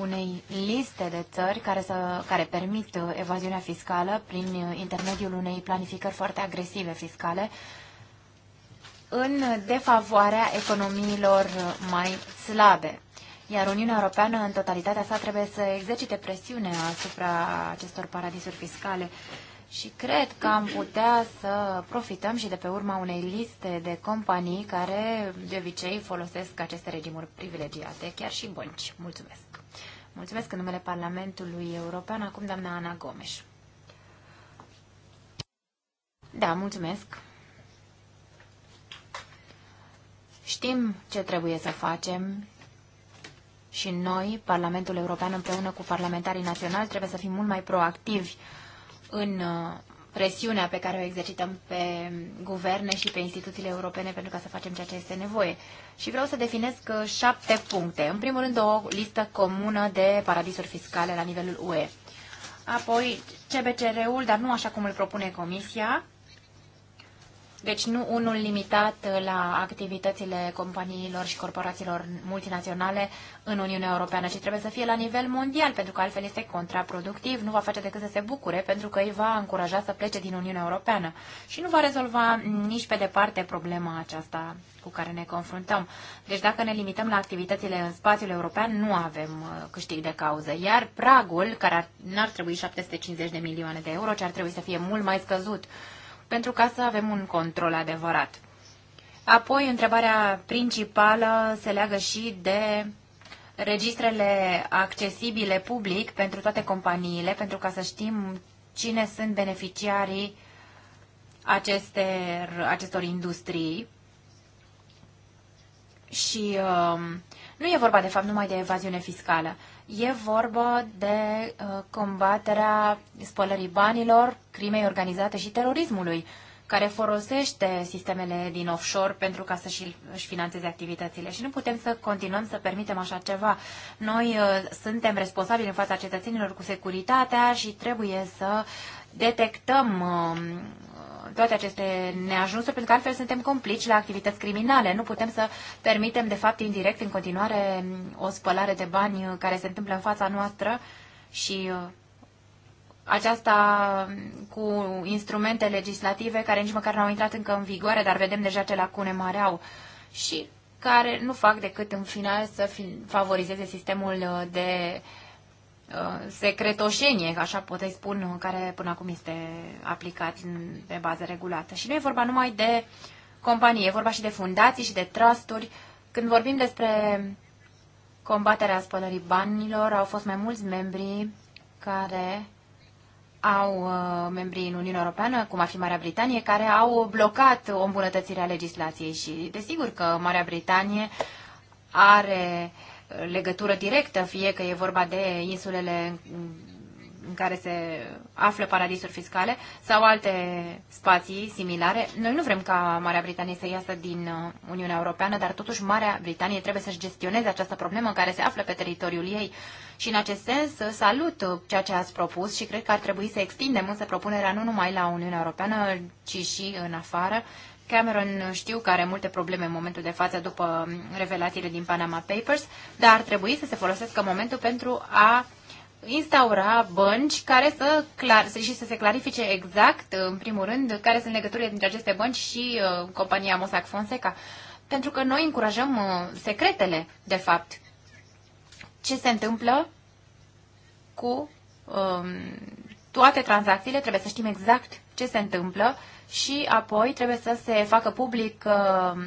unei liste de țări care, să, care permit uh, evaziunea fiscală prin uh, intermediul unei planificări foarte agresive fiscale în defavoarea economiilor uh, mai slabe. Iar Uniunea Europeană, în totalitatea sa, trebuie să exercite presiune asupra acestor paradisuri fiscale. Și cred că am putea să profităm și de pe urma unei liste de companii care de obicei folosesc aceste regimuri privilegiate, chiar și bănci. Mulțumesc! Mulțumesc în numele Parlamentului European, acum doamna Ana Gomes. Da, mulțumesc. Știm ce trebuie să facem și noi, Parlamentul European, împreună cu parlamentarii naționali, trebuie să fim mult mai proactivi în uh, presiunea pe care o exercităm pe guverne și pe instituțiile europene pentru ca să facem ceea ce este nevoie. Și vreau să definesc uh, șapte puncte. În primul rând, o listă comună de paradisuri fiscale la nivelul UE. Apoi, CBCR-ul, dar nu așa cum îl propune Comisia, deci nu unul limitat uh, la activitățile companiilor și corporațiilor multinaționale în Uniunea Europeană, ci trebuie să fie la nivel mondial, pentru că altfel este contraproductiv, nu va face decât să se bucure, pentru că îi va încuraja să plece din Uniunea Europeană și nu va rezolva nici pe departe problema aceasta cu care ne confruntăm. Deci dacă ne limităm la activitățile în spațiul european, nu avem uh, câștig de cauză. Iar pragul, care n-ar trebui 750 de milioane de euro, ci ar trebui să fie mult mai scăzut, pentru ca să avem un control adevărat. Apoi, întrebarea principală se leagă și de registrele accesibile public pentru toate companiile, pentru ca să știm cine sunt beneficiarii aceste, acestor industrii. Și uh, nu e vorba, de fapt, numai de evaziune fiscală. E vorba de uh, combaterea spălării banilor, crimei organizate și terorismului, care folosește sistemele din offshore pentru ca să-și își financeze activitățile. Și nu putem să continuăm să permitem așa ceva. Noi uh, suntem responsabili în fața cetățenilor cu securitatea și trebuie să detectăm um, toate aceste neajunsuri, pentru că altfel suntem complici la activități criminale. Nu putem să permitem, de fapt, indirect, în continuare, o spălare de bani uh, care se întâmplă în fața noastră și uh, aceasta mm, cu instrumente legislative care nici măcar n-au intrat încă în vigoare, dar vedem deja ce lacune mare au și care nu fac decât în final să favorizeze sistemul uh, de uh, Uh, secretoșenie, așa pot să spun, care până acum este aplicat pe bază regulată. Și nu e vorba numai de companie, e vorba și de fundații și de trusturi. Când vorbim despre combaterea spălării banilor, au fost mai mulți membri care au uh, membrii în Uniunea Europeană, cum ar fi Marea Britanie, care au blocat o îmbunătățire a legislației și desigur că Marea Britanie are uh, legătură directă, fie că e vorba de insulele în care se află paradisuri fiscale sau alte spații similare. Noi nu vrem ca Marea Britanie să iasă din uh, Uniunea Europeană, dar totuși Marea Britanie trebuie să-și gestioneze această problemă în care se află pe teritoriul ei. Și în acest sens uh, salut uh, ceea ce ați propus și cred că ar trebui să extindem însă propunerea nu numai la Uniunea Europeană, ci și în afară Cameron știu că are multe probleme în momentul de față după revelațiile din Panama Papers, dar ar trebui să se folosească momentul pentru a instaura bănci care să clar, și să se clarifice exact, în primul rând, care sunt legăturile dintre aceste bănci și uh, compania Mossack Fonseca. Pentru că noi încurajăm uh, secretele, de fapt. Ce se întâmplă cu uh, toate tranzacțiile, trebuie să știm exact ce se întâmplă uh, și apoi trebuie să se facă public uh,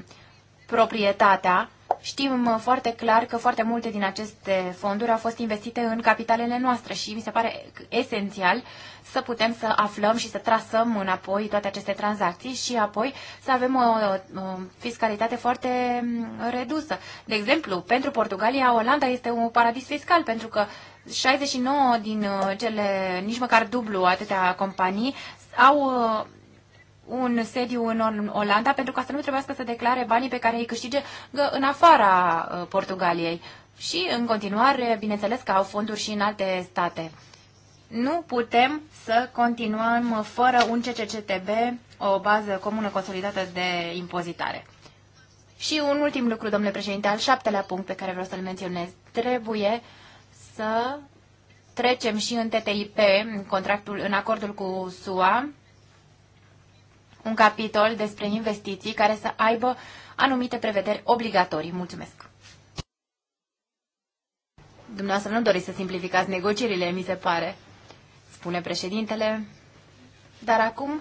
proprietatea. Știm uh, foarte clar că foarte multe din aceste fonduri au fost investite în capitalele noastre și mi se pare esențial să putem să aflăm și să trasăm înapoi toate aceste tranzacții și apoi să avem o, o fiscalitate foarte mm, redusă. De exemplu, pentru Portugalia, Olanda este un paradis fiscal pentru că 69 din uh, cele, nici măcar dublu atâtea companii, au uh, un sediu în Olanda pentru ca să nu trebuiască să declare banii pe care îi câștige în afara ă, Portugaliei. Și, în continuare, bineînțeles că au fonduri și în alte state. Nu putem să continuăm fără un CCCTB, o bază comună consolidată de impozitare. Și un ultim lucru, domnule președinte, al șaptelea punct pe care vreau să-l menționez. Trebuie să trecem și în TTIP, în, contractul, în acordul cu SUA, un capitol despre investiții care să aibă anumite prevederi obligatorii. Mulțumesc! Dumneavoastră nu doriți să simplificați negocierile, mi se pare, spune președintele. Dar acum,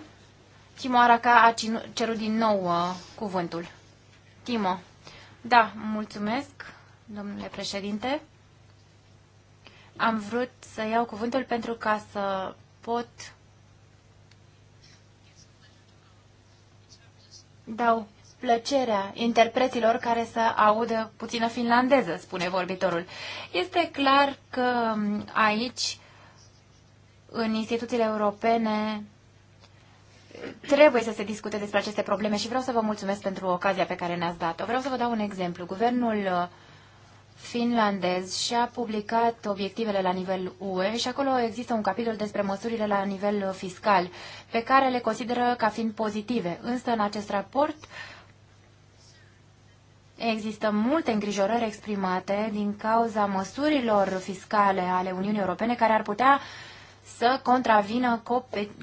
Timo Araca a cerut din nou uh, cuvântul. Timo, da, mulțumesc, domnule președinte. Am vrut să iau cuvântul pentru ca să pot dau plăcerea interpreților care să audă puțină finlandeză, spune vorbitorul. Este clar că aici, în instituțiile europene, trebuie să se discute despre aceste probleme și vreau să vă mulțumesc pentru ocazia pe care ne-ați dat-o. Vreau să vă dau un exemplu. Guvernul finlandez și-a publicat obiectivele la nivel UE și acolo există un capitol despre măsurile la nivel fiscal, pe care le consideră ca fiind pozitive. Însă, în acest raport, Există multe îngrijorări exprimate din cauza măsurilor fiscale ale Uniunii Europene care ar putea să contravină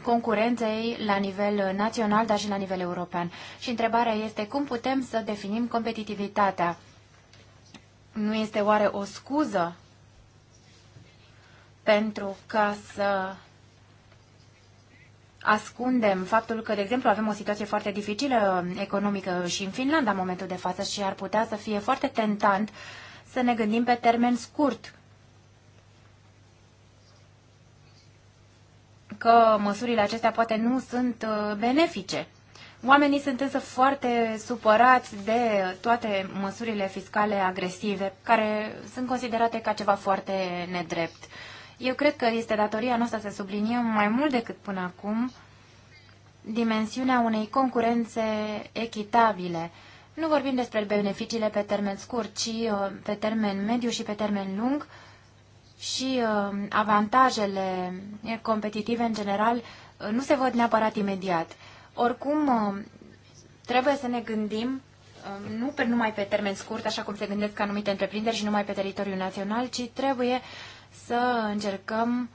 concurenței la nivel național, dar și la nivel european. Și întrebarea este cum putem să definim competitivitatea nu este oare o scuză pentru ca să ascundem faptul că, de exemplu, avem o situație foarte dificilă um, economică și în Finlanda în momentul de față și ar putea să fie foarte tentant să ne gândim pe termen scurt că măsurile acestea poate nu sunt uh, benefice. Oamenii sunt însă foarte supărați de toate măsurile fiscale agresive, care sunt considerate ca ceva foarte nedrept. Eu cred că este datoria noastră să subliniem mai mult decât până acum dimensiunea unei concurențe echitabile. Nu vorbim despre beneficiile pe termen scurt, ci uh, pe termen mediu și pe termen lung și uh, avantajele competitive în general uh, nu se văd neapărat imediat. Oricum, uh, trebuie să ne gândim uh, nu pe, numai pe termen scurt, așa cum se gândesc anumite întreprinderi și numai pe teritoriul național, ci trebuie să încercăm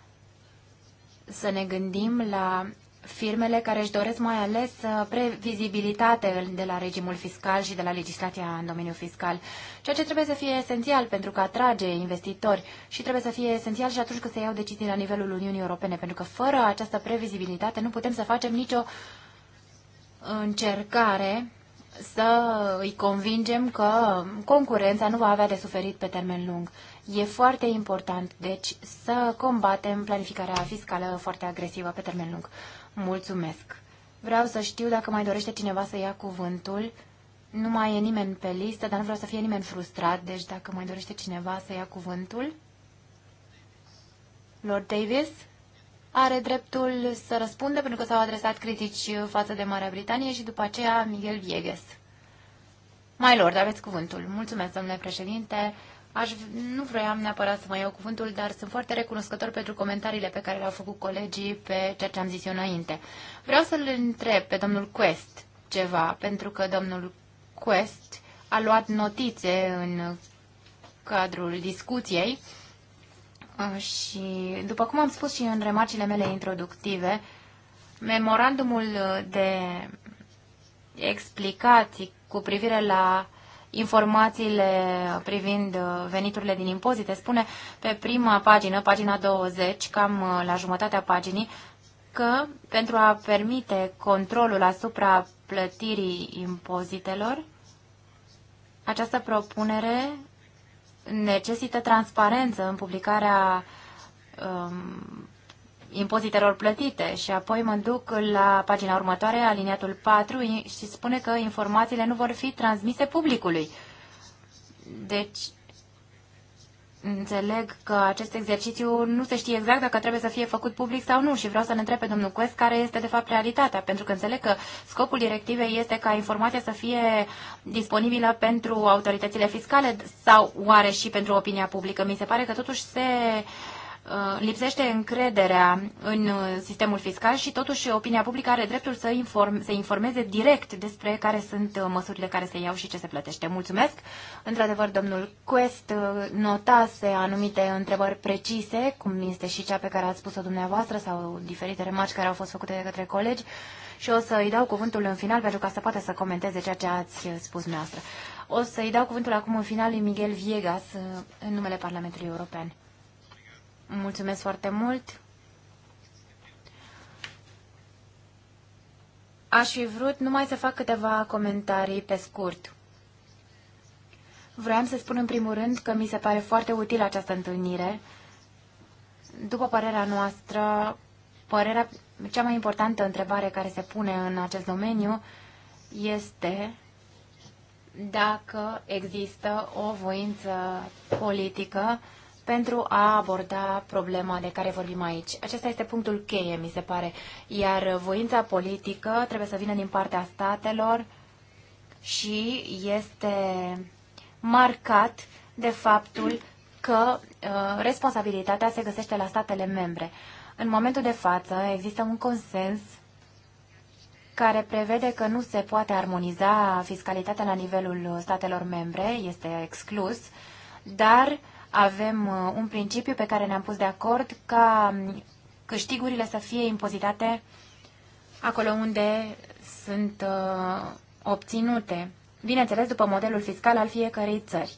să ne gândim la firmele care își doresc mai ales uh, previzibilitate de la regimul fiscal și de la legislația în domeniul fiscal, ceea ce trebuie să fie esențial pentru că atrage investitori și trebuie să fie esențial și atunci când se iau decizii la nivelul Uniunii Europene, pentru că fără această previzibilitate nu putem să facem nicio uh, încercare să îi convingem că concurența nu va avea de suferit pe termen lung. E foarte important, deci, să combatem planificarea fiscală foarte agresivă pe termen lung. Mulțumesc! Vreau să știu dacă mai dorește cineva să ia cuvântul. Nu mai e nimeni pe listă, dar nu vreau să fie nimeni frustrat, deci dacă mai dorește cineva să ia cuvântul. Lord Davis? are dreptul să răspundă pentru că s-au adresat critici față de Marea Britanie și după aceea Miguel Vieges. Mai lor, aveți cuvântul. Mulțumesc, domnule președinte. Aș, nu vroiam neapărat să mai iau cuvântul, dar sunt foarte recunoscător pentru comentariile pe care le-au făcut colegii pe ceea ce am zis eu înainte. Vreau să-l întreb pe domnul Quest ceva, pentru că domnul Quest a luat notițe în cadrul discuției Ah, și, după cum am spus și în remarcile mele introductive, memorandumul de explicații cu privire la informațiile privind veniturile din impozite spune pe prima pagină, pagina 20, cam uh, la jumătatea paginii, că pentru a permite controlul asupra plătirii impozitelor, această propunere necesită transparență în publicarea um, impozitelor plătite și apoi mă duc la pagina următoare, aliniatul 4, și spune că informațiile nu vor fi transmise publicului. Deci, Înțeleg că acest exercițiu nu se știe exact dacă trebuie să fie făcut public sau nu și vreau să ne întreb pe domnul Quest care este de fapt realitatea, pentru că înțeleg că scopul directivei este ca informația să fie disponibilă pentru autoritățile fiscale sau oare și pentru opinia publică. Mi se pare că totuși se uh, Uh, lipsește încrederea în uh, sistemul fiscal și totuși opinia publică are dreptul să inform, se informeze direct despre care sunt uh, măsurile care se iau și ce se plătește. Mulțumesc! Într-adevăr, domnul Quest notase anumite întrebări precise, cum este și cea pe care ați spus-o dumneavoastră sau diferite remarci care au fost făcute de către colegi și o să îi dau cuvântul în final pentru ca să poată să comenteze ceea ce ați spus dumneavoastră. O să îi dau cuvântul acum în final lui Miguel Viegas în numele Parlamentului European. Mulțumesc foarte mult. Aș fi vrut numai să fac câteva comentarii pe scurt. Vreau să spun în primul rând că mi se pare foarte utilă această întâlnire. După părerea noastră, părerea, cea mai importantă întrebare care se pune în acest domeniu este dacă există o voință politică pentru a aborda problema de care vorbim aici. Acesta este punctul cheie, mi se pare. Iar voința politică trebuie să vină din partea statelor și este marcat de faptul că uh, responsabilitatea se găsește la statele membre. În momentul de față există un consens care prevede că nu se poate armoniza fiscalitatea la nivelul statelor membre, este exclus, dar uh, avem uh, un principiu pe care ne-am pus de acord ca um, câștigurile să fie impozitate acolo unde sunt uh, obținute, bineînțeles după modelul fiscal al fiecărei țări.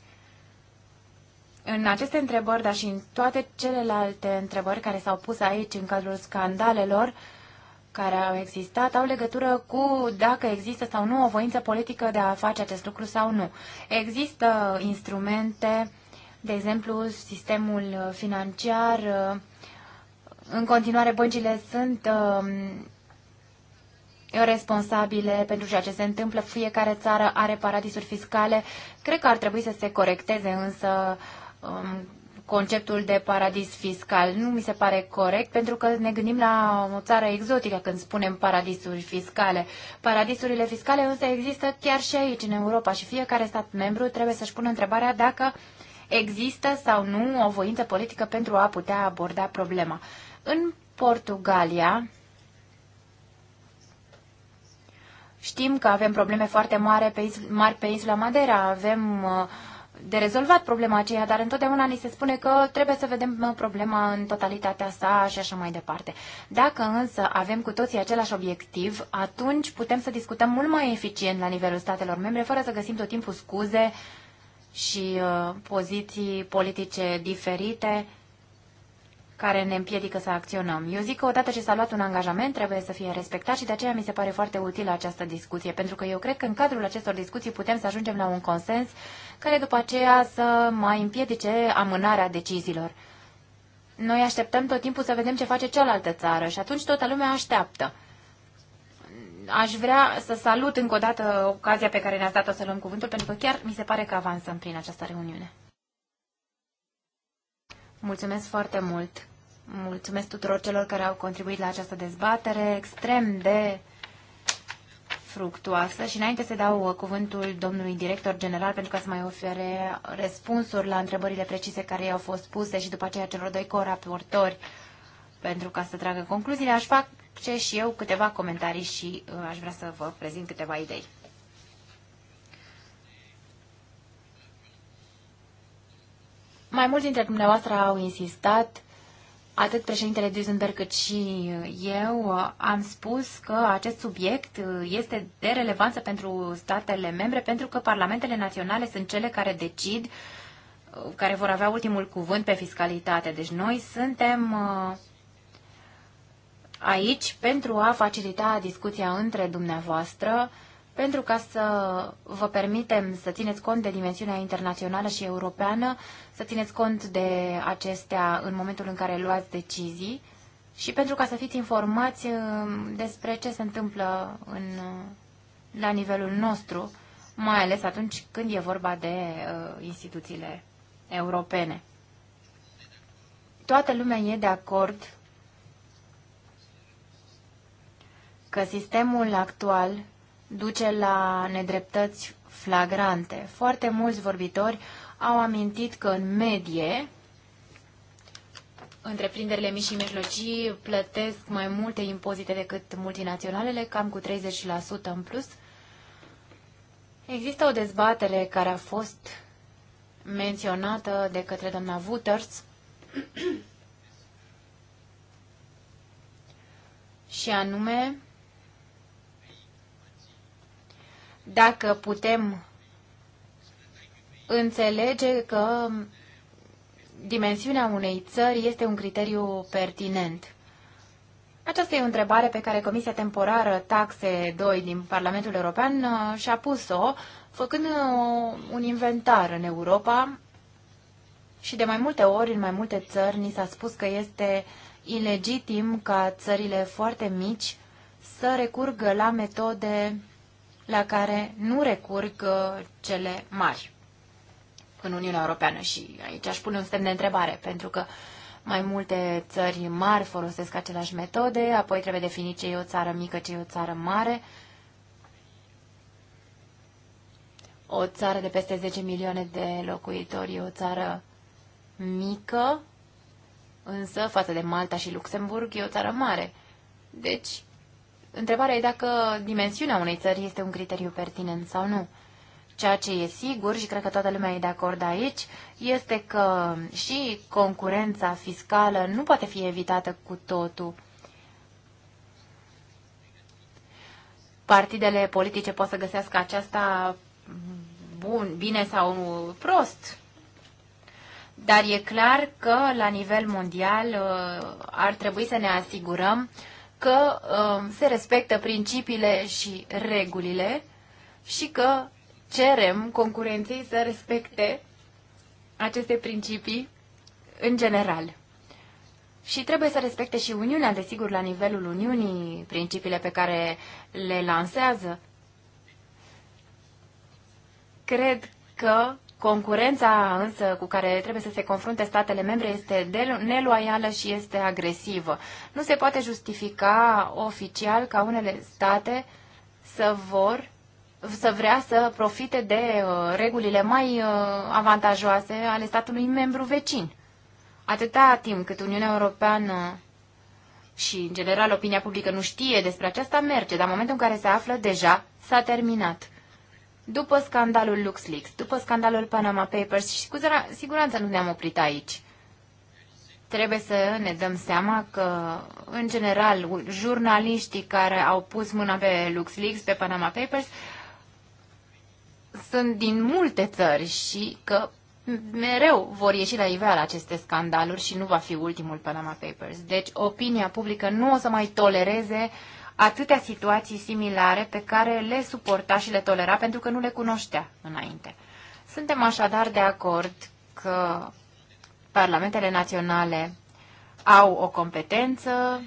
În aceste întrebări, dar și în toate celelalte întrebări care s-au pus aici în cadrul scandalelor care au existat, au legătură cu dacă există sau nu o voință politică de a face acest lucru sau nu. Există instrumente de exemplu, sistemul financiar, în continuare băncile sunt um, responsabile pentru ceea ce se întâmplă. Fiecare țară are paradisuri fiscale. Cred că ar trebui să se corecteze însă um, conceptul de paradis fiscal. Nu mi se pare corect pentru că ne gândim la o țară exotică când spunem paradisuri fiscale. Paradisurile fiscale însă există chiar și aici, în Europa și fiecare stat membru trebuie să-și pună întrebarea dacă uh, există sau nu o voință politică pentru a putea aborda problema. În Portugalia știm că avem probleme foarte mari pe, isla, mari pe insula Madeira, avem uh, de rezolvat problema aceea, dar întotdeauna ni se spune că trebuie să vedem uh, problema în totalitatea sa și așa mai departe. Dacă însă avem cu toții același obiectiv, atunci putem să discutăm mult mai eficient la nivelul statelor membre, fără să găsim tot timpul scuze uh, și uh, poziții politice diferite care ne împiedică să acționăm. Eu zic că odată ce s-a luat un angajament, trebuie să fie respectat și de aceea mi se pare foarte utilă această discuție, pentru că eu cred că în cadrul acestor discuții putem să ajungem la un consens care după aceea să mai împiedice amânarea deciziilor. Noi așteptăm tot timpul să vedem ce face cealaltă țară și atunci toată lumea așteaptă aș vrea să salut încă o dată ocazia pe care ne-ați dat-o să luăm cuvântul, pentru că chiar mi se pare că avansăm prin această reuniune. Mulțumesc foarte mult! Mulțumesc tuturor celor care au contribuit la această dezbatere extrem de fructuoasă și înainte să dau cuvântul domnului director general pentru ca să mai ofere răspunsuri la întrebările precise care i-au fost puse și după aceea celor doi coraportori pentru ca să tragă concluziile, aș fac ce și eu câteva comentarii și uh, aș vrea să vă prezint câteva idei. Mai mulți dintre dumneavoastră au insistat, atât președintele Duisenberg cât și uh, eu, uh, am spus că acest subiect este de relevanță pentru statele membre, pentru că parlamentele naționale sunt cele care decid, care vor avea ultimul cuvânt pe fiscalitate. Deci noi suntem uh, aici pentru a facilita discuția între dumneavoastră, pentru ca să vă permitem să țineți cont de dimensiunea internațională și europeană, să țineți cont de acestea în momentul în care luați decizii și pentru ca să fiți informați uh, despre ce se întâmplă în, uh, la nivelul nostru, mai ales atunci când e vorba de uh, instituțiile europene. Toată lumea e de acord că sistemul actual duce la nedreptăți flagrante. Foarte mulți vorbitori au amintit că în medie întreprinderile mici și mijlocii plătesc mai multe impozite decât multinaționalele, cam cu 30% în plus. Există o dezbatere care a fost menționată de către doamna Wooters și anume dacă putem înțelege că dimensiunea unei țări este un criteriu pertinent. Aceasta e o întrebare pe care Comisia Temporară Taxe 2 din Parlamentul European uh, și-a pus-o, făcând uh, un inventar în Europa și de mai multe ori în mai multe țări ni s-a spus că este ilegitim ca țările foarte mici să recurgă la metode la care nu recurg uh, cele mari în Uniunea Europeană și aici aș pune un semn de întrebare, pentru că mai multe țări mari folosesc aceleași metode, apoi trebuie definit ce e o țară mică, ce e o țară mare. O țară de peste 10 milioane de locuitori e o țară mică, însă față de Malta și Luxemburg e o țară mare. Deci, Întrebarea e dacă dimensiunea unei țări este un criteriu pertinent sau nu. Ceea ce e sigur, și cred că toată lumea e de acord aici, este că și concurența fiscală nu poate fi evitată cu totul. Partidele politice pot să găsească aceasta bun, bine sau prost, dar e clar că la nivel mondial uh, ar trebui să ne asigurăm uh, că um, se respectă principiile și regulile și că cerem concurenței să respecte aceste principii în general. Și trebuie să respecte și Uniunea, desigur, la nivelul Uniunii, principiile pe care le lansează. Cred că Concurența însă cu care trebuie să se confrunte statele membre este neloială și este agresivă. Nu se poate justifica oficial ca unele state să vor să vrea să profite de uh, regulile mai uh, avantajoase ale statului membru vecin. Atâta timp cât Uniunea Europeană și, în general, opinia publică nu știe despre aceasta, merge, dar în momentul în care se află, deja s-a terminat după scandalul LuxLeaks, după scandalul Panama Papers și cu siguranță nu ne-am oprit aici. Trebuie să ne dăm seama că, în general, jurnaliștii care au pus mâna pe LuxLeaks, pe Panama Papers, sunt din multe țări și că mereu vor ieși la iveală aceste scandaluri și nu va fi ultimul Panama Papers. Deci opinia publică nu o să mai tolereze uh, atâtea situații similare pe care le suporta și le tolera pentru că nu le cunoștea înainte. Suntem așadar de acord că parlamentele naționale au o competență,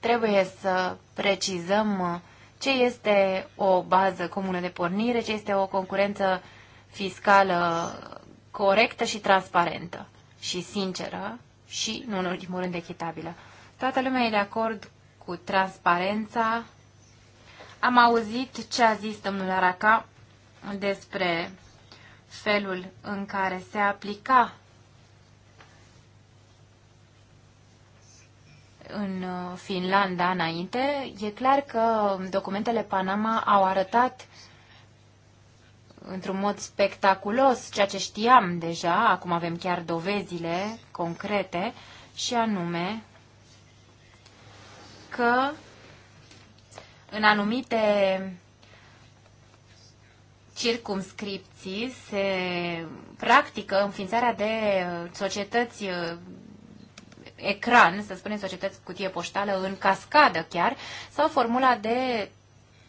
trebuie să precizăm ce este o bază comună de pornire, ce este o concurență fiscală corectă și transparentă și sinceră și, nu în ultimul rând, echitabilă. Toată lumea e de acord cu transparența. Am auzit ce a zis domnul Araca despre felul în care se aplica în uh, Finlanda înainte, e clar că documentele Panama au arătat într-un mod spectaculos ceea ce știam deja, acum avem chiar dovezile concrete, și anume că în anumite circumscripții se practică înființarea de uh, societăți uh, ecran, să spunem societăți cutie poștală, în cascadă chiar, sau formula de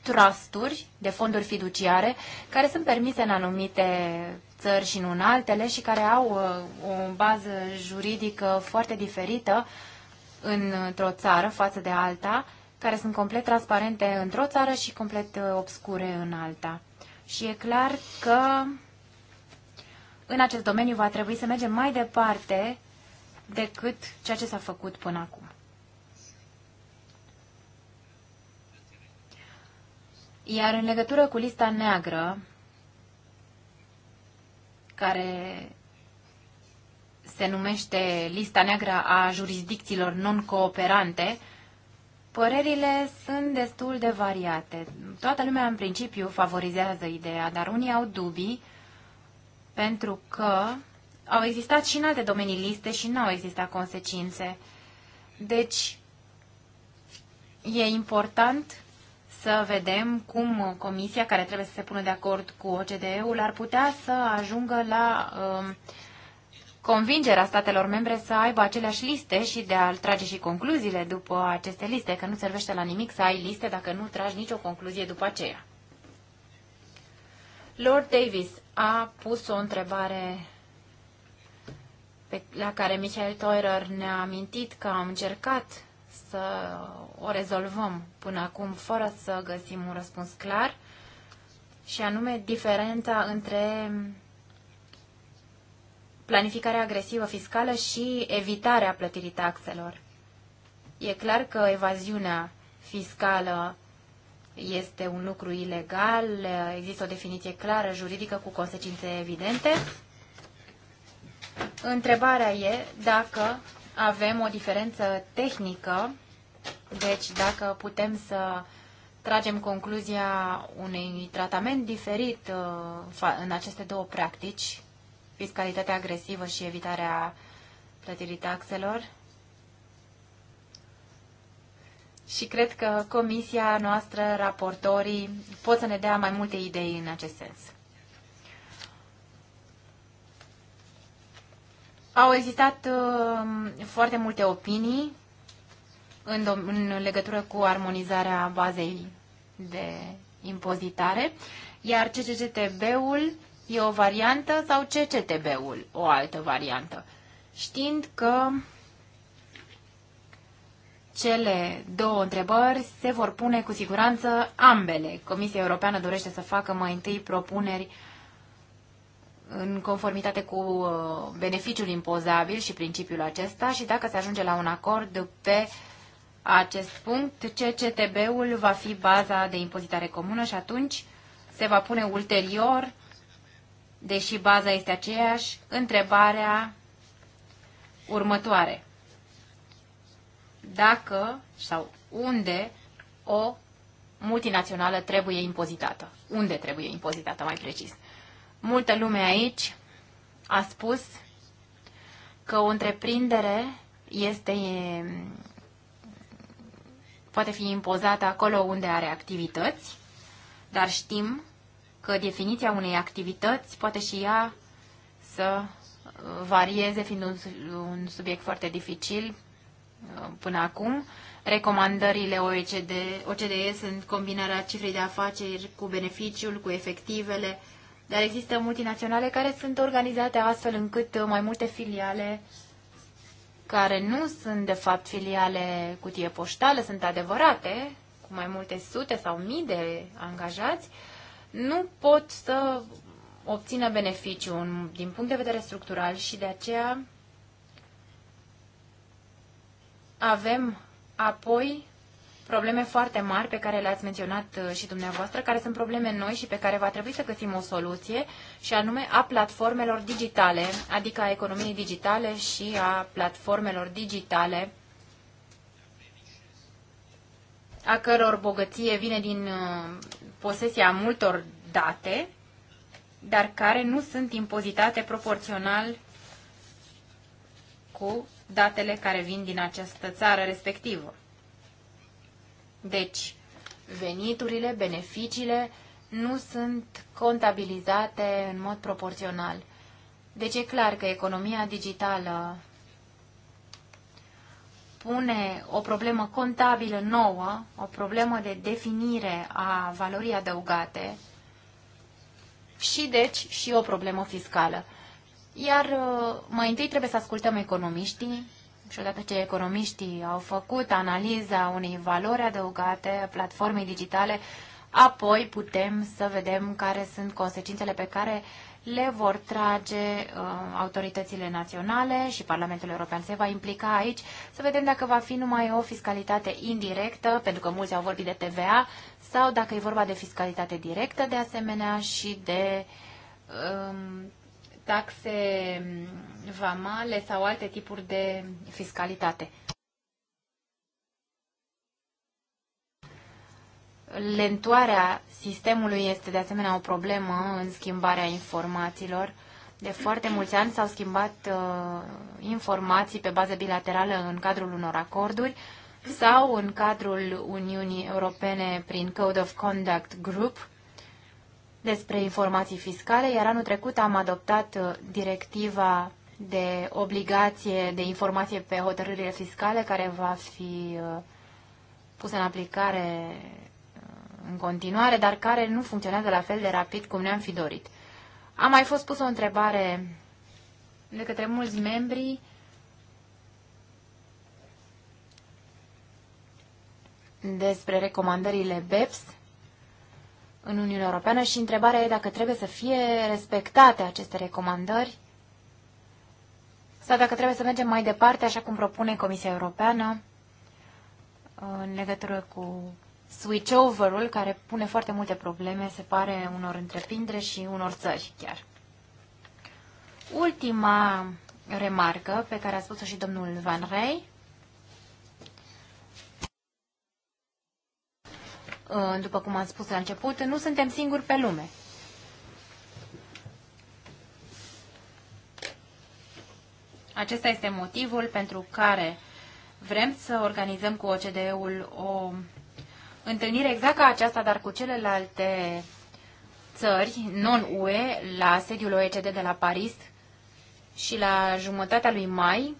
trusturi, de fonduri fiduciare, care sunt permise în anumite țări și nu în altele și care au uh, o bază juridică foarte diferită într-o țară față de alta, care sunt complet transparente într-o țară și complet uh, obscure în alta. Și e clar că în acest domeniu va trebui să mergem mai departe decât ceea ce s-a făcut până acum. Iar în legătură cu lista neagră, care se numește lista neagră a jurisdicțiilor non-cooperante, părerile sunt destul de variate. Toată lumea, în principiu, favorizează ideea, dar unii au dubii pentru că au existat și în alte domenii liste și nu au existat consecințe. Deci, e important să vedem cum comisia care trebuie să se pună de acord cu OCDE-ul ar putea să ajungă la uh, convingerea statelor membre să aibă aceleași liste și de a trage și concluziile după aceste liste, că nu servește la nimic să ai liste dacă nu tragi nicio concluzie după aceea. Lord Davis a pus o întrebare pe, la care Michael Teurer ne-a amintit că am încercat să o rezolvăm până acum fără să găsim un răspuns clar, și anume diferența între planificarea agresivă fiscală și evitarea plătirii taxelor. E clar că evaziunea fiscală este un lucru ilegal, există o definiție clară juridică cu consecințe evidente. Întrebarea e dacă avem o diferență tehnică, deci dacă putem să tragem concluzia unui tratament diferit uh, în aceste două practici fiscalitatea agresivă și evitarea plătirii taxelor. Și cred că comisia noastră, raportorii, pot să ne dea mai multe idei în acest sens. Au existat uh, foarte multe opinii în, în legătură cu armonizarea bazei de impozitare, iar CCCTB-ul e o variantă sau CCTB-ul o altă variantă? Știind că cele două întrebări se vor pune cu siguranță ambele. Comisia Europeană dorește să facă mai întâi propuneri în conformitate cu uh, beneficiul impozabil și principiul acesta și dacă se ajunge la un acord pe acest punct, CCTB-ul va fi baza de impozitare comună și atunci se va pune ulterior deși baza este aceeași, întrebarea următoare. Dacă sau unde o multinațională trebuie impozitată? Unde trebuie impozitată, mai precis? Multă lume aici a spus că o întreprindere este poate fi impozată acolo unde are activități, dar știm că definiția unei activități poate și ea să uh, varieze, fiind un, un subiect foarte dificil uh, până acum. Recomandările OECD, OCDE sunt combinarea cifrei de afaceri cu beneficiul, cu efectivele, dar există multinaționale care sunt organizate astfel încât mai multe filiale care nu sunt de fapt filiale cutie poștală, sunt adevărate, cu mai multe sute sau mii de angajați, nu pot să obțină beneficiu din punct de vedere structural și de aceea avem apoi probleme foarte mari pe care le-ați menționat uh, și dumneavoastră, care sunt probleme noi și pe care va trebui să găsim o soluție, și anume a platformelor digitale, adică a economiei digitale și a platformelor digitale a căror bogăție vine din uh, posesia multor date, dar care nu sunt impozitate proporțional cu datele care vin din această țară respectivă. Deci, veniturile, beneficiile nu sunt contabilizate în mod proporțional. Deci e clar că economia digitală pune o problemă contabilă nouă, o problemă de definire a valorii adăugate și, deci, și o problemă fiscală. Iar uh, mai întâi trebuie să ascultăm economiștii și odată ce economiștii au făcut analiza unei valori adăugate, platformei digitale, apoi putem să vedem care sunt consecințele pe care le vor trage uh, autoritățile naționale și Parlamentul European se va implica aici să vedem dacă va fi numai o fiscalitate indirectă, pentru că mulți au vorbit de TVA, sau dacă e vorba de fiscalitate directă de asemenea și de um, taxe um, vamale sau alte tipuri de fiscalitate. lentoarea sistemului este de asemenea o problemă în schimbarea informațiilor. De foarte mulți ani s-au schimbat uh, informații pe bază bilaterală în cadrul unor acorduri sau în cadrul Uniunii Europene prin Code of Conduct Group despre informații fiscale, iar anul trecut am adoptat uh, directiva de obligație de informație pe hotărârile fiscale care va fi uh, pusă în aplicare în continuare, dar care nu funcționează la fel de rapid cum ne-am fi dorit. A mai fost pusă o întrebare de către mulți membri despre recomandările BEPS în Uniunea Europeană și întrebarea e dacă trebuie să fie respectate aceste recomandări sau dacă trebuie să mergem mai departe, așa cum propune Comisia Europeană, în legătură cu switchover-ul care pune foarte multe probleme, se pare, unor întreprindere și unor țări chiar. Ultima remarcă pe care a spus-o și domnul Van Rey, uh, după cum am spus la început, nu suntem singuri pe lume. Acesta este motivul pentru care vrem să organizăm cu OCDE-ul o întâlnire exact ca aceasta, dar cu celelalte țări non-UE la sediul OECD de la Paris și la jumătatea lui mai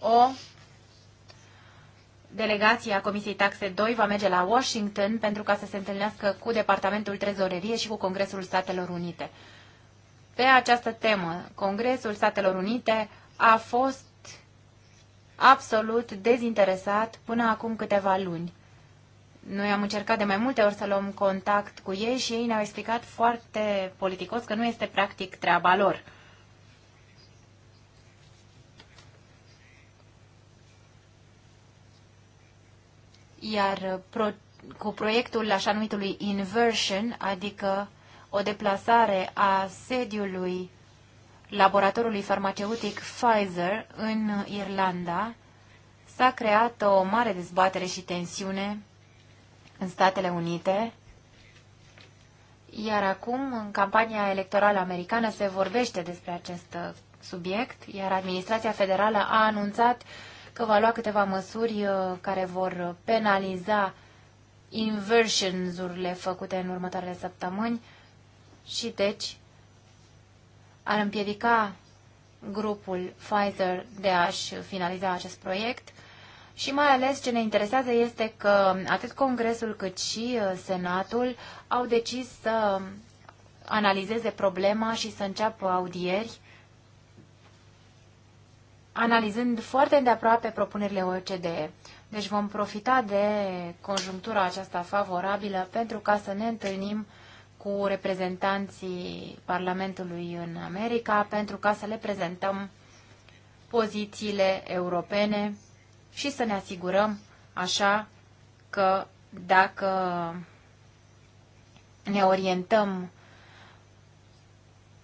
o delegație a Comisiei Taxe 2 va merge la Washington pentru ca să se întâlnească cu Departamentul Trezorerie și cu Congresul Statelor Unite. Pe această temă, Congresul Statelor Unite a fost absolut dezinteresat până acum câteva luni. Noi am încercat de mai multe ori să luăm contact cu ei și ei ne-au explicat foarte politicos că nu este practic treaba lor. Iar pro, cu proiectul așa numitului inversion, adică o deplasare a sediului laboratorului farmaceutic Pfizer în Irlanda, s-a creat o mare dezbatere și tensiune în Statele Unite, iar acum, în campania electorală americană, se vorbește despre acest uh, subiect, iar administrația federală a anunțat că va lua câteva măsuri uh, care vor penaliza inversions-urile făcute în următoarele săptămâni și deci ar împiedica grupul Pfizer de a-și finaliza acest proiect și mai ales ce ne interesează este că atât Congresul cât și uh, Senatul au decis să analizeze problema și să înceapă audieri analizând foarte îndeaproape propunerile OCDE. Deci vom profita de conjunctura aceasta favorabilă pentru ca să ne întâlnim cu reprezentanții Parlamentului în America pentru ca să le prezentăm pozițiile europene și să ne asigurăm așa că dacă ne orientăm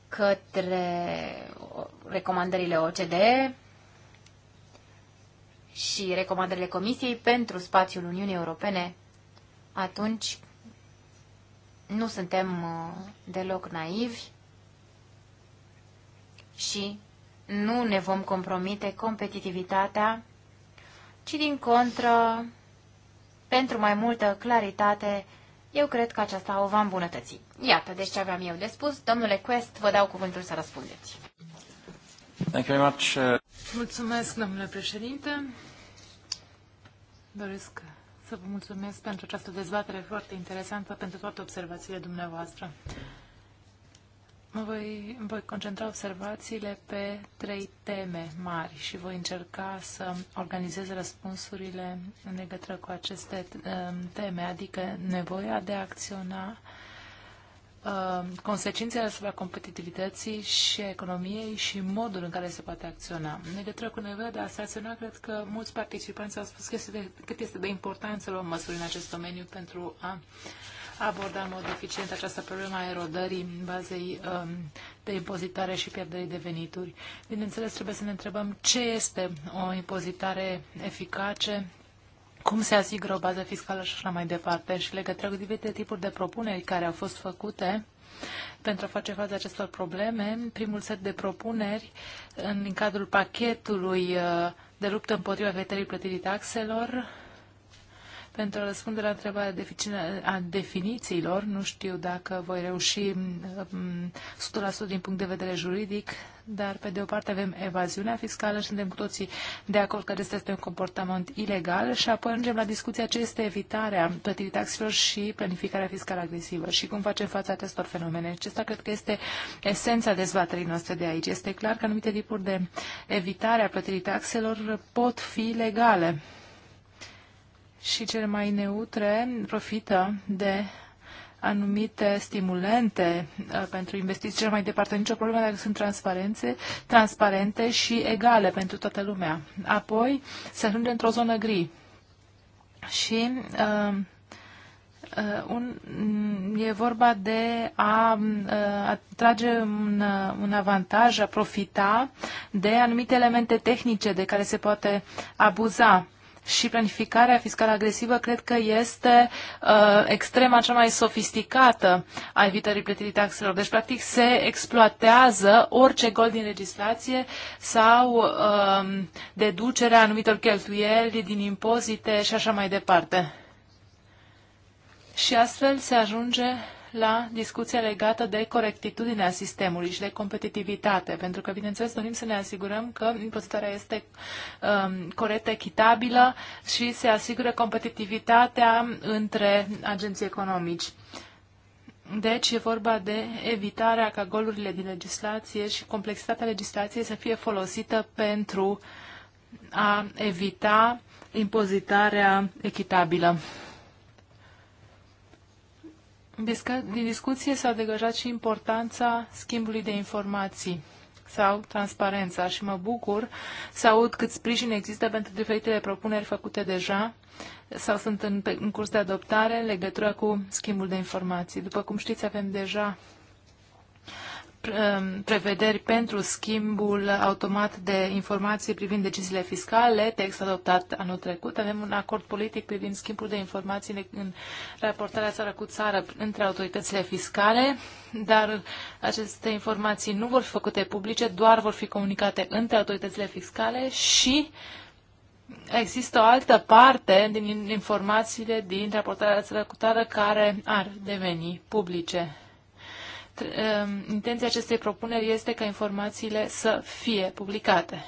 către recomandările OCDE și recomandările Comisiei pentru spațiul Uniunii Europene, atunci nu suntem uh, deloc naivi și nu ne vom compromite competitivitatea ci din contră, pentru mai multă claritate, eu cred că aceasta o va îmbunătăți. Iată, deci ce aveam eu de spus. Domnule Quest, vă dau cuvântul să răspundeți. Thank you very much. Uh, mulțumesc, domnule președinte. Doresc să vă mulțumesc pentru această dezbatere foarte interesantă, pentru toate observațiile dumneavoastră. Mă voi, voi concentra observațiile pe trei teme mari și voi încerca să organizez răspunsurile în legătură cu aceste um, teme, adică nevoia de a acționa, um, consecințele asupra competitivității și economiei și modul în care se poate acționa. În legătură cu nevoia de a se acționa, cred că mulți participanți au spus că este de, cât este de important să luăm măsuri în acest domeniu pentru a aborda în mod eficient această problemă a erodării bazei um, de impozitare și pierderii de venituri. Bineînțeles, trebuie să ne întrebăm ce este o impozitare eficace, cum se asigură o bază fiscală și așa mai departe și legătură cu diferite tipuri de propuneri care au fost făcute pentru a face față acestor probleme. Primul set de propuneri în cadrul pachetului uh, de luptă împotriva veterii plătirii taxelor pentru a răspunde la întrebarea a definițiilor. Nu știu dacă voi reuși um, um, 100% din punct de vedere juridic, dar pe de o parte avem evaziunea fiscală, suntem cu toții de acord că acesta este un comportament ilegal și apoi ajungem la discuția ce este evitarea plătirii taxelor și planificarea fiscală agresivă și cum facem față acestor fenomene. Acesta cred că este esența dezbaterii noastre de aici. Este clar că anumite tipuri de evitare a plătirii taxelor pot fi legale și cele mai neutre profită de anumite stimulente uh, pentru investiții cel mai departe. Nicio problemă dacă sunt transparențe, transparente și egale pentru toată lumea. Apoi se ajunge într-o zonă gri. Și uh, uh, un, mm, e vorba de a uh, atrage un, uh, un avantaj, a profita de anumite elemente tehnice de care se poate abuza și planificarea fiscală agresivă cred că este uh, extrema cea mai sofisticată a evitării plătirii taxelor. Deci, practic, se exploatează orice gol din legislație sau uh, deducerea anumitor cheltuieli din impozite și așa mai departe. Și astfel se ajunge la discuția legată de corectitudinea sistemului și de competitivitate, pentru că, bineînțeles, dorim să ne asigurăm că impozitarea este um, corectă, echitabilă și se asigură competitivitatea între agenții economici. Deci e vorba de evitarea ca golurile din legislație și complexitatea legislației să fie folosită pentru a evita impozitarea echitabilă din discuție s-a degajat și importanța schimbului de informații sau transparența și mă bucur să aud cât sprijin există pentru diferitele propuneri făcute deja sau sunt în, în curs de adoptare în legătură cu schimbul de informații. După cum știți, avem deja Um, prevederi pentru schimbul automat de informații privind deciziile fiscale, text adoptat anul trecut. Avem un acord politic privind schimbul de informații în raportarea țară cu țară între autoritățile fiscale, dar aceste informații nu vor fi făcute publice, doar vor fi comunicate între autoritățile fiscale și există o altă parte din informațiile din raportarea țară cu țară care ar deveni publice Um, intenția acestei propuneri este ca informațiile să fie publicate.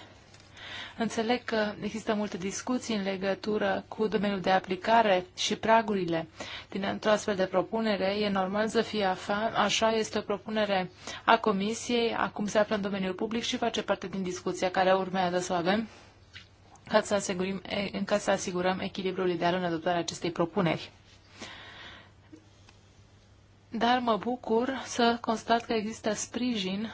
Înțeleg că există multe discuții în legătură cu domeniul de aplicare și pragurile din o astfel de propunere. E normal să fie așa, este o propunere a Comisiei, acum se află în domeniul public și face parte din discuția care urmează să o avem ca să asigurim, în ca să asigurăm echilibrul ideal în adoptarea acestei propuneri dar mă bucur să constat că există sprijin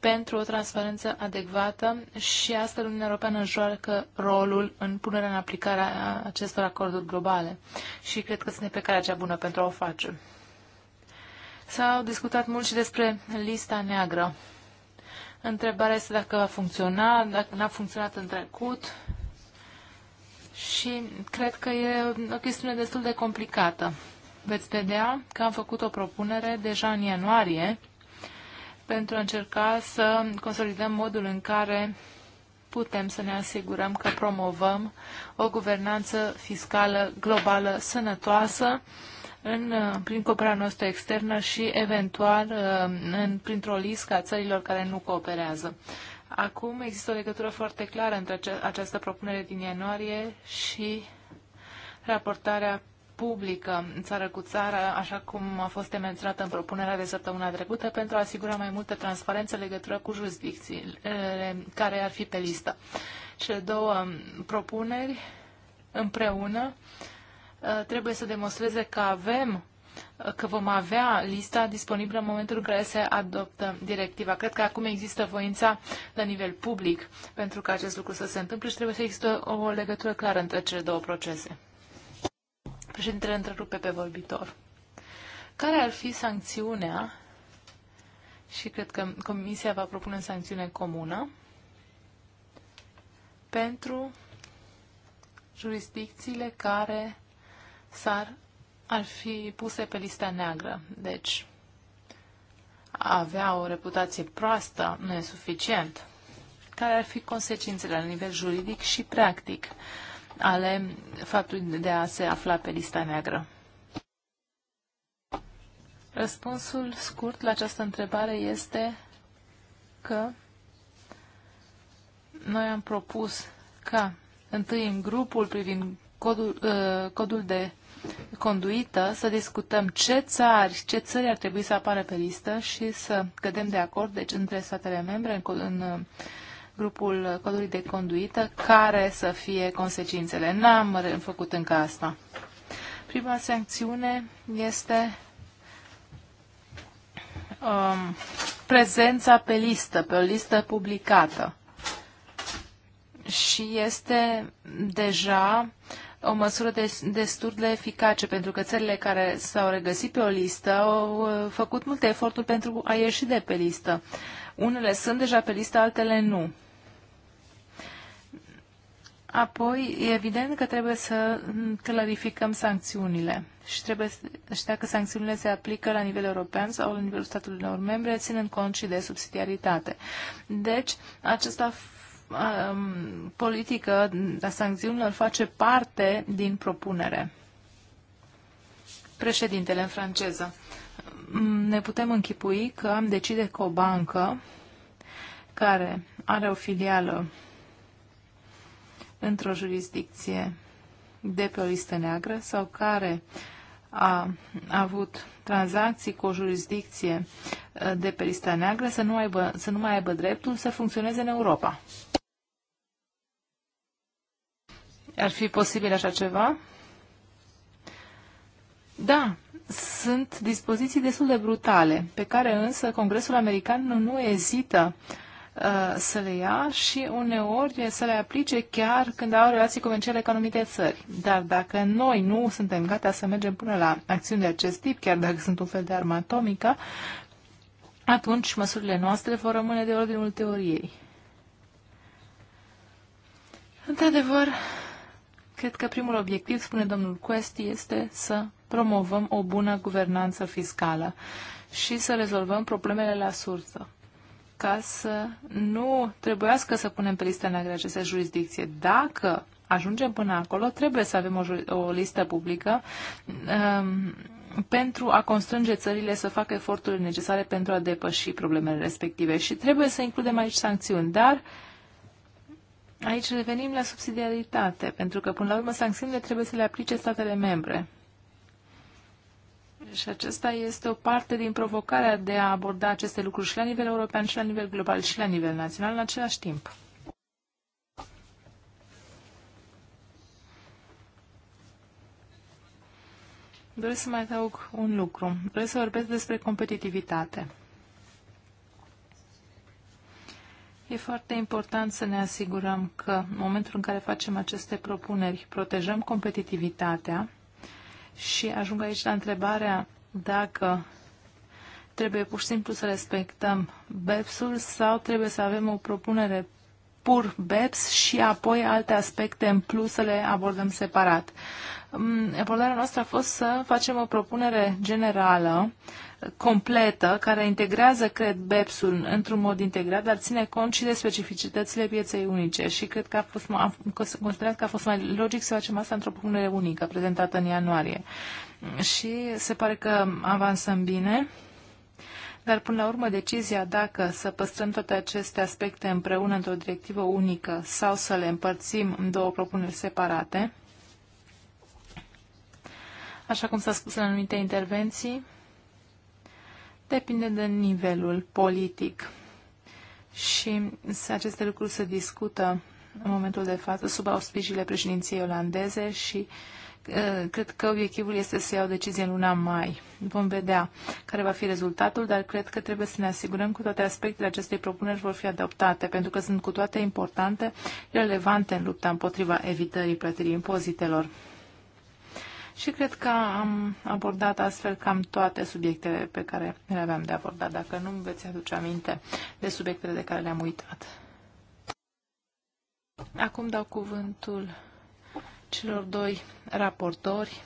pentru o transparență adecvată și astfel Uniunea Europeană joacă rolul în punerea în aplicare a acestor acorduri globale și cred că suntem pe calea cea bună pentru a o face. S-au discutat mult și despre lista neagră. Întrebarea este dacă va funcționa, dacă n-a funcționat în trecut și cred că e o chestiune destul de complicată veți vedea că am făcut o propunere deja în ianuarie pentru a încerca să consolidăm modul în care putem să ne asigurăm că promovăm o guvernanță fiscală globală sănătoasă în, prin cooperarea noastră externă și eventual uh, în, printr-o listă a țărilor care nu cooperează. Acum există o legătură foarte clară între această propunere din ianuarie și raportarea publică țară cu țară, așa cum a fost menționată în propunerea de săptămâna trecută, pentru a asigura mai multă transparență legătură cu jurisdicțiile care ar fi pe listă. Cele două propuneri împreună uh, trebuie să demonstreze că avem uh, că vom avea lista disponibilă în momentul în care se adoptă directiva. Cred că acum există voința la nivel public pentru că acest lucru să se întâmple și trebuie să există o legătură clară între cele două procese. Președintele întrerupe pe vorbitor. Care ar fi sancțiunea? Și cred că Comisia va propune sancțiune comună pentru jurisdicțiile care s-ar, ar fi puse pe lista neagră. Deci, a avea o reputație proastă nu e suficient. Care ar fi consecințele la nivel juridic și practic? Uh, ale faptului de a se afla pe lista neagră. Răspunsul scurt la această întrebare este că noi am propus ca întâi în grupul privind codul, uh, codul de conduită să discutăm ce țări, ce țări ar trebui să apară pe listă și să cădem de acord, deci între statele membre, în, în uh, grupul codului de conduită, care să fie consecințele. N-am făcut încă asta. Prima sancțiune este um, prezența pe listă, pe o listă publicată. Și este deja o măsură de, destul de eficace, pentru că țările care s-au regăsit pe o listă au uh, făcut multe eforturi pentru a ieși de pe listă. Uh, unele sunt deja pe listă, altele nu. Apoi, e evident că trebuie să clarificăm sancțiunile și trebuie să că sancțiunile se aplică la nivel european sau la nivelul statelor membre, ținând cont și de subsidiaritate. Deci, această um, politică a sancțiunilor face parte din propunere. Președintele în franceză ne putem închipui că am decide că o bancă care are o filială într-o jurisdicție de pe o listă neagră sau care a avut tranzacții cu o jurisdicție uh, de pe lista neagră să nu, aibă, să nu mai aibă dreptul să funcționeze în Europa. Ar fi posibil așa ceva? Da, sunt dispoziții destul de brutale, pe care însă Congresul American nu, nu ezită uh, să le ia și uneori să le aplice chiar când au relații comerciale cu anumite țări. Dar dacă noi nu suntem gata să mergem până la acțiuni de acest tip, chiar dacă sunt un fel de armă atomică, atunci măsurile noastre vor rămâne de ordinul teoriei. Într-adevăr, Cred că primul obiectiv, spune domnul Quest, este să promovăm o bună guvernanță fiscală și să rezolvăm problemele la sursă ca să nu trebuiască să punem pe listă neagră aceste jurisdicție. Dacă ajungem până acolo, trebuie să avem o, o listă publică um, pentru a constrânge țările să facă eforturile necesare pentru a depăși problemele respective. Și trebuie să includem aici sancțiuni, dar uh, Aici revenim la subsidiaritate, pentru că, până la urmă, sancțiunile trebuie să le aplice statele membre. Și aceasta este o parte din provocarea de a aborda aceste lucruri și la nivel european, și la nivel global, și la nivel național în același timp. Doresc să mai adaug un lucru. Doresc să vorbesc despre competitivitate. E foarte important să ne asigurăm că în momentul în care facem aceste propuneri protejăm competitivitatea și ajung aici la întrebarea dacă trebuie pur și simplu să respectăm BEPS-ul sau trebuie să avem o propunere pur BEPS și apoi alte aspecte în plus să le abordăm separat. Mm, abordarea noastră a fost să facem o propunere generală, completă, care integrează, cred, BEPS-ul într-un mod integrat, dar ține cont și de specificitățile pieței unice și cred că a fost, am considerat că a fost mai logic să facem asta într-o propunere unică, prezentată în ianuarie. Și se pare că avansăm bine. Dar, până la urmă, decizia dacă să păstrăm toate aceste aspecte împreună într-o directivă unică sau să le împărțim în două propuneri separate, așa cum s-a spus în anumite intervenții, depinde de nivelul politic. Și aceste lucruri se discută în momentul de față sub auspiciile președinției olandeze și uh, Eh, cred că obiectivul este să iau decizie în luna mai. Vom vedea care va fi rezultatul, dar cred că trebuie să ne asigurăm că toate aspectele acestei propuneri vor fi adoptate, pentru că sunt cu toate importante, relevante în lupta împotriva evitării plătirii impozitelor. Și cred că am abordat astfel cam toate subiectele pe care le aveam de abordat, dacă nu veți aduce aminte de subiectele de care le-am uitat. Acum dau cuvântul celor doi raportori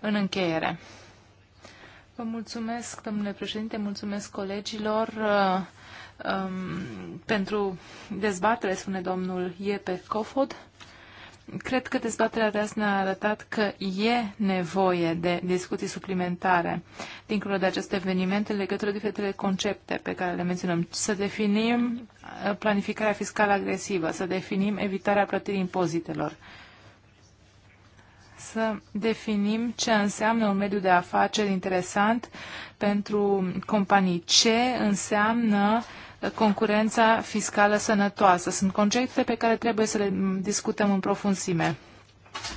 în încheiere. Vă mulțumesc, domnule președinte, mulțumesc colegilor uh, um, pentru dezbatere, spune domnul Iepe Cofod. Cred că dezbaterea de azi ne-a arătat că e nevoie de discuții suplimentare dincolo de aceste evenimente în legătură de diferitele concepte pe care le menționăm. Să definim uh, planificarea fiscală agresivă, să definim evitarea plătirii impozitelor, să definim ce înseamnă un mediu de afaceri interesant pentru companii, ce înseamnă concurența fiscală sănătoasă. Sunt concepte pe care trebuie să le discutăm în profunzime.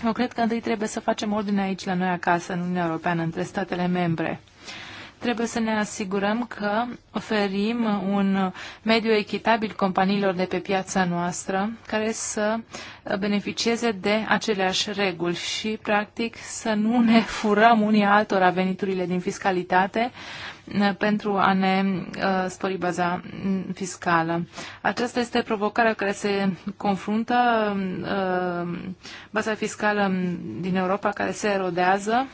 Eu cred că întâi trebuie să facem ordine aici la noi acasă, în Uniunea Europeană, între statele membre trebuie să ne asigurăm că oferim un mediu echitabil companiilor de pe piața noastră care să beneficieze de aceleași reguli și, practic, să nu ne furăm unii altora veniturile din fiscalitate uh, pentru a ne uh, spori baza mm, fiscală. Aceasta este provocarea care se confruntă uh, baza fiscală din Europa care se erodează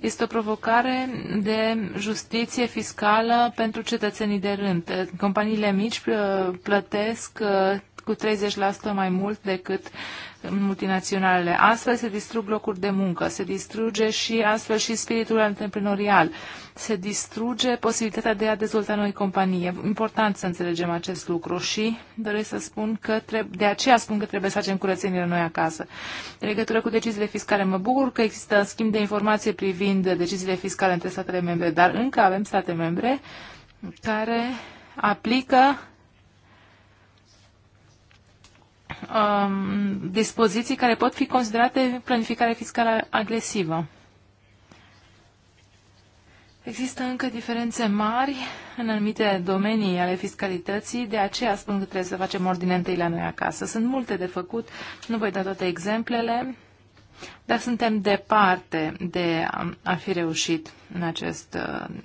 este o provocare de justiție fiscală pentru cetățenii de rând. Companiile mici uh, plătesc uh, cu 30% mai mult decât multinaționalele. Astfel se distrug locuri de muncă, se distruge și astfel și spiritul antreprenorial, se distruge posibilitatea de a dezvolta noi companii. E important să înțelegem acest lucru și doresc să spun că trebuie, de aceea spun că trebuie să facem curățenile noi acasă. În legătură cu deciziile fiscale, mă bucur că există schimb de informație privind deciziile fiscale între statele membre, dar încă avem state membre care aplică um, dispoziții care pot fi considerate planificare fiscală agresivă. Există încă diferențe mari în anumite domenii ale fiscalității, de aceea spun că trebuie să facem ordine întâi la noi acasă. Sunt multe de făcut, nu voi da toate exemplele, dar suntem departe de a fi reușit în, acest,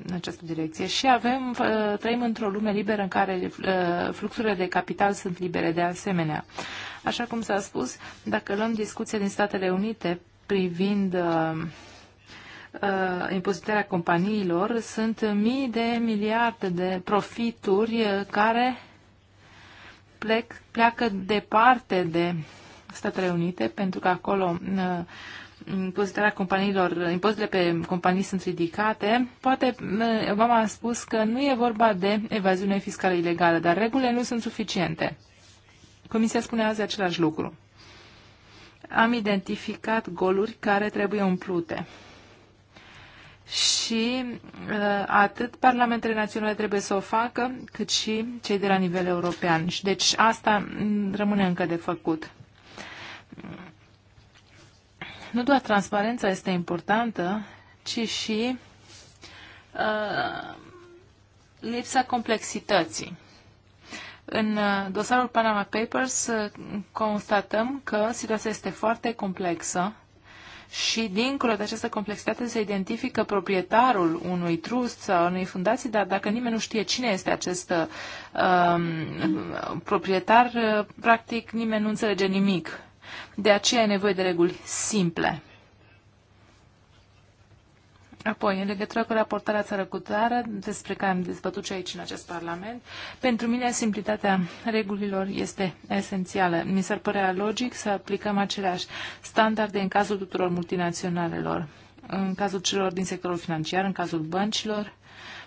în această direcție și avem, trăim într-o lume liberă în care fluxurile de capital sunt libere de asemenea. Așa cum s-a spus, dacă luăm discuția din Statele Unite privind uh, uh, impozitarea companiilor, sunt mii de miliarde de profituri uh, care plec, pleacă departe de Statele Unite, pentru că acolo uh, impozitarea companiilor, impozitele pe companii sunt ridicate. Poate Obama uh, a spus că nu e vorba de evaziune fiscală ilegală, dar regulile nu sunt suficiente. Comisia spune azi același lucru. Am identificat goluri care trebuie umplute. Și uh, atât parlamentele naționale trebuie să o facă, cât și cei de la nivel european. Și deci asta mm, rămâne încă de făcut nu doar transparența este importantă, ci și uh, lipsa complexității. În uh, dosarul Panama Papers uh, constatăm că situația este foarte complexă și dincolo de această complexitate se identifică proprietarul unui trust sau unei fundații, dar dacă nimeni nu știe cine este acest um, uh, proprietar, practic nimeni nu înțelege nimic de aceea e nevoie de reguli simple. Apoi, în legătură cu raportarea țară cu țară, despre care am dezbătut și aici în acest Parlament, pentru mine simplitatea regulilor este esențială. Mi s-ar părea logic să aplicăm aceleași standarde în cazul tuturor multinaționalelor, în cazul celor din sectorul financiar, în cazul băncilor.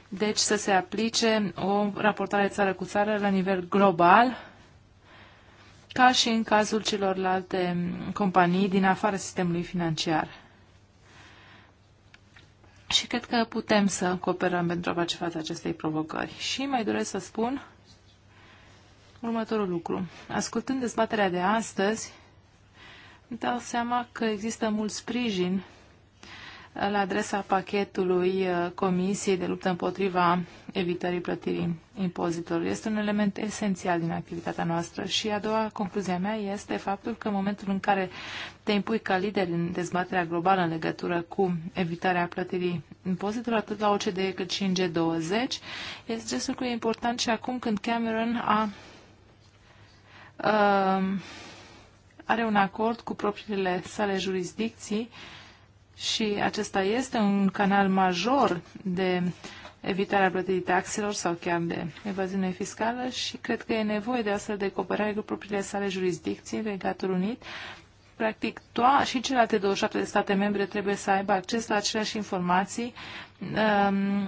Deci să se aplice o raportare țară cu țară la nivel global, ca și în cazul celorlalte companii din afara sistemului financiar. Și cred că putem să cooperăm pentru a face față acestei provocări. Și mai doresc să spun următorul lucru. Ascultând dezbaterea de astăzi, îmi dau seama că există mult sprijin la adresa pachetului uh, Comisiei de luptă împotriva evitării plătirii impozitelor. Este un element esențial din activitatea noastră și a doua concluzia mea este faptul că în momentul în care te impui ca lider în dezbaterea globală în legătură cu evitarea plătirii impozitelor, atât la OCDE cât și în G20, este gestul că important și acum când Cameron a, uh, are un acord cu propriile sale jurisdicții uh, și acesta este un canal major de evitarea plătirii taxelor sau chiar de evaziune fiscală și cred că e nevoie de astfel de cooperare cu propriile sale jurisdicții, Regatul Unit. Practic, toa și celelalte 27 de state membre trebuie să aibă acces la aceleași informații um,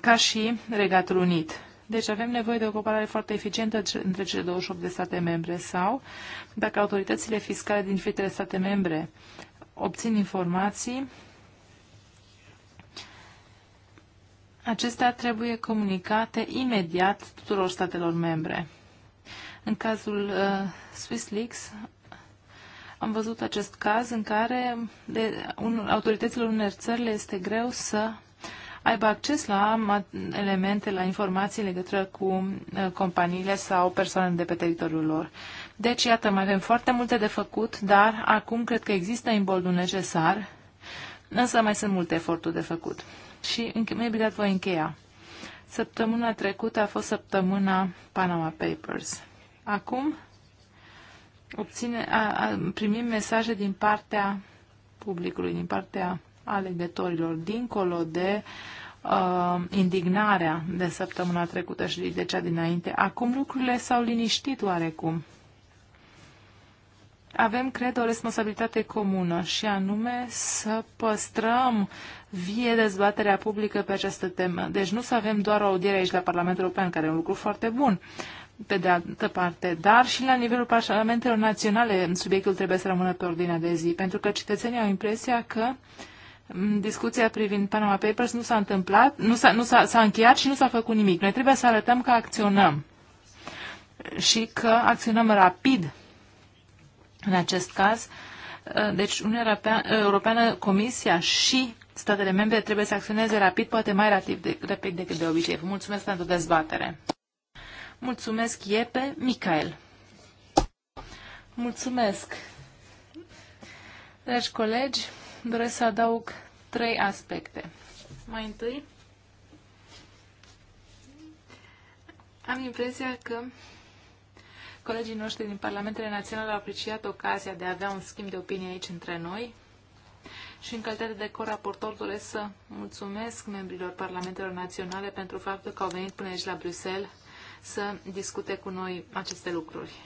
ca și Regatul Unit. Deci avem nevoie de o cooperare foarte eficientă între cele 28 de state membre sau, dacă autoritățile fiscale din fiecare state membre obțin informații, acestea trebuie comunicate imediat tuturor statelor membre. În cazul uh, SwissLeaks am văzut acest caz în care de, un, autorităților unor țări le este greu să aibă acces la elemente, la informații legătură cu uh, companiile sau persoanele de pe teritoriul lor. Uh, deci, iată, mai avem foarte multe de făcut, dar acum cred că există imboldul necesar, însă mai sunt multe eforturi de făcut. Și imediat voi încheia. Săptămâna trecută a fost săptămâna Panama Papers. Acum obține, a, a, primim mesaje din partea publicului, din partea alegătorilor, dincolo de uh, indignarea de săptămâna trecută și de cea dinainte. Acum lucrurile s-au liniștit oarecum avem, cred, o responsabilitate comună și anume să păstrăm vie dezbaterea publică pe această temă. Deci nu să avem doar o audiere aici la Parlamentul European, care e un lucru foarte bun, pe de altă parte, dar și la nivelul parlamentelor naționale subiectul trebuie să rămână pe ordinea de zi, pentru că cetățenii au impresia că discuția privind Panama Papers nu s-a întâmplat, nu s-a, nu s-a, s-a încheiat și nu s-a făcut nimic. Noi trebuie să arătăm că acționăm și că acționăm rapid în acest caz, ă, deci Uniunea Europeană, Comisia și statele membre trebuie să acționeze rapid, poate mai rapid, de, rapid decât de obicei. Vă mulțumesc pentru dezbatere. Mulțumesc, Iepe. Michael. Mulțumesc. Dragi colegi, doresc să adaug trei aspecte. Mai întâi, am impresia că Colegii noștri din Parlamentele Naționale au apreciat ocazia de a avea un schimb de opinie aici între noi și în calitate de coraportor doresc să mulțumesc membrilor Parlamentelor Naționale pentru faptul că au venit până aici la Bruxelles să discute cu noi aceste lucruri.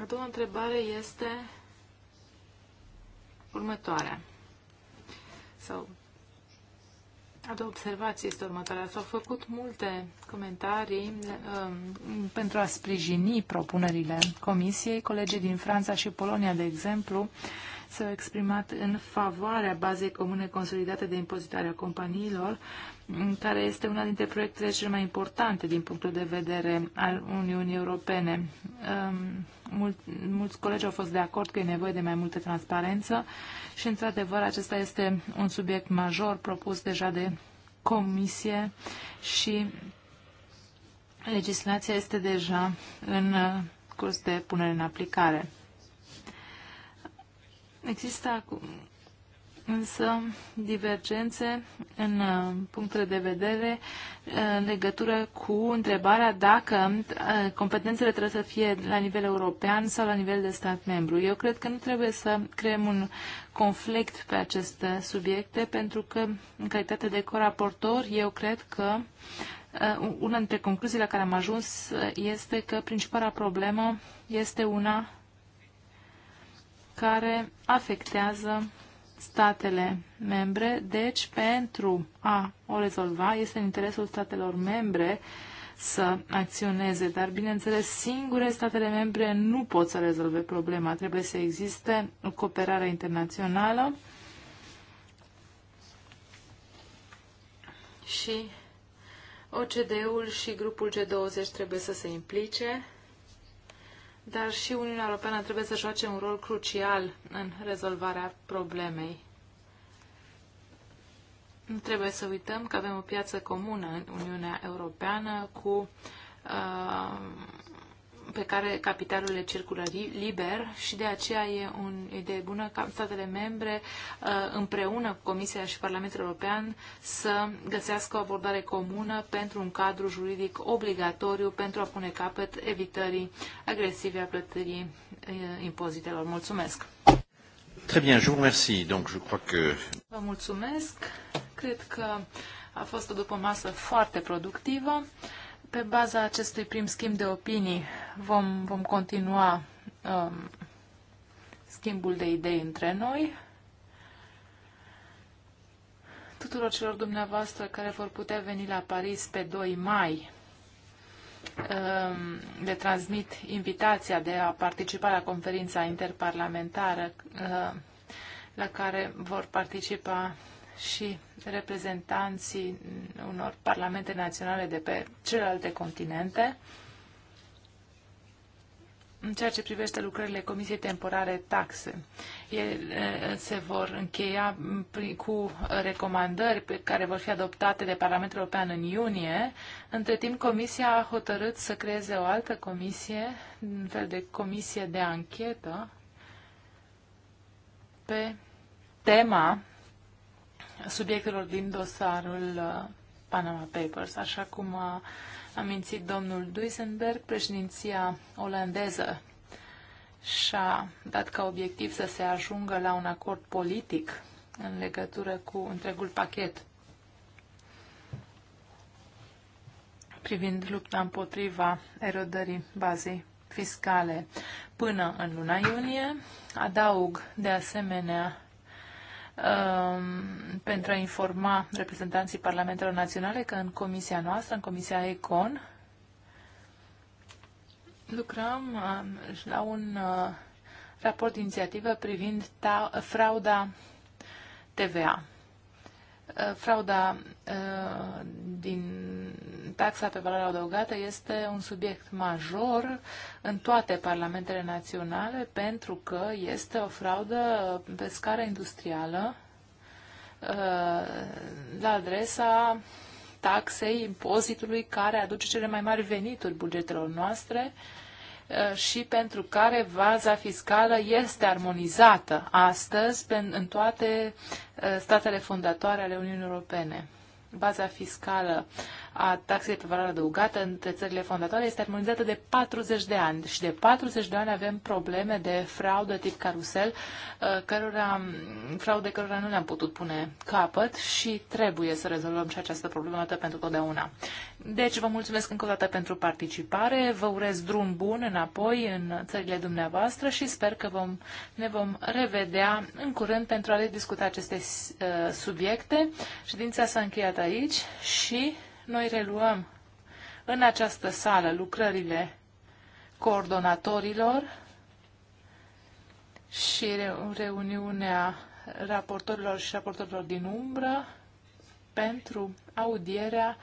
A doua întrebare este următoarea. Sau a doua observație este următoarea. S-au făcut multe comentarii um, pentru a sprijini propunerile Comisiei. Colegii din Franța și Polonia, de exemplu, s-au exprimat în favoarea bazei comune consolidate de impozitare a companiilor, care este una dintre proiectele cele mai importante din punctul de vedere al Uniunii Europene. Um, mult, mulți colegi au fost de acord că e nevoie de mai multă transparență și, într-adevăr, acesta este un subiect major propus deja de Comisie și legislația este deja în uh, curs de punere în aplicare. Există acum însă divergențe în uh, punctele de vedere uh, în legătură cu întrebarea dacă competențele trebuie să fie la nivel european sau la nivel de stat membru. Eu cred că nu trebuie să creăm un conflict pe aceste subiecte, pentru că, în calitate de coraportor, eu cred că Uh, una dintre concluziile la care am ajuns uh, este că principala problemă este una care afectează statele membre, deci pentru a o rezolva este în interesul statelor membre să acționeze, dar bineînțeles singure statele membre nu pot să rezolve problema, trebuie să existe o cooperare internațională și ocd ul și grupul G20 trebuie să se implice, dar și Uniunea Europeană trebuie să joace un rol crucial în rezolvarea problemei. Nu trebuie să uităm că avem o piață comună în Uniunea Europeană cu uh, pe care capitalurile circulă liber și de aceea e o idee bună ca statele membre uh, împreună cu Comisia și Parlamentul European să găsească o abordare comună pentru un cadru juridic obligatoriu pentru a pune capăt evitării agresive a plătirii uh, impozitelor. Mulțumesc! Très bien, je vous remercie. Donc, je crois que... Vă mulțumesc. Cred că a fost o după masă foarte productivă. Pe baza acestui prim schimb de opinii vom, vom continua um, schimbul de idei între noi. Tuturor celor dumneavoastră care vor putea veni la Paris pe 2 mai, um, le transmit invitația de a participa la conferința interparlamentară uh, la care vor participa și reprezentanții unor parlamente naționale de pe celelalte continente. În ceea ce privește lucrările Comisiei Temporare Taxe, ele se vor încheia cu recomandări pe care vor fi adoptate de Parlamentul European în iunie. Între timp, Comisia a hotărât să creeze o altă comisie, un fel de comisie de anchetă, pe tema subiectelor din dosarul uh, Panama Papers. Așa cum a amintit domnul Duisenberg, președinția olandeză și-a dat ca obiectiv să se ajungă la un acord politic în legătură cu întregul pachet privind lupta împotriva erodării bazei fiscale până în luna iunie. Adaug de asemenea Um, pentru a informa reprezentanții Parlamentelor Naționale că în comisia noastră, în comisia ECON, lucrăm um, la un uh, raport de inițiativă privind frauda TVA. Uh, frauda uh, din taxa pe valoare adăugată este un subiect major în toate parlamentele naționale pentru că este o fraudă pe scară industrială uh, la adresa taxei, impozitului care aduce cele mai mari venituri bugetelor noastre uh, Uh, și pentru care baza fiscală este armonizată astăzi în toate uh, statele fondatoare ale Uniunii Europene. Baza fiscală uh, a taxei pe valoare adăugată între țările fondatoare este armonizată de 40 de ani și de 40 de ani avem probleme de fraudă tip carusel, uh, cărora, fraude cărora nu le-am putut pune capăt și trebuie să rezolvăm și această problemă pentru totdeauna. Deci vă mulțumesc încă o dată pentru participare, vă urez drum bun înapoi în țările dumneavoastră și sper că vom, ne vom revedea în curând pentru a discuta aceste uh, subiecte. Ședința s-a încheiat aici și noi reluăm în această sală lucrările coordonatorilor și reuniunea raportorilor și raportorilor din umbră pentru audierea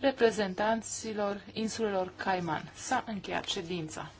reprezentanților insulelor Caiman. S-a încheiat ședința.